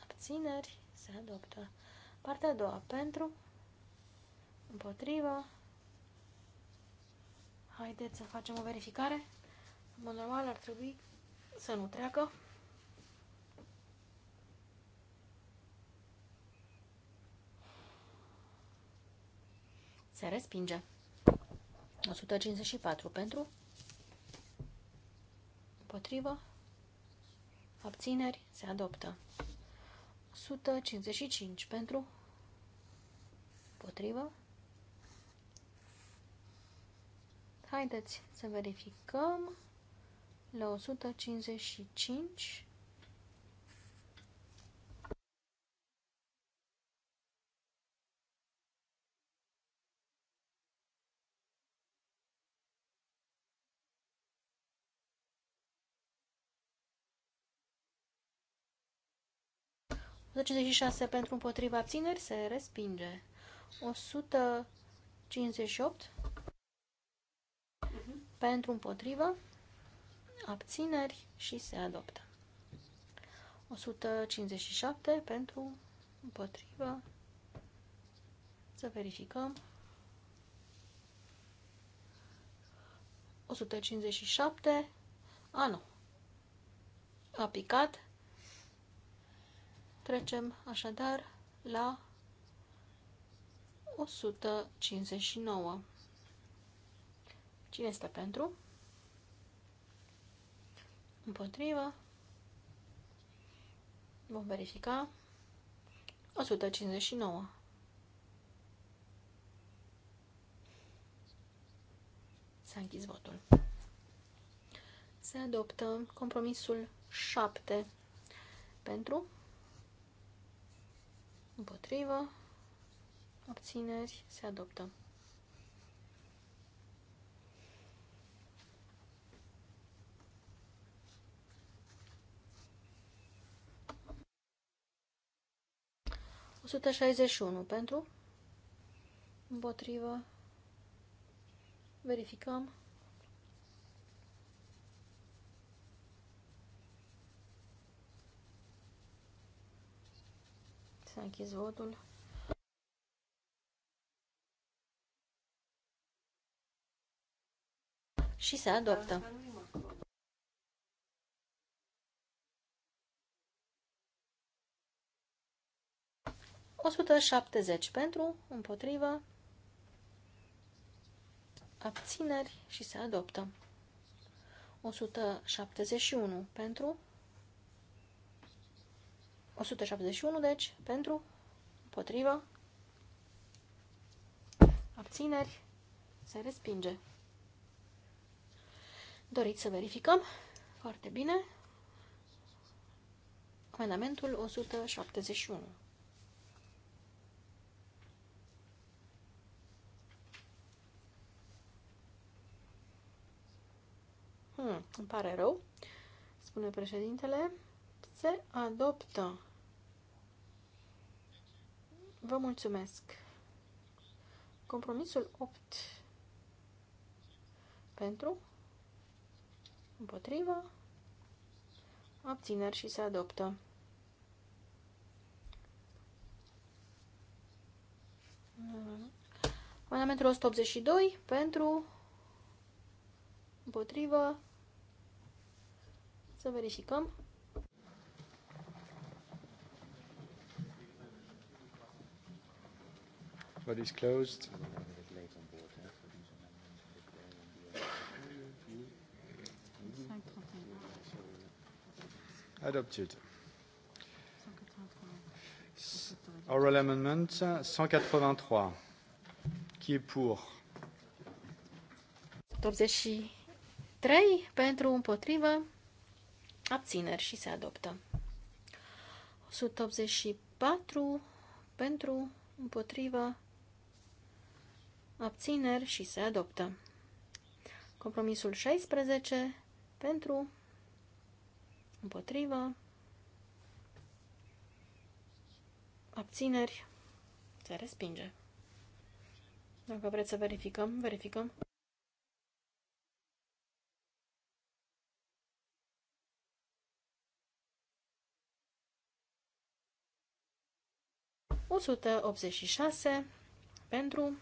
abțineri, se adoptă. Partea a doua, pentru, împotrivă. Haideți să facem o verificare. În mod normal ar trebui să nu treacă. Se respinge. 154 pentru, împotrivă, abțineri, se adoptă. 155 pentru, potrivă. Haideți să verificăm la 155. șase pentru împotriva abțineri se respinge. 158 pentru împotrivă, abțineri și se adoptă. 157 pentru împotrivă. Să verificăm. 157. A, nu. A picat. Trecem așadar la 159. Cine este pentru? Împotrivă. Vom verifica. 159. S-a închis votul. Se adoptă compromisul 7 pentru, împotrivă, abțineri, se adoptă. sută unu pentru, împotrivă, verificăm. S-a închis votul. și se adoptă. ...170 pentru, împotrivă, abțineri și se adoptă. 171 pentru, 171 deci, pentru, împotrivă, abțineri, se respinge. Doriți să verificăm? Foarte bine. Amendamentul 171. Hmm, îmi pare rău, spune președintele. Se adoptă. Vă mulțumesc. Compromisul 8 pentru Împotrivă. Abțineri și se adoptă. Amendamentul 182 pentru împotrivă. Să verificăm. But it's closed. Adopted. Oral amendment 183. Qui est pour? 83 pentru împotrivă, abțineri și se adoptă. 184 pentru împotrivă, abțineri și se adoptă. Compromisul 16 pentru Împotrivă. Abțineri. Se respinge. Dacă vreți să verificăm, verificăm. șase pentru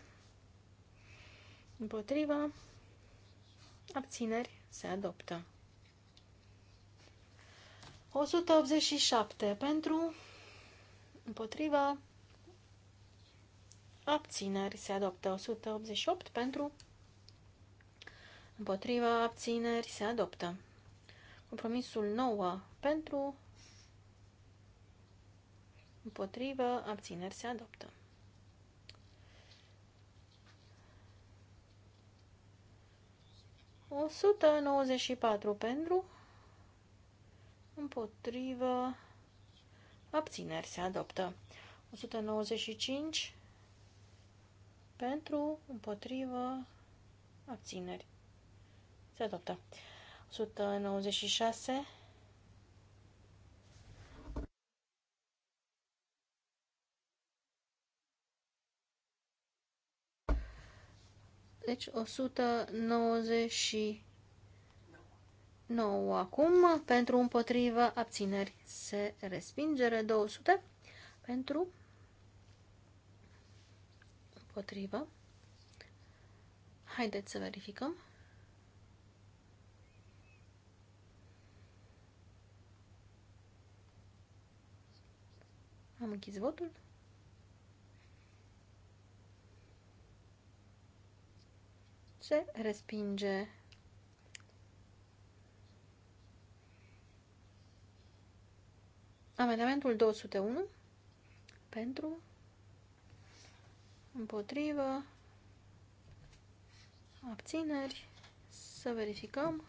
împotriva abțineri se adoptă. 187 pentru, împotriva, abțineri se adoptă. 188 pentru, împotriva, abțineri se adoptă. Compromisul 9 pentru, împotriva, abțineri se adoptă. O 194 pentru, împotrivă, abțineri se adoptă. 195 pentru, împotrivă, abțineri se adoptă. 196 Deci 196 9 acum, pentru împotrivă, abțineri se respingere, 200 pentru împotrivă. Haideți să verificăm. Am închis votul. Se respinge Amendamentul 201 pentru, împotrivă, abțineri, să verificăm.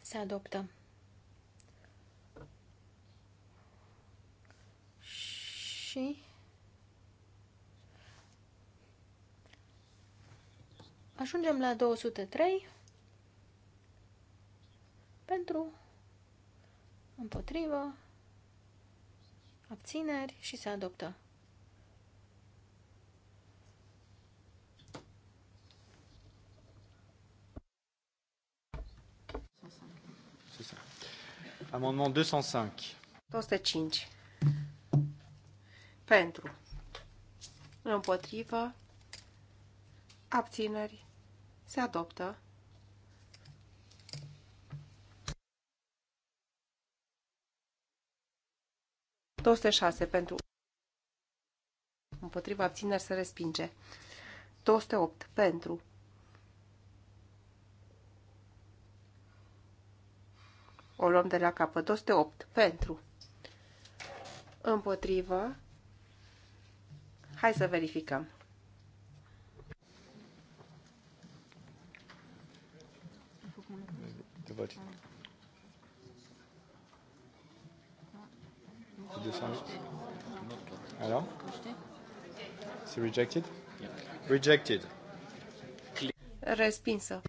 Se adoptă. Și Ajungem la 203 pentru, împotrivă, abțineri și se adoptă. Amendement 205. 205. Pentru. Împotrivă. Abțineri. Se adoptă. șase pentru împotriva abțineri se respinge. 208 pentru O luăm de la capăt. 208. Pentru. Împotrivă. Hai să verificăm. voted. The 208. Alors C'est rejected yeah. Rejected. Respinsă.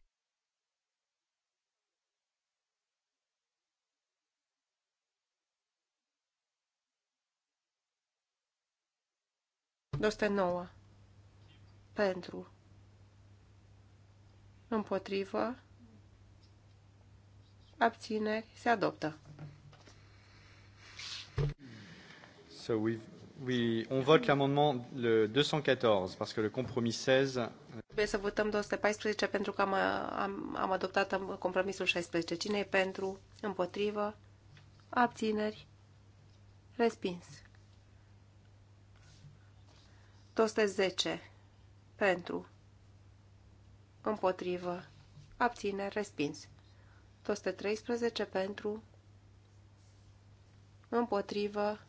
Doste nouă. Pentru. Împotrivă abțineri, se adoptă. So we, we, on vote l'amendement 214 parce que le compromis 16 euh, Trebuie să votăm 214 pentru că am, am, am adoptat compromisul 16. Cine e pentru? Împotrivă? Abțineri? Respins. 210 pentru, împotrivă, abține, respins. 113 pentru, împotrivă,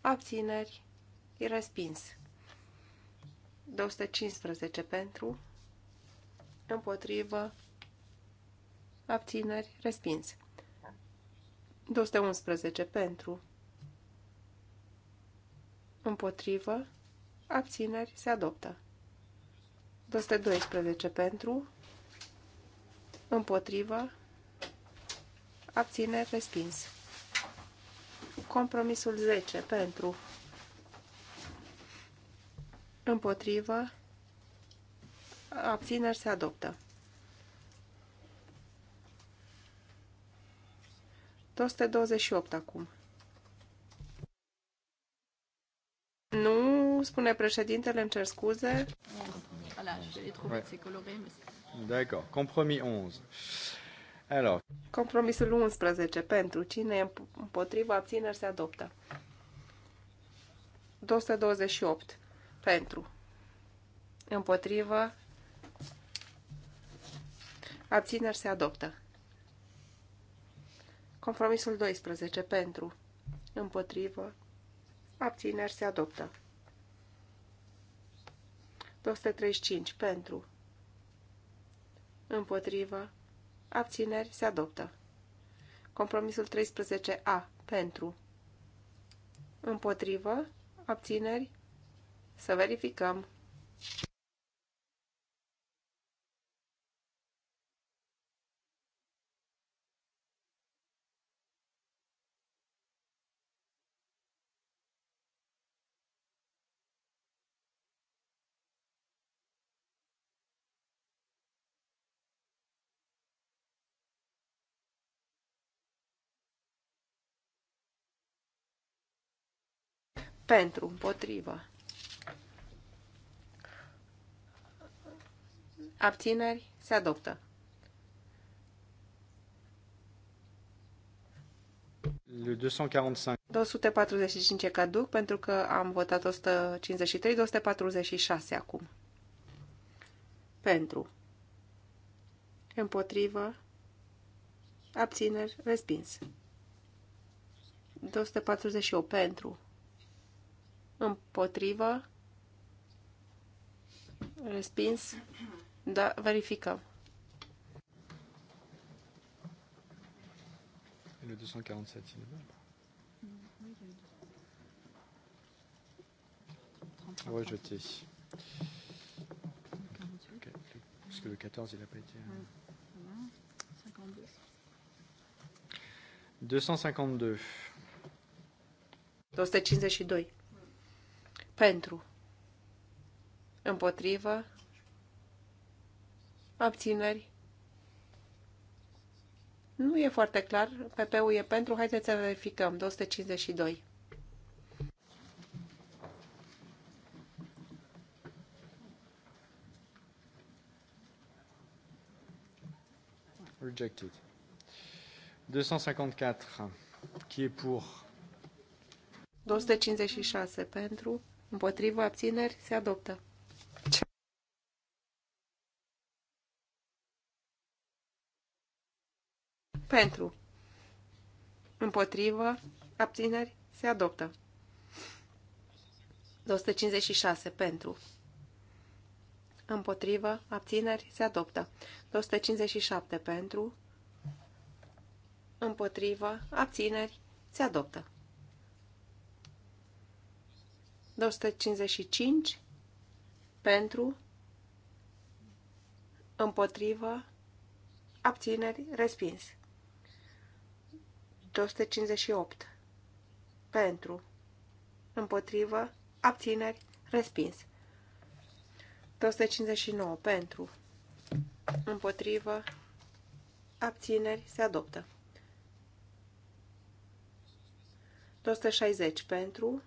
abțineri, respins. 215 pentru, împotrivă, abțineri, respins. 211 pentru, împotrivă, abțineri, se adoptă. 212 pentru, împotrivă, abține, respins. Compromisul 10 pentru, împotrivă, abțineri, se adoptă. 28 acum. Nu, spune președintele, îmi cer scuze. Voilà, je l'ai trouvé, c'est coloré, mais D'accord. Compromis 11. Alors. Compromisul 11 pentru cine împotriva abțineri se adoptă. 228 pentru împotrivă abțineri se adoptă. Compromisul 12 pentru împotrivă abțineri se adoptă. 235 pentru împotrivă, abțineri, se adoptă. Compromisul 13A, pentru, împotrivă, abțineri, să verificăm. pentru, împotrivă. Abțineri se adoptă. Le 245. 245 e caduc pentru că am votat 153, 246 acum. Pentru. Împotrivă. Abțineri. Respins. 248 pentru împotrivă, respins, da, verificăm. Le 247, il est là. Rejeté. Okay. Parce que le 14, il n'a pas été. 52. 252. 252. Pentru. Împotrivă. Abțineri. Nu e foarte clar. PP-ul e pentru. Haideți să verificăm. 252. Rejected. 254. Qui est pour? 256 pentru. Împotrivă, abțineri, se adoptă. Pentru. Împotrivă, abțineri, se adoptă. 256. Pentru. Împotrivă, abțineri, se adoptă. 257. Pentru. Împotrivă, abțineri, se adoptă. 255 pentru, împotrivă, abțineri, respins. 258 pentru, împotrivă, abțineri, respins. 259 pentru, împotrivă, abțineri, se adoptă. 260 pentru,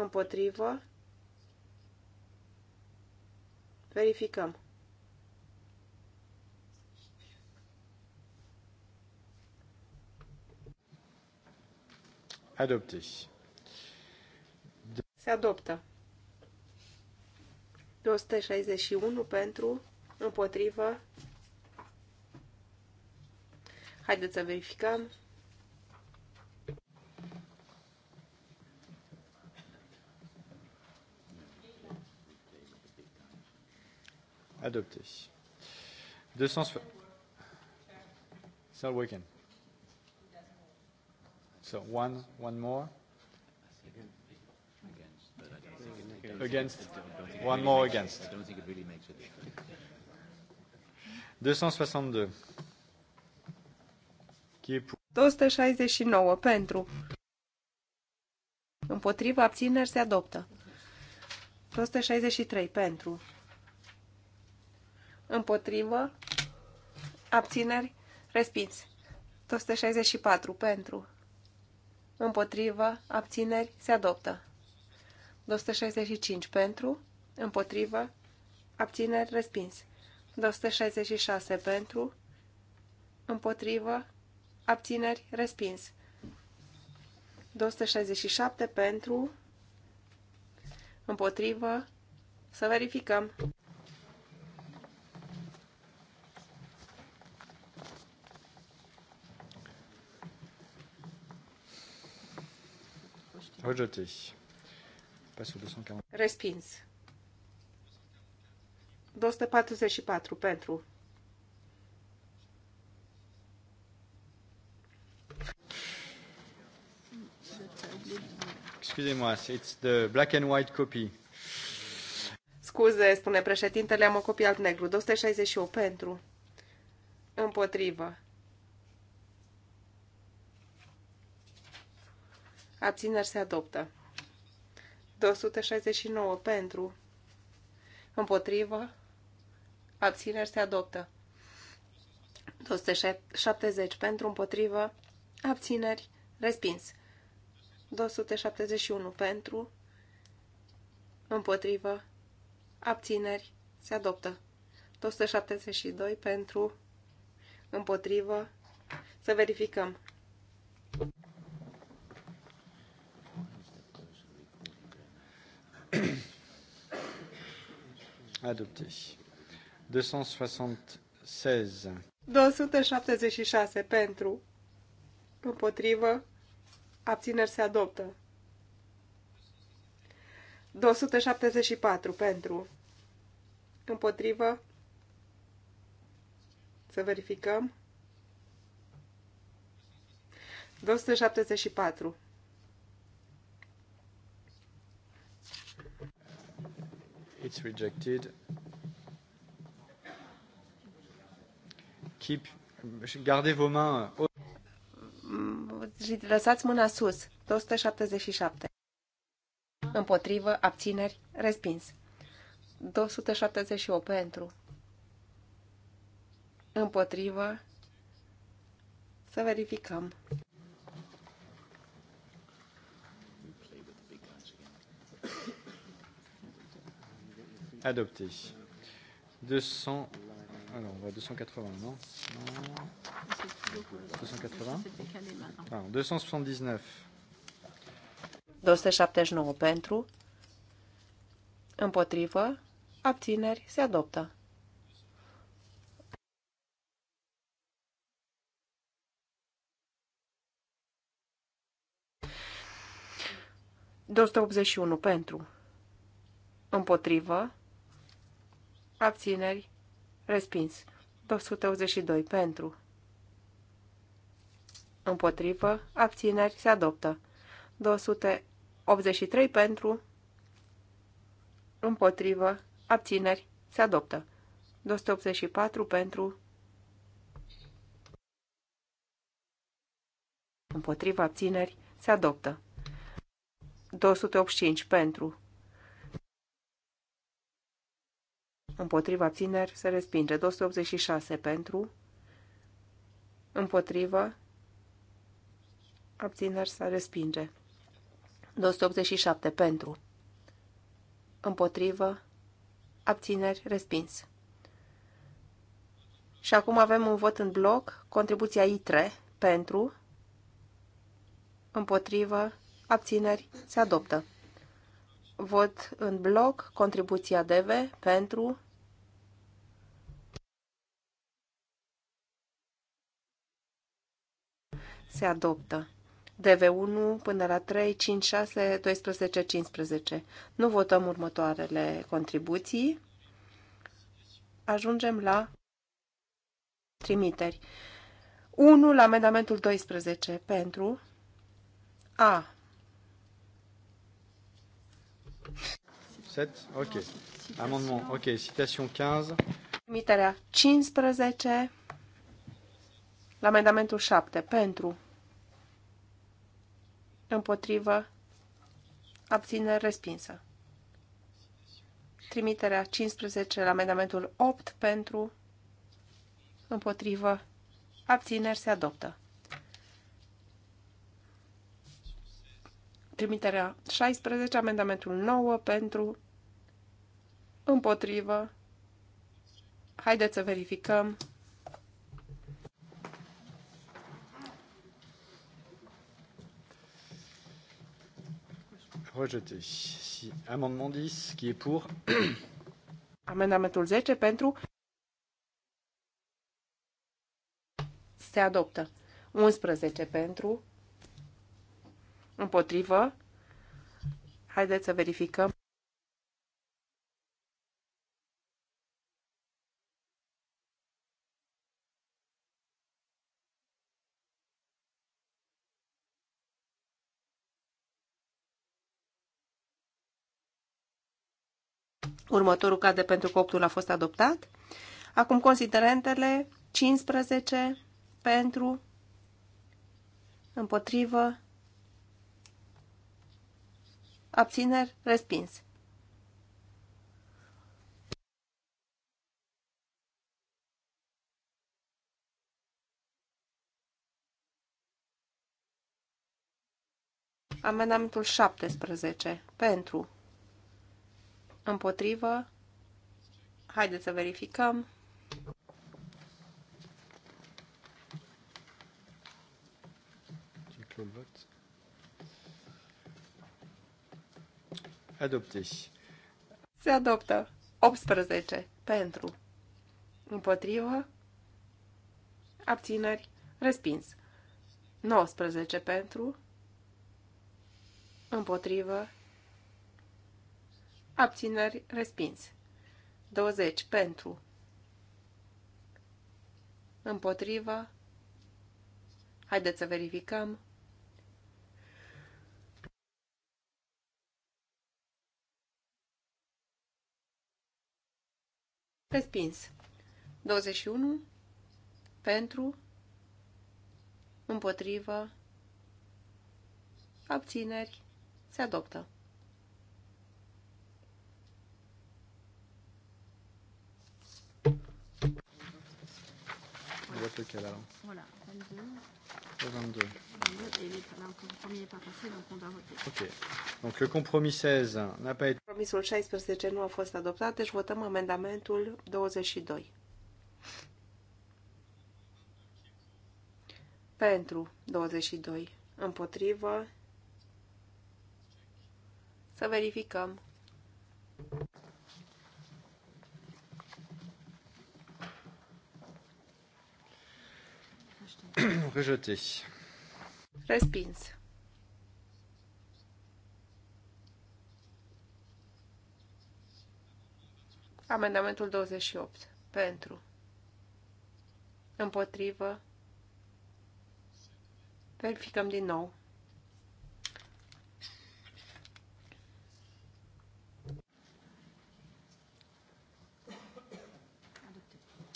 împotrivă, verificăm. Adopte. Se adoptă. 261 pentru, împotrivă. Haideți să verificăm. adopté. 200... Sir Wicken. So one, one more. Against. One more against. 262. 269 pentru. Împotriva abțineri se adoptă. 263 pentru împotrivă, abțineri, respins. 264 pentru, împotrivă, abțineri, se adoptă. 265 pentru, împotrivă, abțineri, respins. 266 pentru, împotrivă, abțineri, respins. 267 pentru, împotrivă, să verificăm. Rejeté. Respins. 244 pentru. Excusez-moi, it's the black and white copy. Scuze, spune președintele, am o copie alb-negru. 268 pentru. Împotrivă. Abțineri se adoptă. 269 pentru. Împotrivă. Abțineri se adoptă. 270 pentru împotrivă. Abțineri. Respins. 271 pentru. Împotrivă. Abțineri. Se adoptă. 272 pentru. Împotrivă. Să verificăm. Adopté. 276. 276 pentru, împotrivă, abțineri se adoptă. 274 pentru, împotrivă, să verificăm, 274. It's rejected. Keep, gardez vos mains. Oh. lăsați mâna sus. 277. Împotrivă, abțineri, respins. 278 pentru. Împotrivă. Să verificăm. Adopté. 200. Alors, ah on va 280, non, 280 ah, 279. 279 pentru, împotrivă, abțineri, se adoptă. 81 pentru, împotrivă, abțineri, respins. 282 pentru. Împotrivă, abțineri, se adoptă. 283 pentru. Împotrivă, abțineri, se adoptă. 284 pentru. Împotrivă, abțineri, se adoptă. 285 pentru împotriva abțineri se respinge. 286 pentru, împotriva abțineri se respinge. 287 pentru, Împotriva abțineri, respins. Și acum avem un vot în bloc, contribuția I3 pentru, Împotriva abțineri, se adoptă. Vot în bloc, contribuția DV pentru, se adoptă. DV1 până la 3, 5, 6, 12, 15. Nu votăm următoarele contribuții. Ajungem la trimiteri. 1 la amendamentul 12 pentru A. Set? ok. Amendement, ok. Citation 15. Trimiterea 15 la amendamentul 7. Pentru. Împotrivă. Abține respinsă. Trimiterea 15 la amendamentul 8 pentru împotrivă abțineri se adoptă. Trimiterea 16, amendamentul 9 pentru împotrivă. Haideți să verificăm rejeté. Si, amendement 10, qui est pour [COUGHS] Amendamentul 10 pentru se adoptă. 11 pentru împotrivă. Haideți să verificăm. Următorul cadre pentru că a fost adoptat. Acum considerentele 15 pentru, împotrivă, abțineri, respins. Amendamentul 17 pentru Împotrivă. Haideți să verificăm. Adopté. Se adoptă. 18. Pentru. Împotrivă. Abțineri. Respins. 19 pentru. Împotrivă abțineri, respins. 20 pentru, împotrivă, haideți să verificăm. Respins. 21 pentru, împotrivă, abțineri, se adoptă. On vote lequel alors Voilà, 22. 22. 22 et le premier n'est pas passé, donc on doit voter. Ok. Donc le compromis 16 n'a pas été... Compromisul 16 nu a fost adoptat, deci votăm amendamentul 22. Pentru 22. Împotrivă. Să verificăm. [CLEARS THROAT] Rejeté. Respins. Amendamentul 28. Pentru. Împotrivă. Verificăm din nou.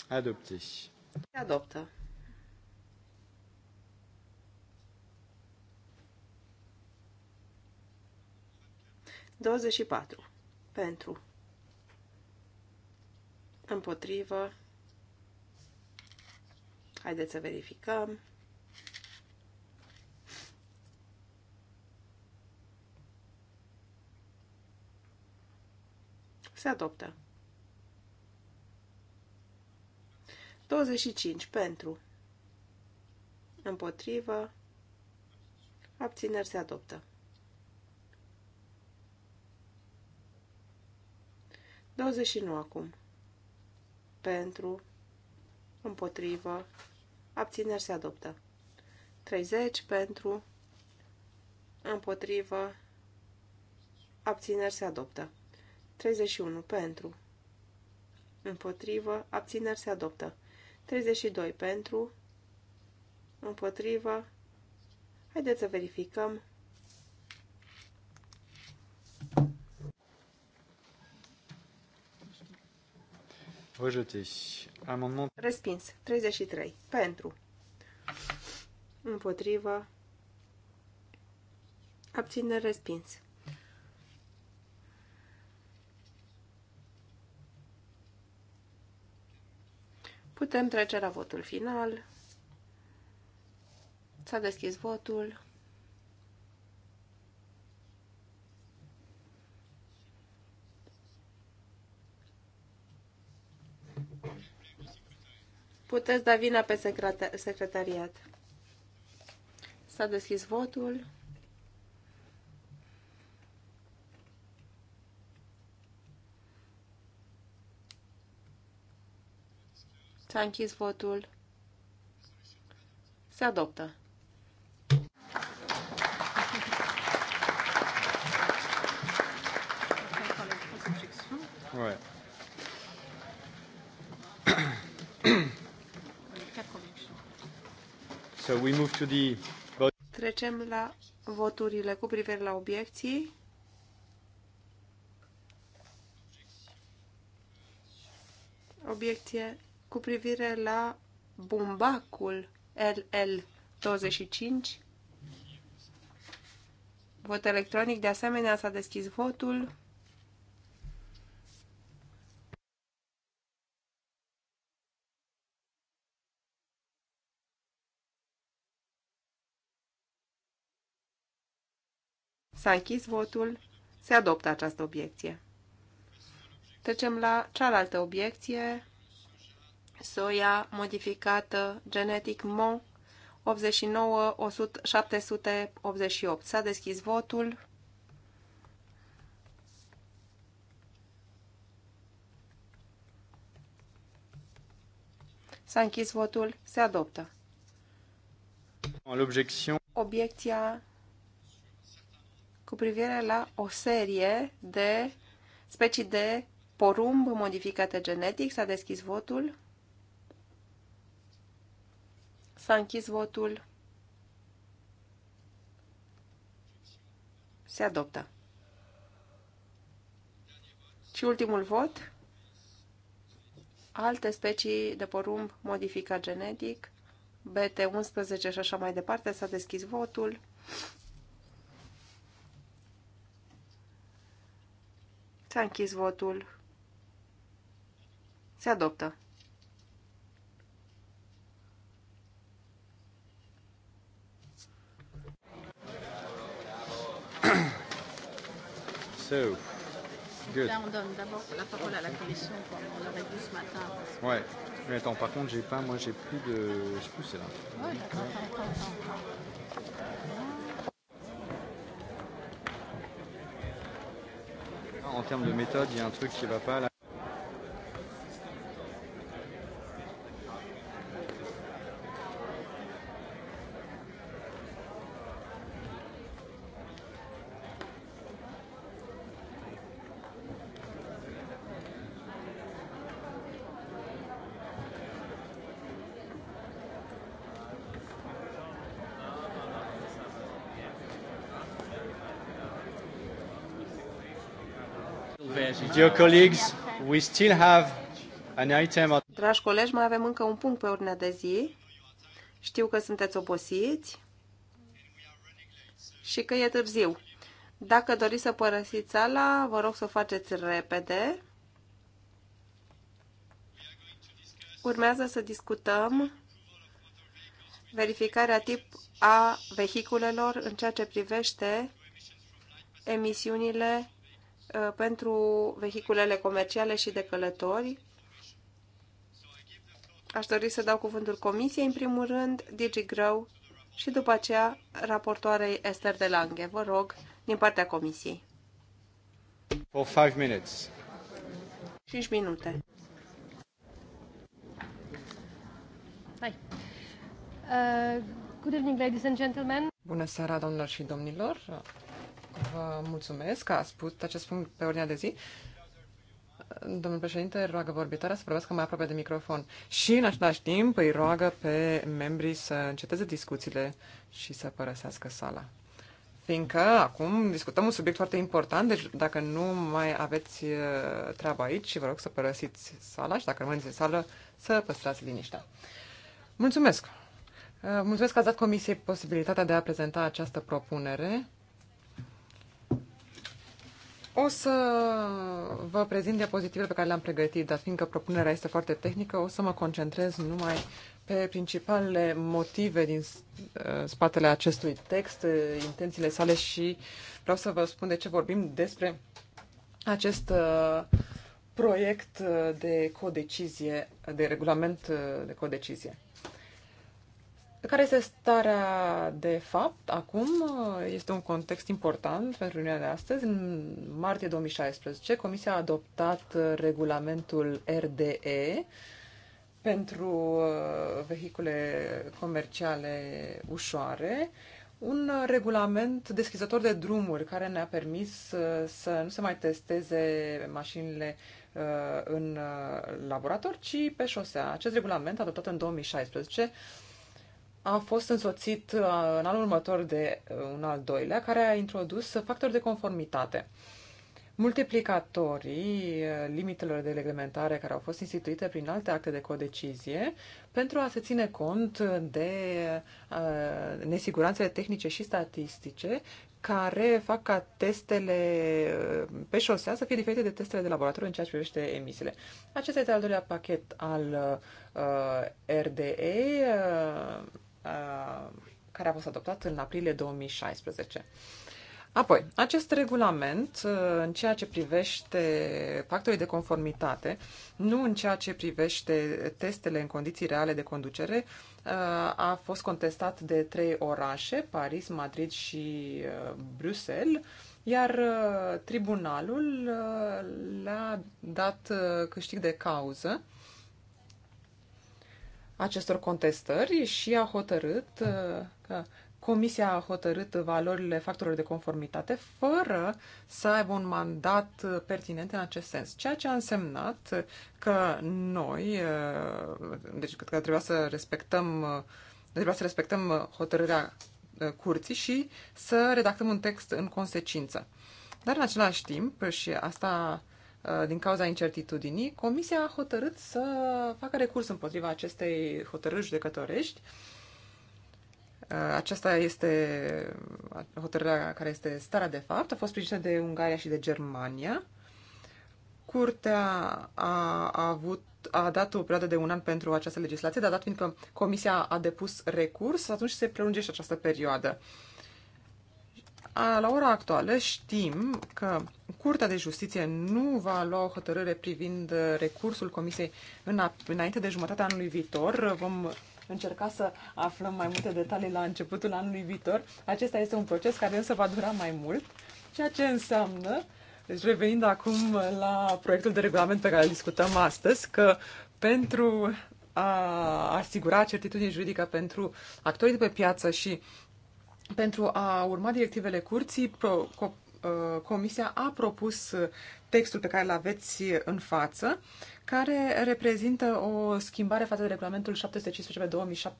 Adopte. Adoptă. 24. Pentru. Împotrivă. Haideți să verificăm. Se adoptă. 25. Pentru. Împotrivă. Abțineri se adoptă. 29 acum. Pentru, împotrivă, abțineri se adoptă. 30 pentru, împotrivă, abțineri se adoptă. 31 pentru, împotrivă, abțineri se adoptă. 32 pentru, împotrivă, haideți să verificăm, Amendement... Respins. 33. Pentru. Împotrivă. Abținere respins. Putem trece la votul final. S-a deschis votul. puteți da vina pe secretariat. S-a deschis votul. S-a închis votul. Se adoptă. [CLEARS THROAT] So we move to the... Trecem la voturile cu privire la obiecții. Obiecție cu privire la bumbacul LL25. Vot electronic, de asemenea, s-a deschis votul. S-a închis votul. Se adoptă această obiecție. Trecem la cealaltă obiecție. Soia modificată genetic MO 89-788. S-a deschis votul. S-a închis votul. Se adoptă. Obiecția cu privire la o serie de specii de porumb modificate genetic. S-a deschis votul. S-a închis votul. Se adoptă. Și ultimul vot. Alte specii de porumb modificat genetic. BT11 și așa mai departe. S-a deschis votul. S-a închis votul. Se adoptă. [CLEARS THROAT] So, good. Là, on donne d'abord la parole à la commission, comme on l'avait dit ce matin. Ouais. Mais attends, par contre, j'ai pas, moi, j'ai plus de, je sais plus, c'est là. Ouais, attends, attends, attends. attends. en termes de méthode, il y a un truc qui va pas là. Dear colleagues, we still have an item Dragi colegi, mai avem încă un punct pe ordinea de zi. Știu că sunteți obosiți și că e târziu. Dacă doriți să părăsiți sala, vă rog să o faceți repede. Urmează să discutăm verificarea tip a vehiculelor în ceea ce privește emisiunile Uh, pentru vehiculele comerciale și de călători. Aș dori să dau cuvântul Comisiei, în primul rând, Digi Grow și după aceea raportoarei Esther de Lange. Vă rog, din partea Comisiei. For five minutes. 5 minute. Hai. Uh, good evening, ladies and gentlemen. Bună seara, domnilor și domnilor. Vă mulțumesc că a spus acest punct pe ordinea de zi. Domnul președinte roagă vorbitoarea să vorbească mai aproape de microfon și în același timp îi roagă pe membrii să înceteze discuțiile și să părăsească sala. Fiindcă acum discutăm un subiect foarte important, deci dacă nu mai aveți uh, treaba aici, vă rog să părăsiți sala și dacă rămâneți în sală, să păstrați liniștea. Mulțumesc! Uh, mulțumesc că ați dat Comisiei posibilitatea de a prezenta această propunere o să vă prezint diapozitivele pe care le-am pregătit, dar fiindcă propunerea este foarte tehnică, o să mă concentrez numai pe principalele motive din uh, spatele acestui text, uh, intențiile sale și vreau să vă spun de ce vorbim despre acest uh, proiect de codecizie, de regulament de codecizie. Care este starea de fapt acum? Este un context important pentru Uniunea de astăzi. În martie 2016, Comisia a adoptat regulamentul RDE pentru uh, vehicule comerciale ușoare, un regulament deschizător de drumuri care ne-a permis uh, să nu se mai testeze mașinile uh, în laborator, ci pe șosea. Acest regulament, adoptat în 2016, a fost însoțit uh, în anul următor de uh, un al doilea, care a introdus factori de conformitate. Multiplicatorii uh, limitelor de reglementare care au fost instituite prin alte acte de codecizie pentru a se ține cont de uh, nesiguranțele tehnice și statistice care fac ca testele pe șosea să fie diferite de testele de laborator în ceea ce privește emisiile. Acesta este al doilea pachet al uh, RDE. Uh, Uh, care a fost adoptat în aprilie 2016. Apoi, acest regulament, uh, în ceea ce privește factorii de conformitate, nu în ceea ce privește testele în condiții reale de conducere, uh, a fost contestat de trei orașe, Paris, Madrid și Bruxelles, iar tribunalul le-a dat câștig de cauză acestor contestări și a hotărât uh, că Comisia a hotărât valorile factorilor de conformitate fără să aibă un mandat pertinent în acest sens, ceea ce a însemnat că noi, uh, deci că trebuia să respectăm, uh, trebuia să respectăm hotărârea curții și să redactăm un text în consecință. Dar în același timp, și asta Uh, din cauza incertitudinii, Comisia a hotărât să facă recurs împotriva acestei hotărâri judecătorești. Uh, aceasta este uh, hotărârea care este starea de fapt, a fost sprijinită de Ungaria și de Germania. Curtea a, a avut a dat o perioadă de un an pentru această legislație, dar dat fiindcă Comisia a depus recurs, atunci se prelungește această perioadă. Uh, la ora actuală știm că Curtea de Justiție nu va lua o hotărâre privind recursul Comisiei înainte de jumătatea anului viitor. Vom încerca să aflăm mai multe detalii la începutul anului viitor. Acesta este un proces care însă va dura mai mult, ceea ce înseamnă, deci revenind acum la proiectul de regulament pe care îl discutăm astăzi, că pentru a asigura certitudine juridică pentru actorii de pe piață și pentru a urma directivele curții, pro, co, uh, Comisia a propus textul pe care îl aveți în față, care reprezintă o schimbare față de regulamentul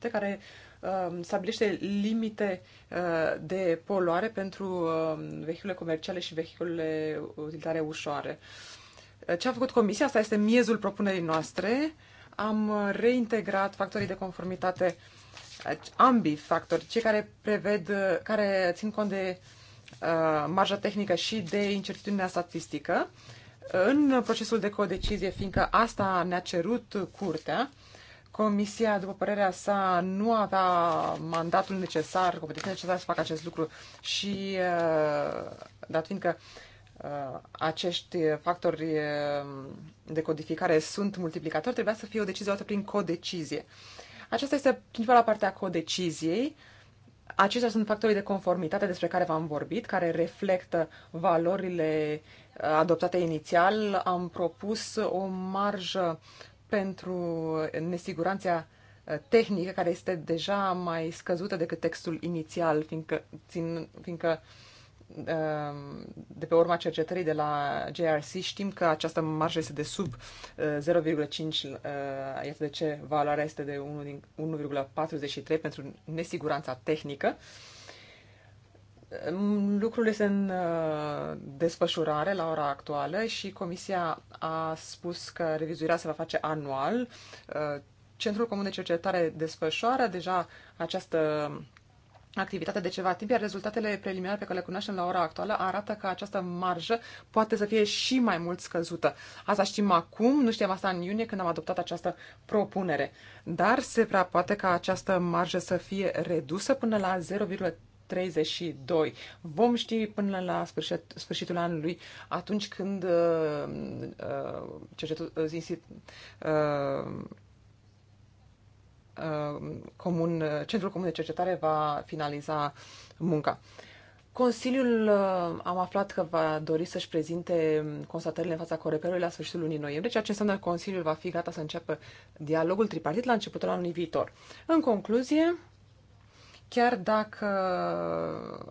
715-2007, care uh, stabilește limite uh, de poluare pentru uh, um, vehicule comerciale și vehiculele utilitare ușoare. Ce a făcut Comisia? Asta este miezul propunerii noastre. Am reintegrat factorii de conformitate uh, ambii factori, cei care preved, care țin cont de uh, marja tehnică și de incertitudinea statistică, în procesul de codecizie, fiindcă asta ne-a cerut curtea, Comisia, după părerea sa, nu avea mandatul necesar, competența necesară să facă acest lucru și, uh, dat fiindcă uh, acești factori de codificare sunt multiplicatori, trebuia să fie o decizie luată prin codecizie. Aceasta este principala parte a codeciziei. Acestea sunt factorii de conformitate despre care v-am vorbit, care reflectă valorile uh, adoptate inițial. Am propus o marjă pentru nesiguranța uh, tehnică, care este deja mai scăzută decât textul inițial, fiindcă, țin, fiindcă uh, Um, de pe urma cercetării de la JRC știm că această marjă este de sub 0,5, uh, uh, iată de ce valoarea este de 1,43 pentru nesiguranța tehnică. Um, lucrurile sunt în uh, desfășurare la ora actuală și Comisia a spus că revizuirea se va face anual. Centrul Comun de Cercetare desfășoară deja această activitate de ceva timp, iar rezultatele preliminare pe care le cunoaștem la ora actuală arată că această marjă poate să fie și mai mult scăzută. Asta știm acum, nu știam asta în iunie când am adoptat această propunere, dar se prea poate ca această marjă să fie redusă până la 0,32. Vom ști până la sfârșit, sfârșitul anului, atunci când uh, uh, cercetul, uh, uh Uh, comun, uh, Centrul Comun de Cercetare va finaliza munca. Consiliul uh, am aflat că va dori să-și prezinte um, constatările în fața Coreperului la sfârșitul lunii noiembrie, ceea ce înseamnă că Consiliul va fi gata să înceapă dialogul tripartit la începutul anului viitor. În concluzie, chiar dacă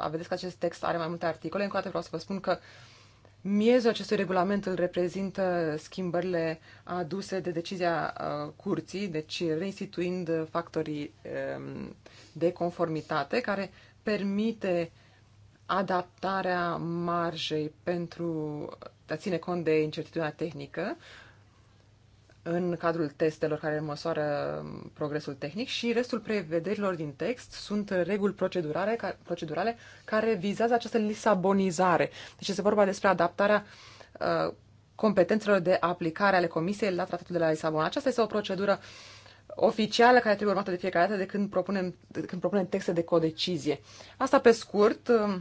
vedeți că acest text are mai multe articole, încă o dată vreau să vă spun că uh, Miezul acestui regulament îl reprezintă schimbările aduse de decizia uh, curții, deci reinstituind factorii um, de conformitate, care permite adaptarea marjei pentru a ține cont de incertitudinea tehnică, în cadrul testelor care măsoară progresul tehnic și restul prevederilor din text sunt reguli procedurale, ca, procedurale care vizează această lisabonizare. Deci este vorba despre adaptarea uh, competențelor de aplicare ale Comisiei la Tratatul de la Lisabona. Aceasta este o procedură oficială care trebuie urmată de fiecare dată de când propunem, de când propunem texte de codecizie. Asta pe scurt. Uh,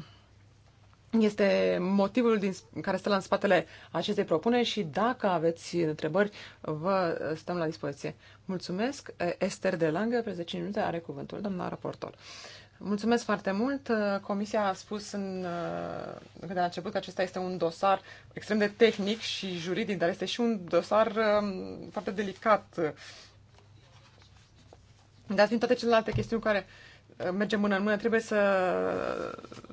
este motivul din, care stă la în spatele acestei propuneri și dacă aveți întrebări, vă stăm la dispoziție. Mulțumesc. Esther de Langă, pe 10 minute, are cuvântul, doamna raportor. Mulțumesc foarte mult. Comisia a spus în, de la început că acesta este un dosar extrem de tehnic și juridic, dar este și un dosar foarte delicat. Dar fiind toate celelalte chestiuni care mergem mână în mână, trebuie să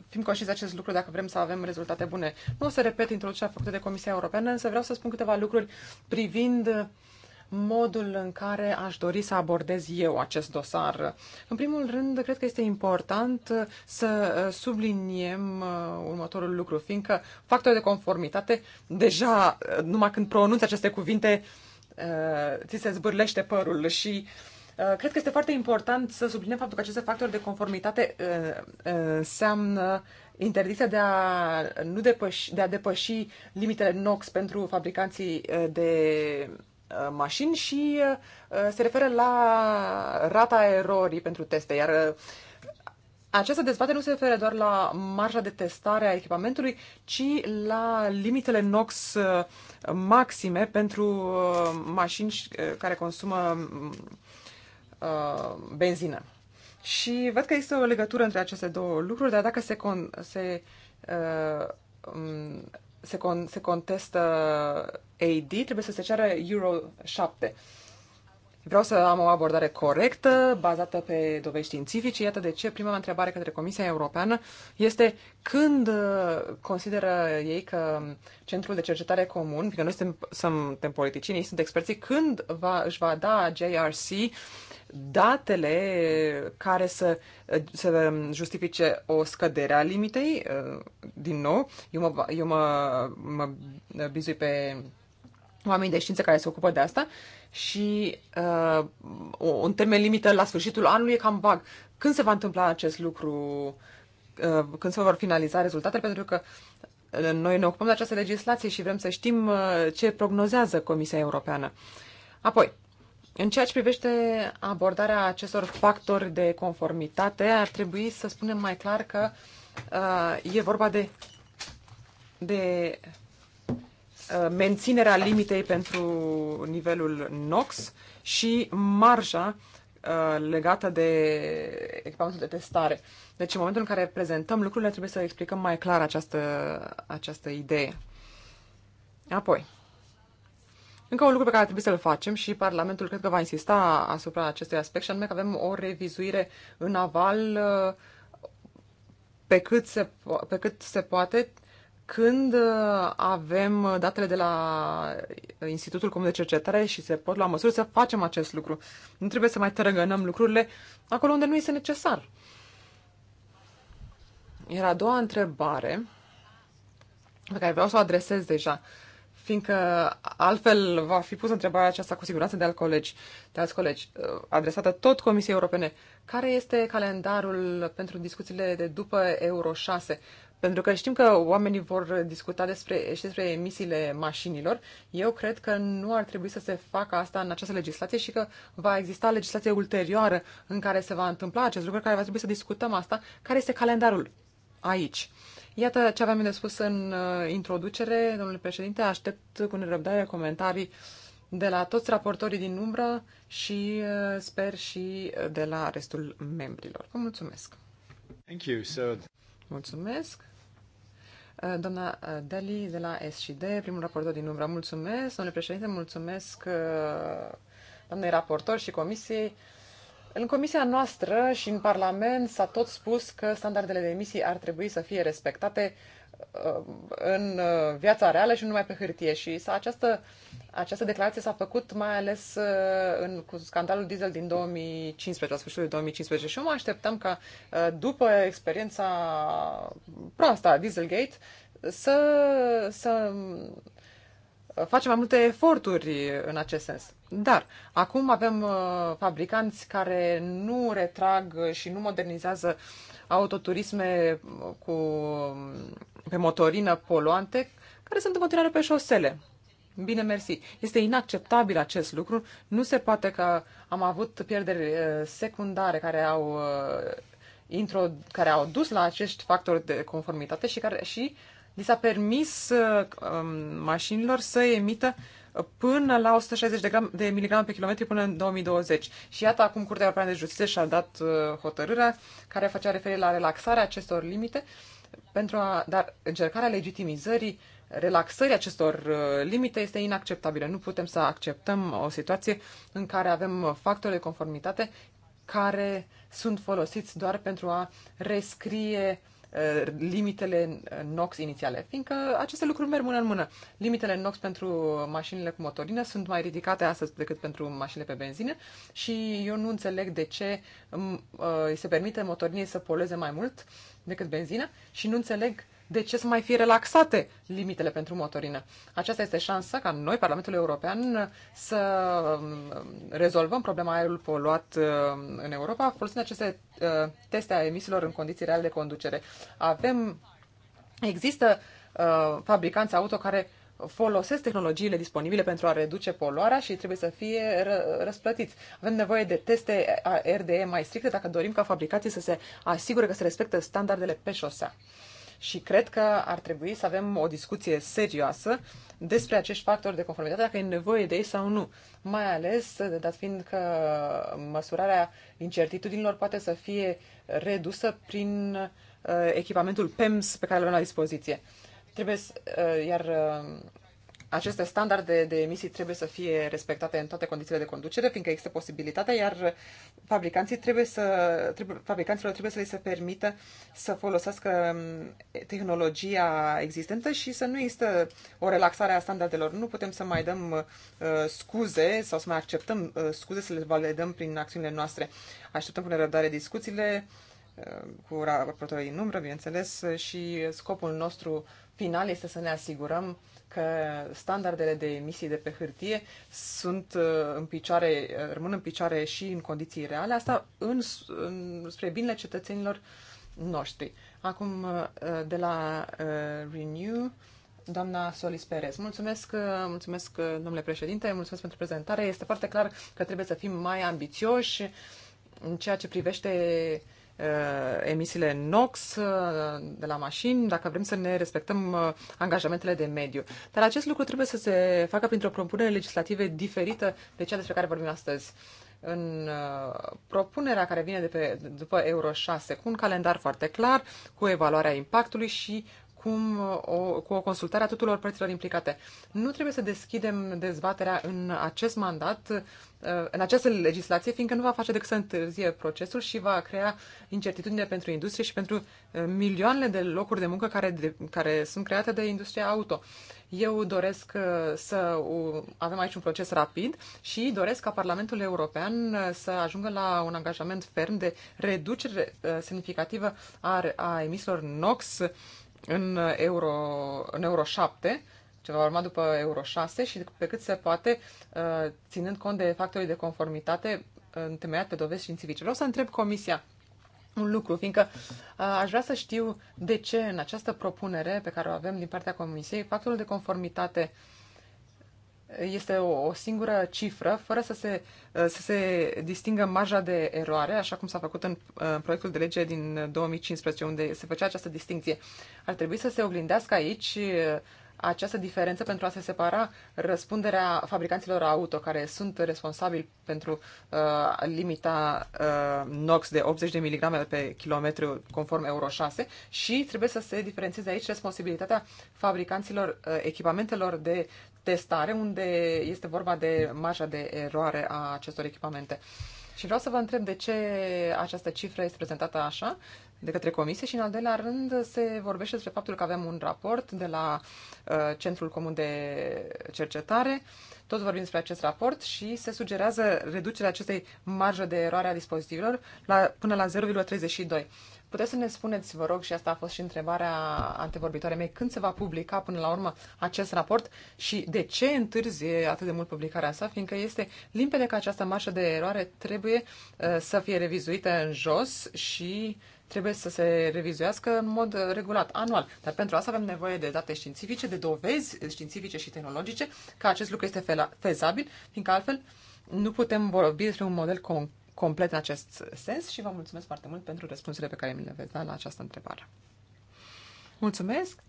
fim conștienți de acest lucru dacă vrem să avem rezultate bune. Nu o să repet introducerea făcută de Comisia Europeană, însă vreau să spun câteva lucruri privind modul în care aș dori să abordez eu acest dosar. În primul rând, cred că este important să subliniem uh, următorul lucru, fiindcă factorul de conformitate, deja uh, numai când pronunți aceste cuvinte, uh, ți se zbârlește părul și uh, Uh, cred că este foarte important să subliniem faptul că aceste factori de conformitate uh, uh, înseamnă interdicția de a, nu depăși, de a depăși limitele NOx pentru fabricanții de mașini și se referă la rata erorii pentru teste, iar această dezbatere nu se referă doar la marja de testare a echipamentului, ci la limitele NOx maxime pentru mașini care consumă uh, benzină. Și văd că există o legătură între aceste două lucruri, dar dacă se, con- se, uh, um, se, con- se contestă AD, trebuie să se ceară Euro 7. Vreau să am o abordare corectă, bazată pe dovești științifice. Iată de ce prima întrebare către Comisia Europeană este când uh, consideră ei că Centrul de Cercetare Comun, fiindcă noi suntem, suntem politicieni, sunt experții, când va, își va da JRC datele care să, să justifice o scădere a limitei, uh, din nou, eu mă, eu mă, mă bizui pe oameni de știință care se ocupă de asta și uh, un termen limită la sfârșitul anului e cam vag. Când se va întâmpla acest lucru? Uh, când se vor finaliza rezultatele? Pentru că uh, noi ne ocupăm de această legislație și vrem să știm uh, ce prognozează Comisia Europeană. Apoi, în ceea ce privește abordarea acestor factori de conformitate, ar trebui să spunem mai clar că uh, e vorba de, de Uh, menținerea limitei pentru nivelul NOx și marja uh, legată de echipamentul de testare. Deci în momentul în care prezentăm lucrurile trebuie să explicăm mai clar această, această idee. Apoi, încă un lucru pe care trebuie să-l facem și Parlamentul cred că va insista asupra acestui aspect și anume că avem o revizuire în aval uh, pe cât se, pe cât se poate când uh, avem uh, datele de la uh, Institutul Comun de Cercetare și se pot lua măsuri să facem acest lucru. Nu trebuie să mai tărăgănăm lucrurile acolo unde nu este necesar. Iar a doua întrebare pe care vreau să o adresez deja, fiindcă altfel va fi pusă întrebarea aceasta cu siguranță de, alt colegi, de alți colegi, adresată tot Comisiei Europene. Care este calendarul pentru discuțiile de după Euro 6? pentru că știm că oamenii vor discuta despre, și despre emisiile mașinilor, eu cred că nu ar trebui să se facă asta în această legislație și că va exista legislație ulterioară în care se va întâmpla acest lucru, care va trebui să discutăm asta, care este calendarul aici. Iată ce aveam de spus în uh, introducere, domnule președinte, aștept cu nerăbdare comentarii de la toți raportorii din umbră și uh, sper și de la restul membrilor. Vă mulțumesc! Thank you. So... Mulțumesc! Eh, doamna eh, Deli de la SCD, primul raportor din umbra, mulțumesc. Domnule președinte, mulțumesc eh, doamnei raportor și comisiei. În comisia noastră și în Parlament s-a tot spus că standardele de emisii ar trebui să fie respectate Uh, în uh, viața reală și nu numai pe hârtie. Și această, această declarație s-a făcut mai ales uh, în, cu scandalul diesel din 2015, la sfârșitul 2015. Și eu mă așteptam ca după experiența proastă a Dieselgate să, să facem mai multe eforturi în acest sens. Dar acum avem fabricanți care nu retrag și nu modernizează autoturisme cu pe motorină poluante care sunt în continuare pe șosele. Bine, mersi. Este inacceptabil acest lucru. Nu se poate că am avut pierderi uh, secundare care au, uh, intro, care au dus la acești factori de conformitate și care și li s-a permis uh, um, mașinilor să emită până la 160 de, gram, de miligrame pe kilometri până în 2020. Și iată acum Curtea Europeană de Justiție și-a dat hotărârea care facea referire la relaxarea acestor limite pentru a, dar încercarea legitimizării relaxării acestor uh, limite este inacceptabilă. Nu putem să acceptăm o situație în care avem factori de conformitate care sunt folosiți doar pentru a rescrie uh, Uh, limitele NOx inițiale, fiindcă aceste lucruri merg mână în mână. Limitele NOx pentru mașinile cu motorină sunt mai ridicate astăzi decât pentru mașinile pe benzină, și eu nu înțeleg de ce mm, uh, îi se permite motorinei să poleze mai mult decât benzină și nu înțeleg uh, de ce să mai fie relaxate limitele pentru motorină? Aceasta este șansa ca noi, Parlamentul European, să um, rezolvăm problema aerului poluat uh, în Europa folosind aceste uh, teste a emisiilor în condiții reale de conducere. Avem, există uh, fabricanți auto care folosesc tehnologiile disponibile pentru a reduce poluarea și trebuie să fie ră, răsplătiți. Avem nevoie de teste RDE mai stricte dacă dorim ca fabricații să se asigure că se respectă standardele pe șosea și cred că ar trebui să avem o discuție serioasă despre acești factori de conformitate, dacă e nevoie de ei sau nu. Mai ales, dat fiind că măsurarea incertitudinilor poate să fie redusă prin uh, echipamentul PEMS pe care îl avem la dispoziție. Trebuie să, uh, iar uh, aceste standarde de emisii trebuie să fie respectate în toate condițiile de conducere, fiindcă există posibilitatea, iar fabricanții trebuie să, trebuie, fabricanților trebuie să li se permită să folosească um, tehnologia existentă și să nu există o relaxare a standardelor. Nu putem să mai dăm uh, scuze sau să mai acceptăm uh, scuze, să le validăm prin acțiunile noastre. Așteptăm cu nerăbdare discuțiile uh, cu raportorii în umbră, bineînțeles, și scopul nostru final este să ne asigurăm că standardele de emisii de pe hârtie sunt uh, în picioare, uh, rămân în picioare și în condiții reale, asta în, în, spre binele cetățenilor noștri. Acum, uh, de la Renew, doamna Solis Perez. Mulțumesc, mulțumesc, domnule președinte, mulțumesc pentru prezentare. Este foarte clar că trebuie să fim mai ambițioși în ceea ce privește uh, Uh, emisiile NOx uh, de la mașini, dacă vrem să ne respectăm uh, angajamentele de mediu. Dar acest lucru trebuie să se facă printr-o propunere legislativă diferită de cea despre care vorbim astăzi. În propunerea care vine de pe, după Euro 6, cu un calendar foarte clar, cu evaluarea impactului și cum o, cu o consultare a tuturor părților implicate. Nu trebuie să deschidem dezbaterea în acest mandat, uh, în această legislație, fiindcă nu va face decât să întârzie procesul și va crea incertitudine pentru industrie și pentru uh, milioanele de locuri de muncă care, de, care sunt create de industria auto. Eu doresc uh, să avem aici un proces rapid și doresc ca Parlamentul European să ajungă la un angajament ferm de reducere semnificativă a, a emisiilor NOx în Euro, în Euro 7, ce va urma după Euro 6 și pe cât se poate, uh, ținând cont de factorii de conformitate uh, întemeiat pe dovezi științifice. Vreau să întreb Comisia un lucru, fiindcă uh, aș vrea să știu de ce în această propunere pe care o avem din partea Comisiei, factorul de conformitate uh, este o, o singură cifră, fără să se, uh, să se distingă marja de eroare, așa cum s-a făcut în, uh, în proiectul de lege din 2015, uh, unde se făcea această distinție. Ar trebui să se oglindească aici această diferență pentru a se separa răspunderea fabricanților auto, care sunt responsabili pentru uh, limita uh, NOx de 80 de mg pe kilometru conform Euro 6 și trebuie să se diferențieze aici responsabilitatea fabricanților uh, echipamentelor de testare, unde este vorba de marja de eroare a acestor echipamente. Și vreau să vă întreb de ce această cifră este prezentată așa de către comisie și, în al doilea rând, se vorbește despre faptul că avem un raport de la uh, Centrul Comun de Cercetare. Tot vorbim despre acest raport și se sugerează reducerea acestei marjă de eroare a dispozitivelor la, până la 0,32. Puteți să ne spuneți, vă rog, și asta a fost și întrebarea antevorbitoare mei, când se va publica până la urmă acest raport și de ce întârzie atât de mult publicarea sa, fiindcă este limpede că această marșă de eroare trebuie uh, să fie revizuită în jos și trebuie să se revizuiască în mod regulat, anual. Dar pentru asta avem nevoie de date științifice, de dovezi științifice și tehnologice că acest lucru este fezabil, fiindcă altfel nu putem vorbi despre un model con- complet în acest sens și vă mulțumesc foarte mult pentru răspunsurile pe care mi le veți da la această întrebare. Mulțumesc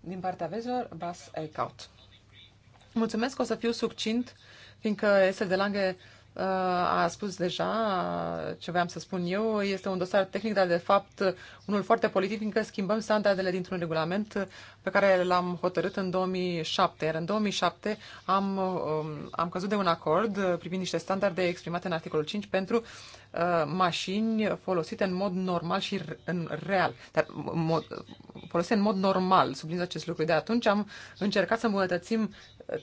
din partea vezilor, Bas Eichaut. Mulțumesc, o să fiu succint, fiindcă este de Lange a spus deja ce voiam să spun eu. Este un dosar tehnic, dar de fapt unul foarte politic, fiindcă schimbăm standardele dintr-un regulament pe care l-am hotărât în 2007. Iar în 2007 am, um, am căzut de un acord privind niște standarde exprimate în articolul 5 pentru uh, mașini folosite în mod normal și în real. Dar mod, folosite în mod normal, subliniez acest lucru. De atunci am încercat să îmbunătățim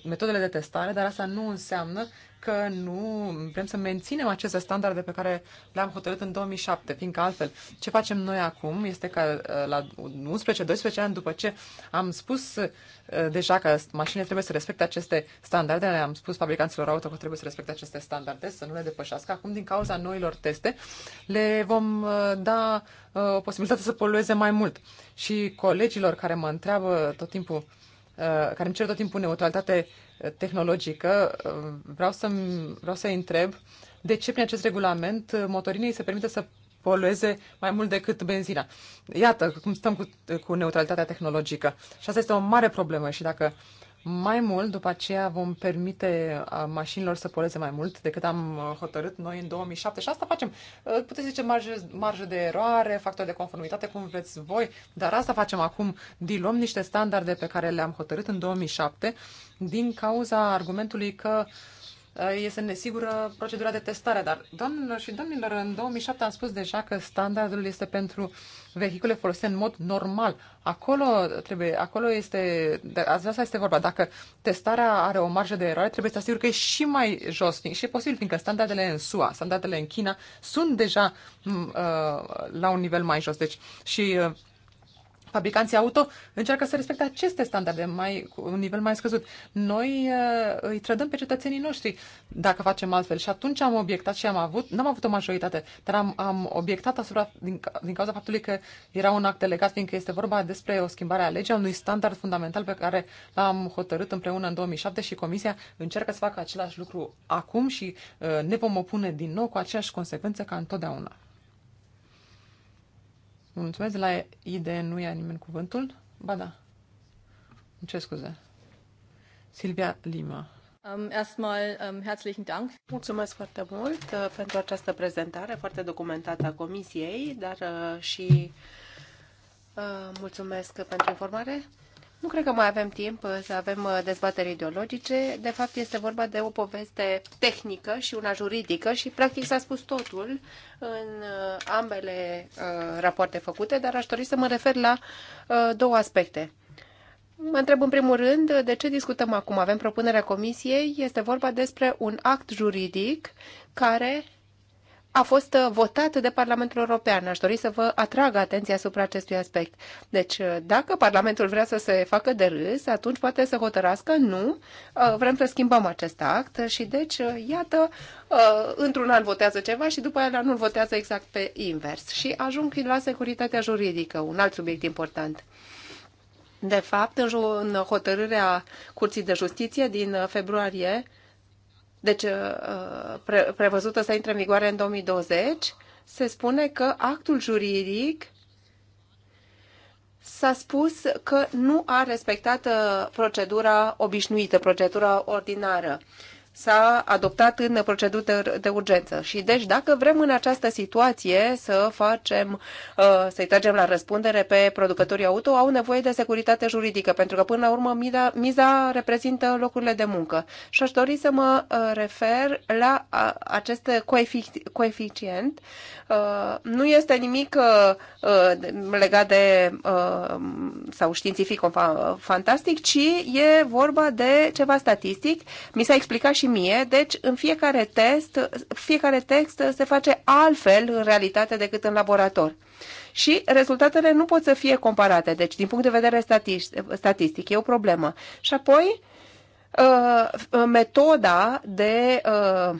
metodele de testare, dar asta nu înseamnă că nu vrem să menținem aceste standarde pe care le-am hotărât în 2007, fiindcă altfel ce facem noi acum este că uh, la 11-12 ani după ce am spus uh, deja că mașinile trebuie să respecte aceste standarde, le-am spus fabricanților auto că trebuie să respecte aceste standarde, să nu le depășească. Acum, din cauza noilor teste, le vom uh, da o posibilitate să polueze mai mult. Și colegilor care mă întreabă tot timpul Uh, care îmi cer tot timpul neutralitate uh, tehnologică, uh, vreau, să vreau să întreb de ce prin acest regulament motorinei se permite să polueze mai mult decât benzina. Iată cum stăm cu, cu neutralitatea tehnologică. Și asta este o mare problemă și dacă uh, mai mult, după aceea vom permite uh, mașinilor să poleze mai mult decât am uh, hotărât noi în 2007 și asta facem. Uh, puteți zice marjă, de eroare, factor de conformitate, cum vreți voi, dar asta facem acum. Diluăm niște standarde pe care le-am hotărât în 2007 din cauza argumentului că uh, Eh, este nesigură procedura de testare, dar, doamnelor și domnilor, în 2007 am spus deja că standardul este pentru vehicule folosite în mod normal. Acolo trebuie, acolo este, de asta este vorba. Dacă testarea are o marjă de eroare, trebuie să asigur că e și mai jos, și e posibil, fiindcă standardele în SUA, standardele în China sunt deja uh, la un nivel mai jos. Deci, și uh, fabricanții auto încearcă să respecte aceste standarde mai, cu un nivel mai scăzut. Noi uh, îi trădăm pe cetățenii noștri dacă facem altfel. Și atunci am obiectat și am avut, n-am avut o majoritate, dar am, am obiectat asupra, din, din cauza faptului că era un act delegat, fiindcă este vorba despre o schimbare a legii, a unui standard fundamental pe care l-am hotărât împreună în 2007 și Comisia încearcă să facă același lucru acum și uh, ne vom opune din nou cu aceeași consecvență ca întotdeauna. Mulțumesc, de la IDE nu ia nimeni cuvântul? Ba da. Ce scuze. Silvia Lima. Um, erstmal um, herzlichen Dank. Mulțumesc foarte mult uh, pentru această prezentare foarte documentată a Comisiei, dar uh, și uh, mulțumesc pentru informare. Nu cred că mai avem timp să avem uh, dezbateri ideologice. De fapt, este vorba de o poveste tehnică și una juridică și, practic, s-a spus totul în uh, ambele uh, rapoarte făcute, dar aș dori să mă refer la două aspecte. Mă întreb în primul rând de ce discutăm acum. Avem propunerea comisiei, este vorba despre un act juridic care a fost uh, votat de Parlamentul European. Aș dori să vă atrag atenția asupra acestui aspect. Deci, uh, dacă Parlamentul vrea să se facă de râs, atunci poate să hotărască nu, uh, vrem să schimbăm acest act și deci, iată, într-un an votează ceva și după aia nu votează exact pe invers. Și ajung la securitatea juridică, un alt subiect important. De fapt, în hotărârea Curții de Justiție din februarie deci uh, pre, prevăzută să intre în vigoare în 2020, se spune că actul juridic s-a spus că nu a respectat uh, procedura obișnuită, procedura ordinară s-a adoptat în proceduri de, urgență. Și deci, dacă vrem în această situație să facem, uh, să-i tragem la răspundere pe producătorii auto, au nevoie de securitate juridică, pentru că până la urmă miza, miza reprezintă locurile de muncă. Și aș dori să mă uh, refer la acest coeficient. Uh, nu este nimic legat de sau științific fantastic, ci e vorba de ceva statistic. Mi s-a explicat și mie, deci în fiecare test, fiecare text se face altfel în realitate decât în laborator. Și rezultatele nu pot să fie comparate, deci din punct de vedere statistic e o problemă. Și apoi, uh, metoda de uh,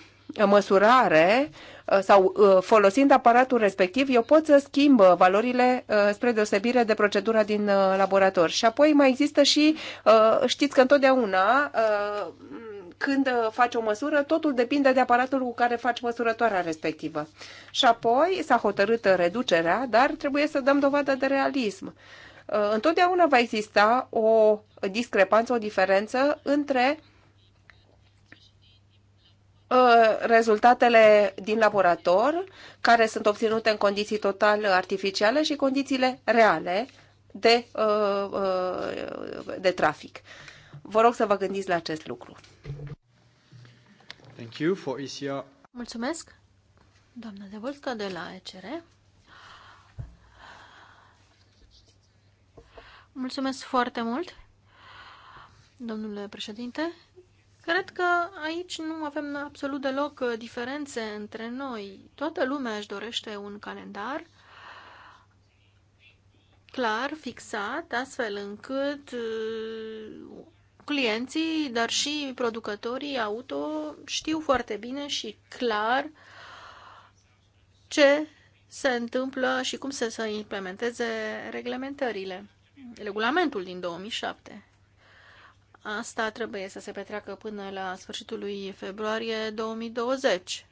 măsurare uh, sau folosind aparatul respectiv, eu pot să schimb valorile spre deosebire de procedura din laborator. Și apoi mai există și, știți că întotdeauna când uh, faci o măsură, totul depinde de aparatul cu care faci măsurătoarea respectivă. Și apoi s-a hotărât reducerea, dar trebuie să dăm dovadă de realism. Uh, întotdeauna va exista o discrepanță, o diferență între uh, rezultatele din laborator, care sunt obținute în condiții total artificiale și condițiile reale de, de trafic. Vă rog să vă gândiți la acest lucru. Thank you for ECR. Mulțumesc, doamna de Volca de la ECR. Mulțumesc foarte mult, domnule președinte. Cred că aici nu avem absolut deloc diferențe între noi. Toată lumea își dorește un calendar clar, fixat, astfel încât uh, clienții, dar și producătorii auto știu foarte bine și clar ce se întâmplă și cum se să implementeze reglementările, regulamentul din 2007. Asta trebuie să se petreacă până la sfârșitul lui februarie 2020.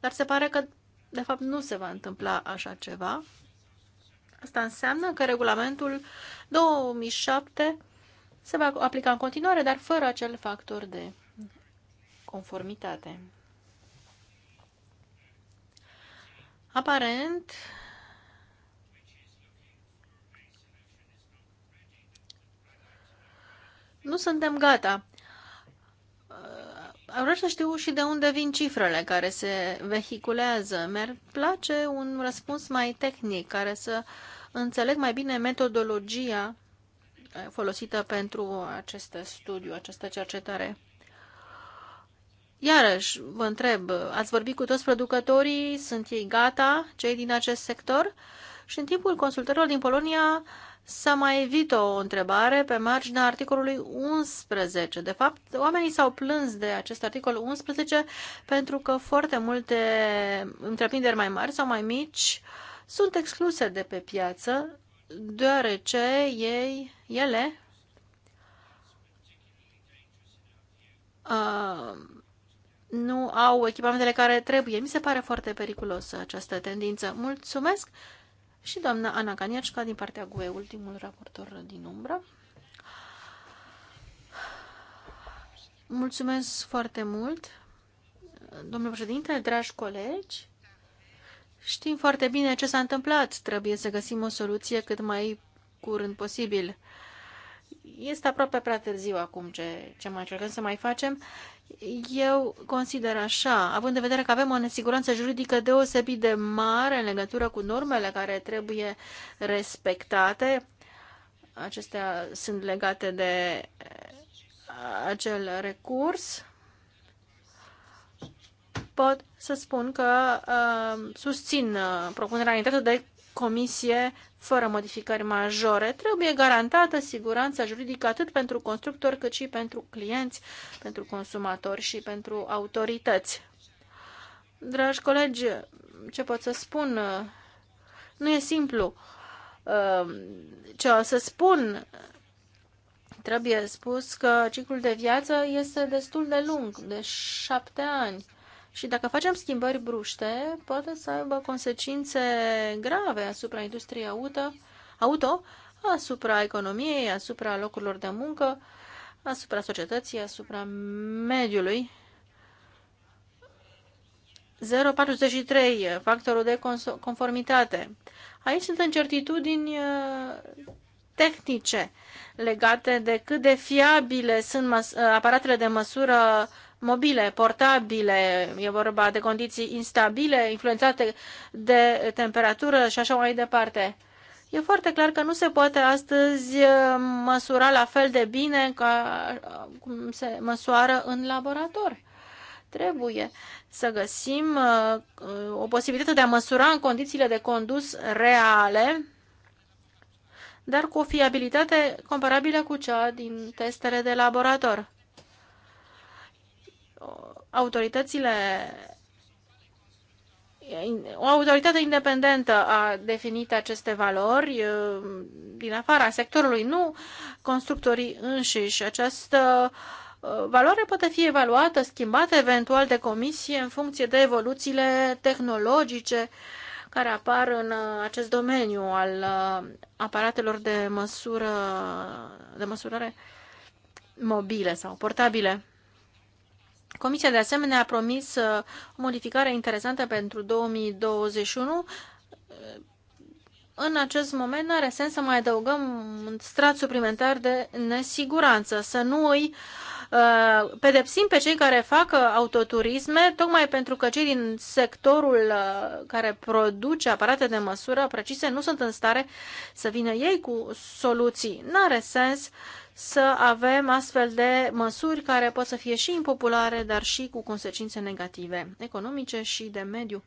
Dar se pare că, de fapt, nu se va întâmpla așa ceva. Asta înseamnă că regulamentul 2007 se va aplica în continuare, dar fără acel factor de conformitate. Aparent, nu suntem gata. Uh, vreau să știu și de unde vin cifrele care se vehiculează. Mi-ar place un răspuns mai tehnic, care să înțeleg mai bine metodologia folosită pentru acest studiu, această cercetare. Iarăși, vă întreb, ați vorbit cu toți producătorii, sunt ei gata, cei din acest sector? Și în timpul consultărilor din Polonia s-a mai evit o întrebare pe marginea articolului 11. De fapt, oamenii s-au plâns de acest articol 11 pentru că foarte multe întreprinderi mai mari sau mai mici sunt excluse de pe piață deoarece ei, ele uh, nu au echipamentele care trebuie. Mi se pare foarte periculosă această tendință. Mulțumesc! Și doamna Ana Caniacica din partea GUE, ultimul raportor din umbră. Mulțumesc foarte mult, domnule președinte, dragi colegi. Știm foarte bine ce s-a întâmplat. Trebuie să găsim o soluție cât mai curând posibil. Este aproape prea târziu acum ce, ce mai încercăm să mai facem. Eu consider așa, având în vedere că avem o nesiguranță juridică deosebit de mare în legătură cu normele care trebuie respectate, acestea sunt legate de acel recurs, pot să spun că uh, susțin uh, propunerea intrată de comisie fără modificări majore. Trebuie garantată siguranța juridică atât pentru constructori cât și pentru clienți, pentru consumatori și pentru autorități. Dragi colegi, ce pot să spun? Uh, nu e simplu. Uh, ce o să spun? Trebuie spus că ciclul de viață este destul de lung, de șapte ani. Și dacă facem schimbări bruște, poate să aibă consecințe grave asupra industriei auto, auto, asupra economiei, asupra locurilor de muncă, asupra societății, asupra mediului. 0,43, factorul de conformitate. Aici sunt incertitudini uh, tehnice legate de cât de fiabile sunt uh, aparatele de măsură mobile, portabile, e vorba de condiții instabile, influențate de temperatură și așa mai departe. E foarte clar că nu se poate astăzi uh, măsura la fel de bine ca uh, cum se măsoară în laborator. Trebuie să găsim uh, o posibilitate de a măsura în condițiile de condus reale, dar cu o fiabilitate comparabilă cu cea din testele de laborator autoritățile o autoritate independentă a definit aceste valori uh, din afara sectorului, nu constructorii înșiși. Această uh, valoare poate fi evaluată, schimbată eventual de comisie în funcție de evoluțiile tehnologice care apar în uh, acest domeniu al aparatelor de măsură, de măsurare mobile sau portabile. Comisia de asemenea a promis uh, o modificare interesantă pentru 2021. În acest moment are sens să mai adăugăm un strat suplimentar de nesiguranță, să nu îi uh, pedepsim pe cei care fac uh, autoturisme, tocmai pentru că cei din sectorul care produce aparate de măsură precise nu sunt în stare să vină ei cu soluții. N-are sens să avem astfel de măsuri care pot să fie și impopulare, dar și cu consecințe negative, economice și de mediu.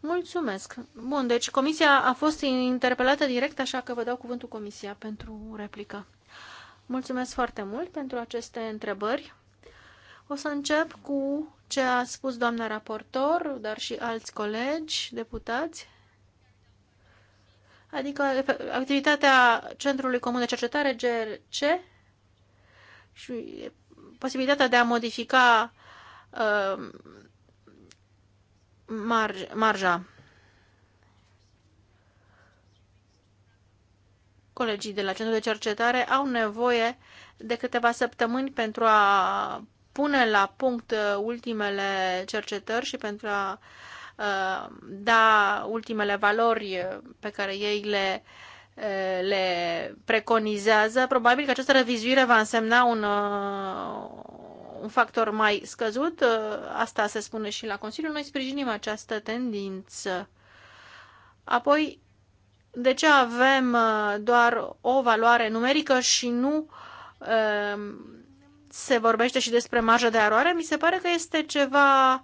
Mulțumesc! Bun, deci comisia a fost interpelată direct, așa că vă dau cuvântul comisia pentru replică. Mulțumesc foarte mult pentru aceste întrebări. O să încep cu ce a spus doamna raportor, dar și alți colegi, deputați. Adică activitatea Centrului Comun de Cercetare, GRC, și posibilitatea de a modifica uh, marja. Colegii de la Centrul de Cercetare au nevoie de câteva săptămâni pentru a pune la punct uh, ultimele cercetări și pentru a uh, da ultimele valori pe care ei le uh, le preconizează, probabil că această revizuire va însemna un, uh, un factor mai scăzut. Uh, asta se spune și la Consiliu. Noi sprijinim această tendință. Apoi, de ce avem uh, doar o valoare numerică și nu um, se vorbește și despre marja de eroare? Mi se pare că este ceva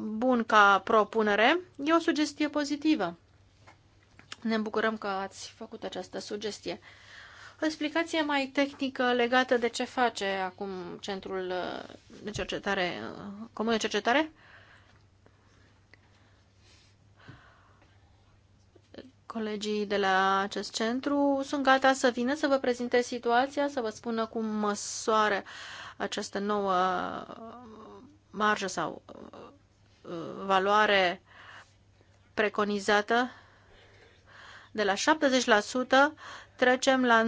bun ca propunere. E o sugestie pozitivă. Ne bucurăm că ați făcut această sugestie. O explicație mai tehnică legată de ce face acum Centrul uh, de Cercetare, uh, Comun de Cercetare? Colegii de la acest centru sunt gata să vină să vă prezinte situația, să vă spună cum măsoară această nouă uh, marjă sau valoare preconizată de la 70% trecem la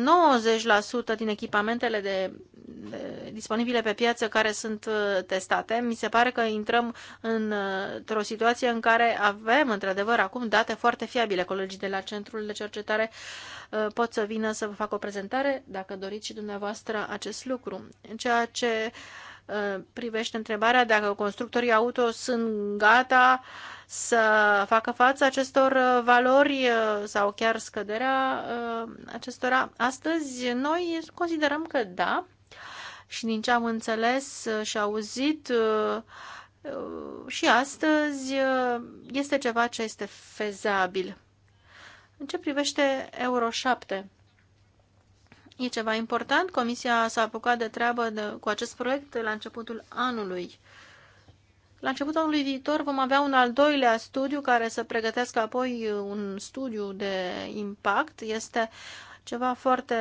90% din echipamentele de, de, disponibile pe piață care sunt uh, testate. Mi se pare că intrăm în, uh, într-o situație în care avem, într-adevăr, acum date foarte fiabile. Colegii de la Centrul de Cercetare uh, pot să vină să vă fac o prezentare, dacă doriți și dumneavoastră acest lucru. În ceea ce privește întrebarea dacă constructorii auto sunt gata uh, să facă față acestor uh, valori uh, sau chiar scăderea uh, acestora. Astăzi noi considerăm că da și din ce am înțeles și auzit și astăzi este ceva ce este fezabil. În ce privește Euro 7, e ceva important. Comisia s-a apucat de treabă de, cu acest proiect la începutul anului la începutul anului viitor vom avea un al doilea studiu care să pregătească apoi un studiu de impact. Este ceva foarte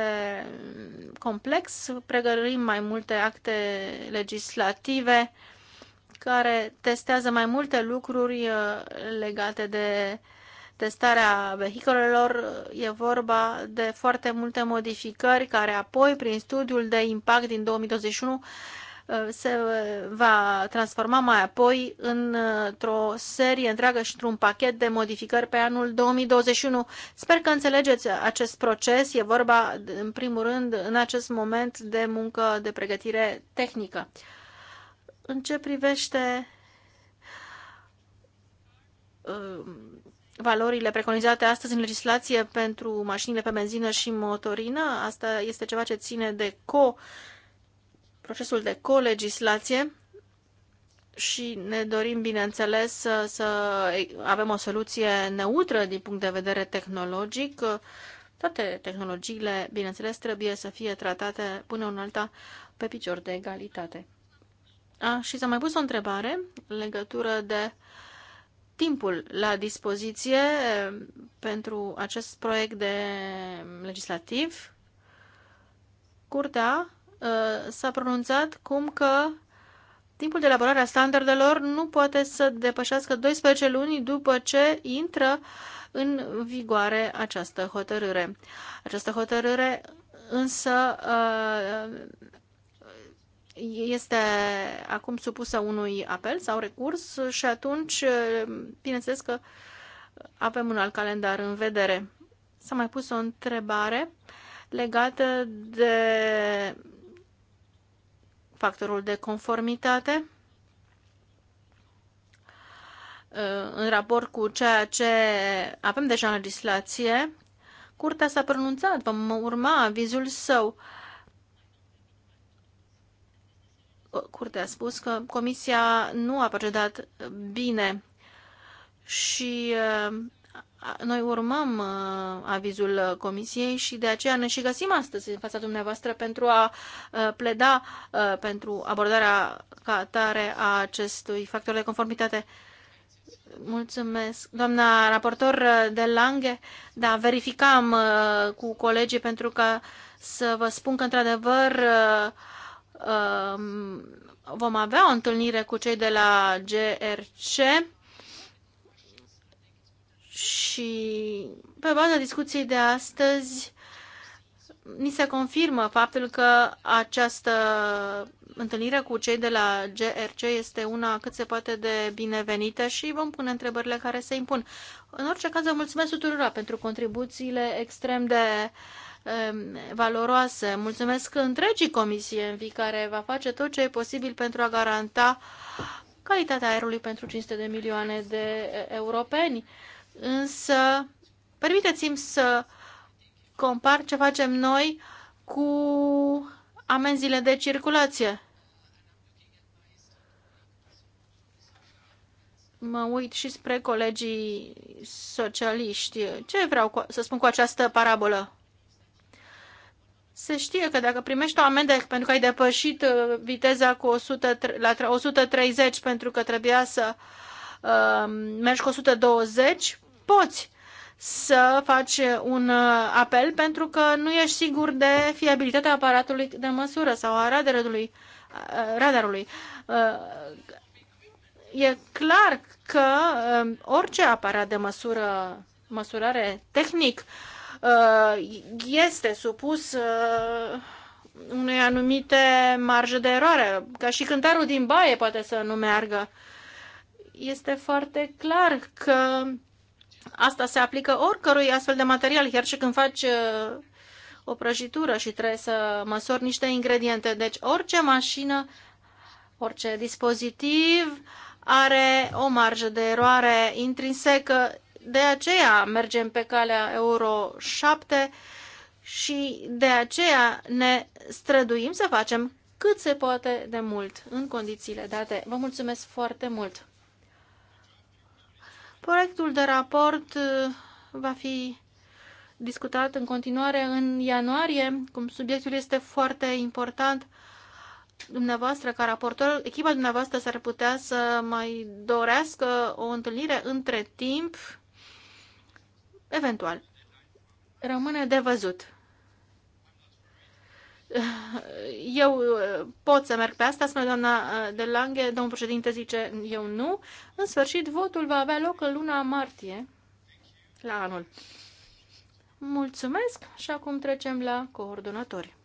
complex. Pregărim mai multe acte legislative care testează mai multe lucruri uh, legate de testarea vehiculelor. E vorba de foarte multe modificări care apoi, prin studiul de impact din 2021, Uh, se uh, va transforma mai apoi uh, într-o serie întreagă și într-un pachet de modificări pe anul 2021. Sper că înțelegeți acest proces. E vorba, în primul rând, în acest moment de muncă de pregătire tehnică. În ce privește valorile preconizate astăzi în legislație pentru mașinile pe benzină și motorină, asta este ceva ce ține de co- procesul de colegislație și ne dorim, bineînțeles, să, să avem o soluție neutră din punct de vedere tehnologic. Toate tehnologiile, bineînțeles, trebuie să fie tratate până în alta pe picior de egalitate. A, și s-a mai pus o întrebare în legătură de timpul la dispoziție pentru acest proiect de legislativ. Curtea Uh, s-a pronunțat cum că timpul de elaborare a standardelor nu poate să depășească 12 luni după ce intră în vigoare această hotărâre. Această hotărâre însă uh, este acum supusă unui apel sau recurs și atunci, uh, bineînțeles că avem un alt calendar în vedere. S-a mai pus o întrebare legată de factorul de conformitate uh, în raport cu ceea ce avem deja în legislație. Curtea s-a pronunțat, vom urma avizul său. Uh, curtea a spus că Comisia nu a procedat bine și uh, noi urmăm uh, avizul Comisiei și de aceea ne și găsim astăzi în fața dumneavoastră pentru a uh, pleda uh, pentru abordarea ca tare a acestui factor de conformitate. Mulțumesc. Doamna raportor de Lange, da, verificam cu colegii pentru că să vă spun că, într-adevăr, um, vom avea o întâlnire cu cei de la GRC și pe baza discuției de astăzi, ni se confirmă faptul că această întâlnire cu cei de la GRC este una cât se poate de binevenită și vom pune întrebările care se impun. În orice caz, vă mulțumesc tuturor pentru contribuțiile extrem de valoroase. Mulțumesc întregii comisie în vii care va face tot ce e posibil pentru a garanta calitatea aerului pentru 500 de milioane de europeni. Însă, permiteți-mi să compar ce facem noi cu amenziile de circulație. Mă uit și spre colegii socialiști. Ce vreau să spun cu această parabolă? Se știe că dacă primești o amendă pentru că ai depășit uh, viteza cu 100, la 130 pentru că trebuia să uh, mergi cu 120, poți să faci un uh, apel pentru că nu ești sigur de fiabilitatea aparatului de măsură sau a radarului. Uh, radarului. Uh, e clar că orice aparat de măsură, măsurare tehnic este supus unei anumite marjă de eroare, ca și cântarul din baie poate să nu meargă. Este foarte clar că Asta se aplică oricărui astfel de material, chiar și când faci uh, o prăjitură și trebuie să măsori niște ingrediente. Deci orice mașină, orice dispozitiv are o marjă de eroare intrinsecă. De aceea mergem pe calea Euro 7 și de aceea ne străduim să facem cât se poate de mult în condițiile date. Vă mulțumesc foarte mult! Proiectul de raport uh, va fi discutat în continuare în ianuarie, cum subiectul este foarte important. Dumneavoastră, ca raportor, echipa dumneavoastră s-ar putea să mai dorească o întâlnire între timp, eventual. Rămâne de văzut. [LAUGHS] eu uh, pot să merg pe asta, spune doamna uh, de Lange, domnul președinte zice eu nu. În sfârșit, votul va avea loc în luna martie, la anul. Mulțumesc și acum trecem la coordonatori.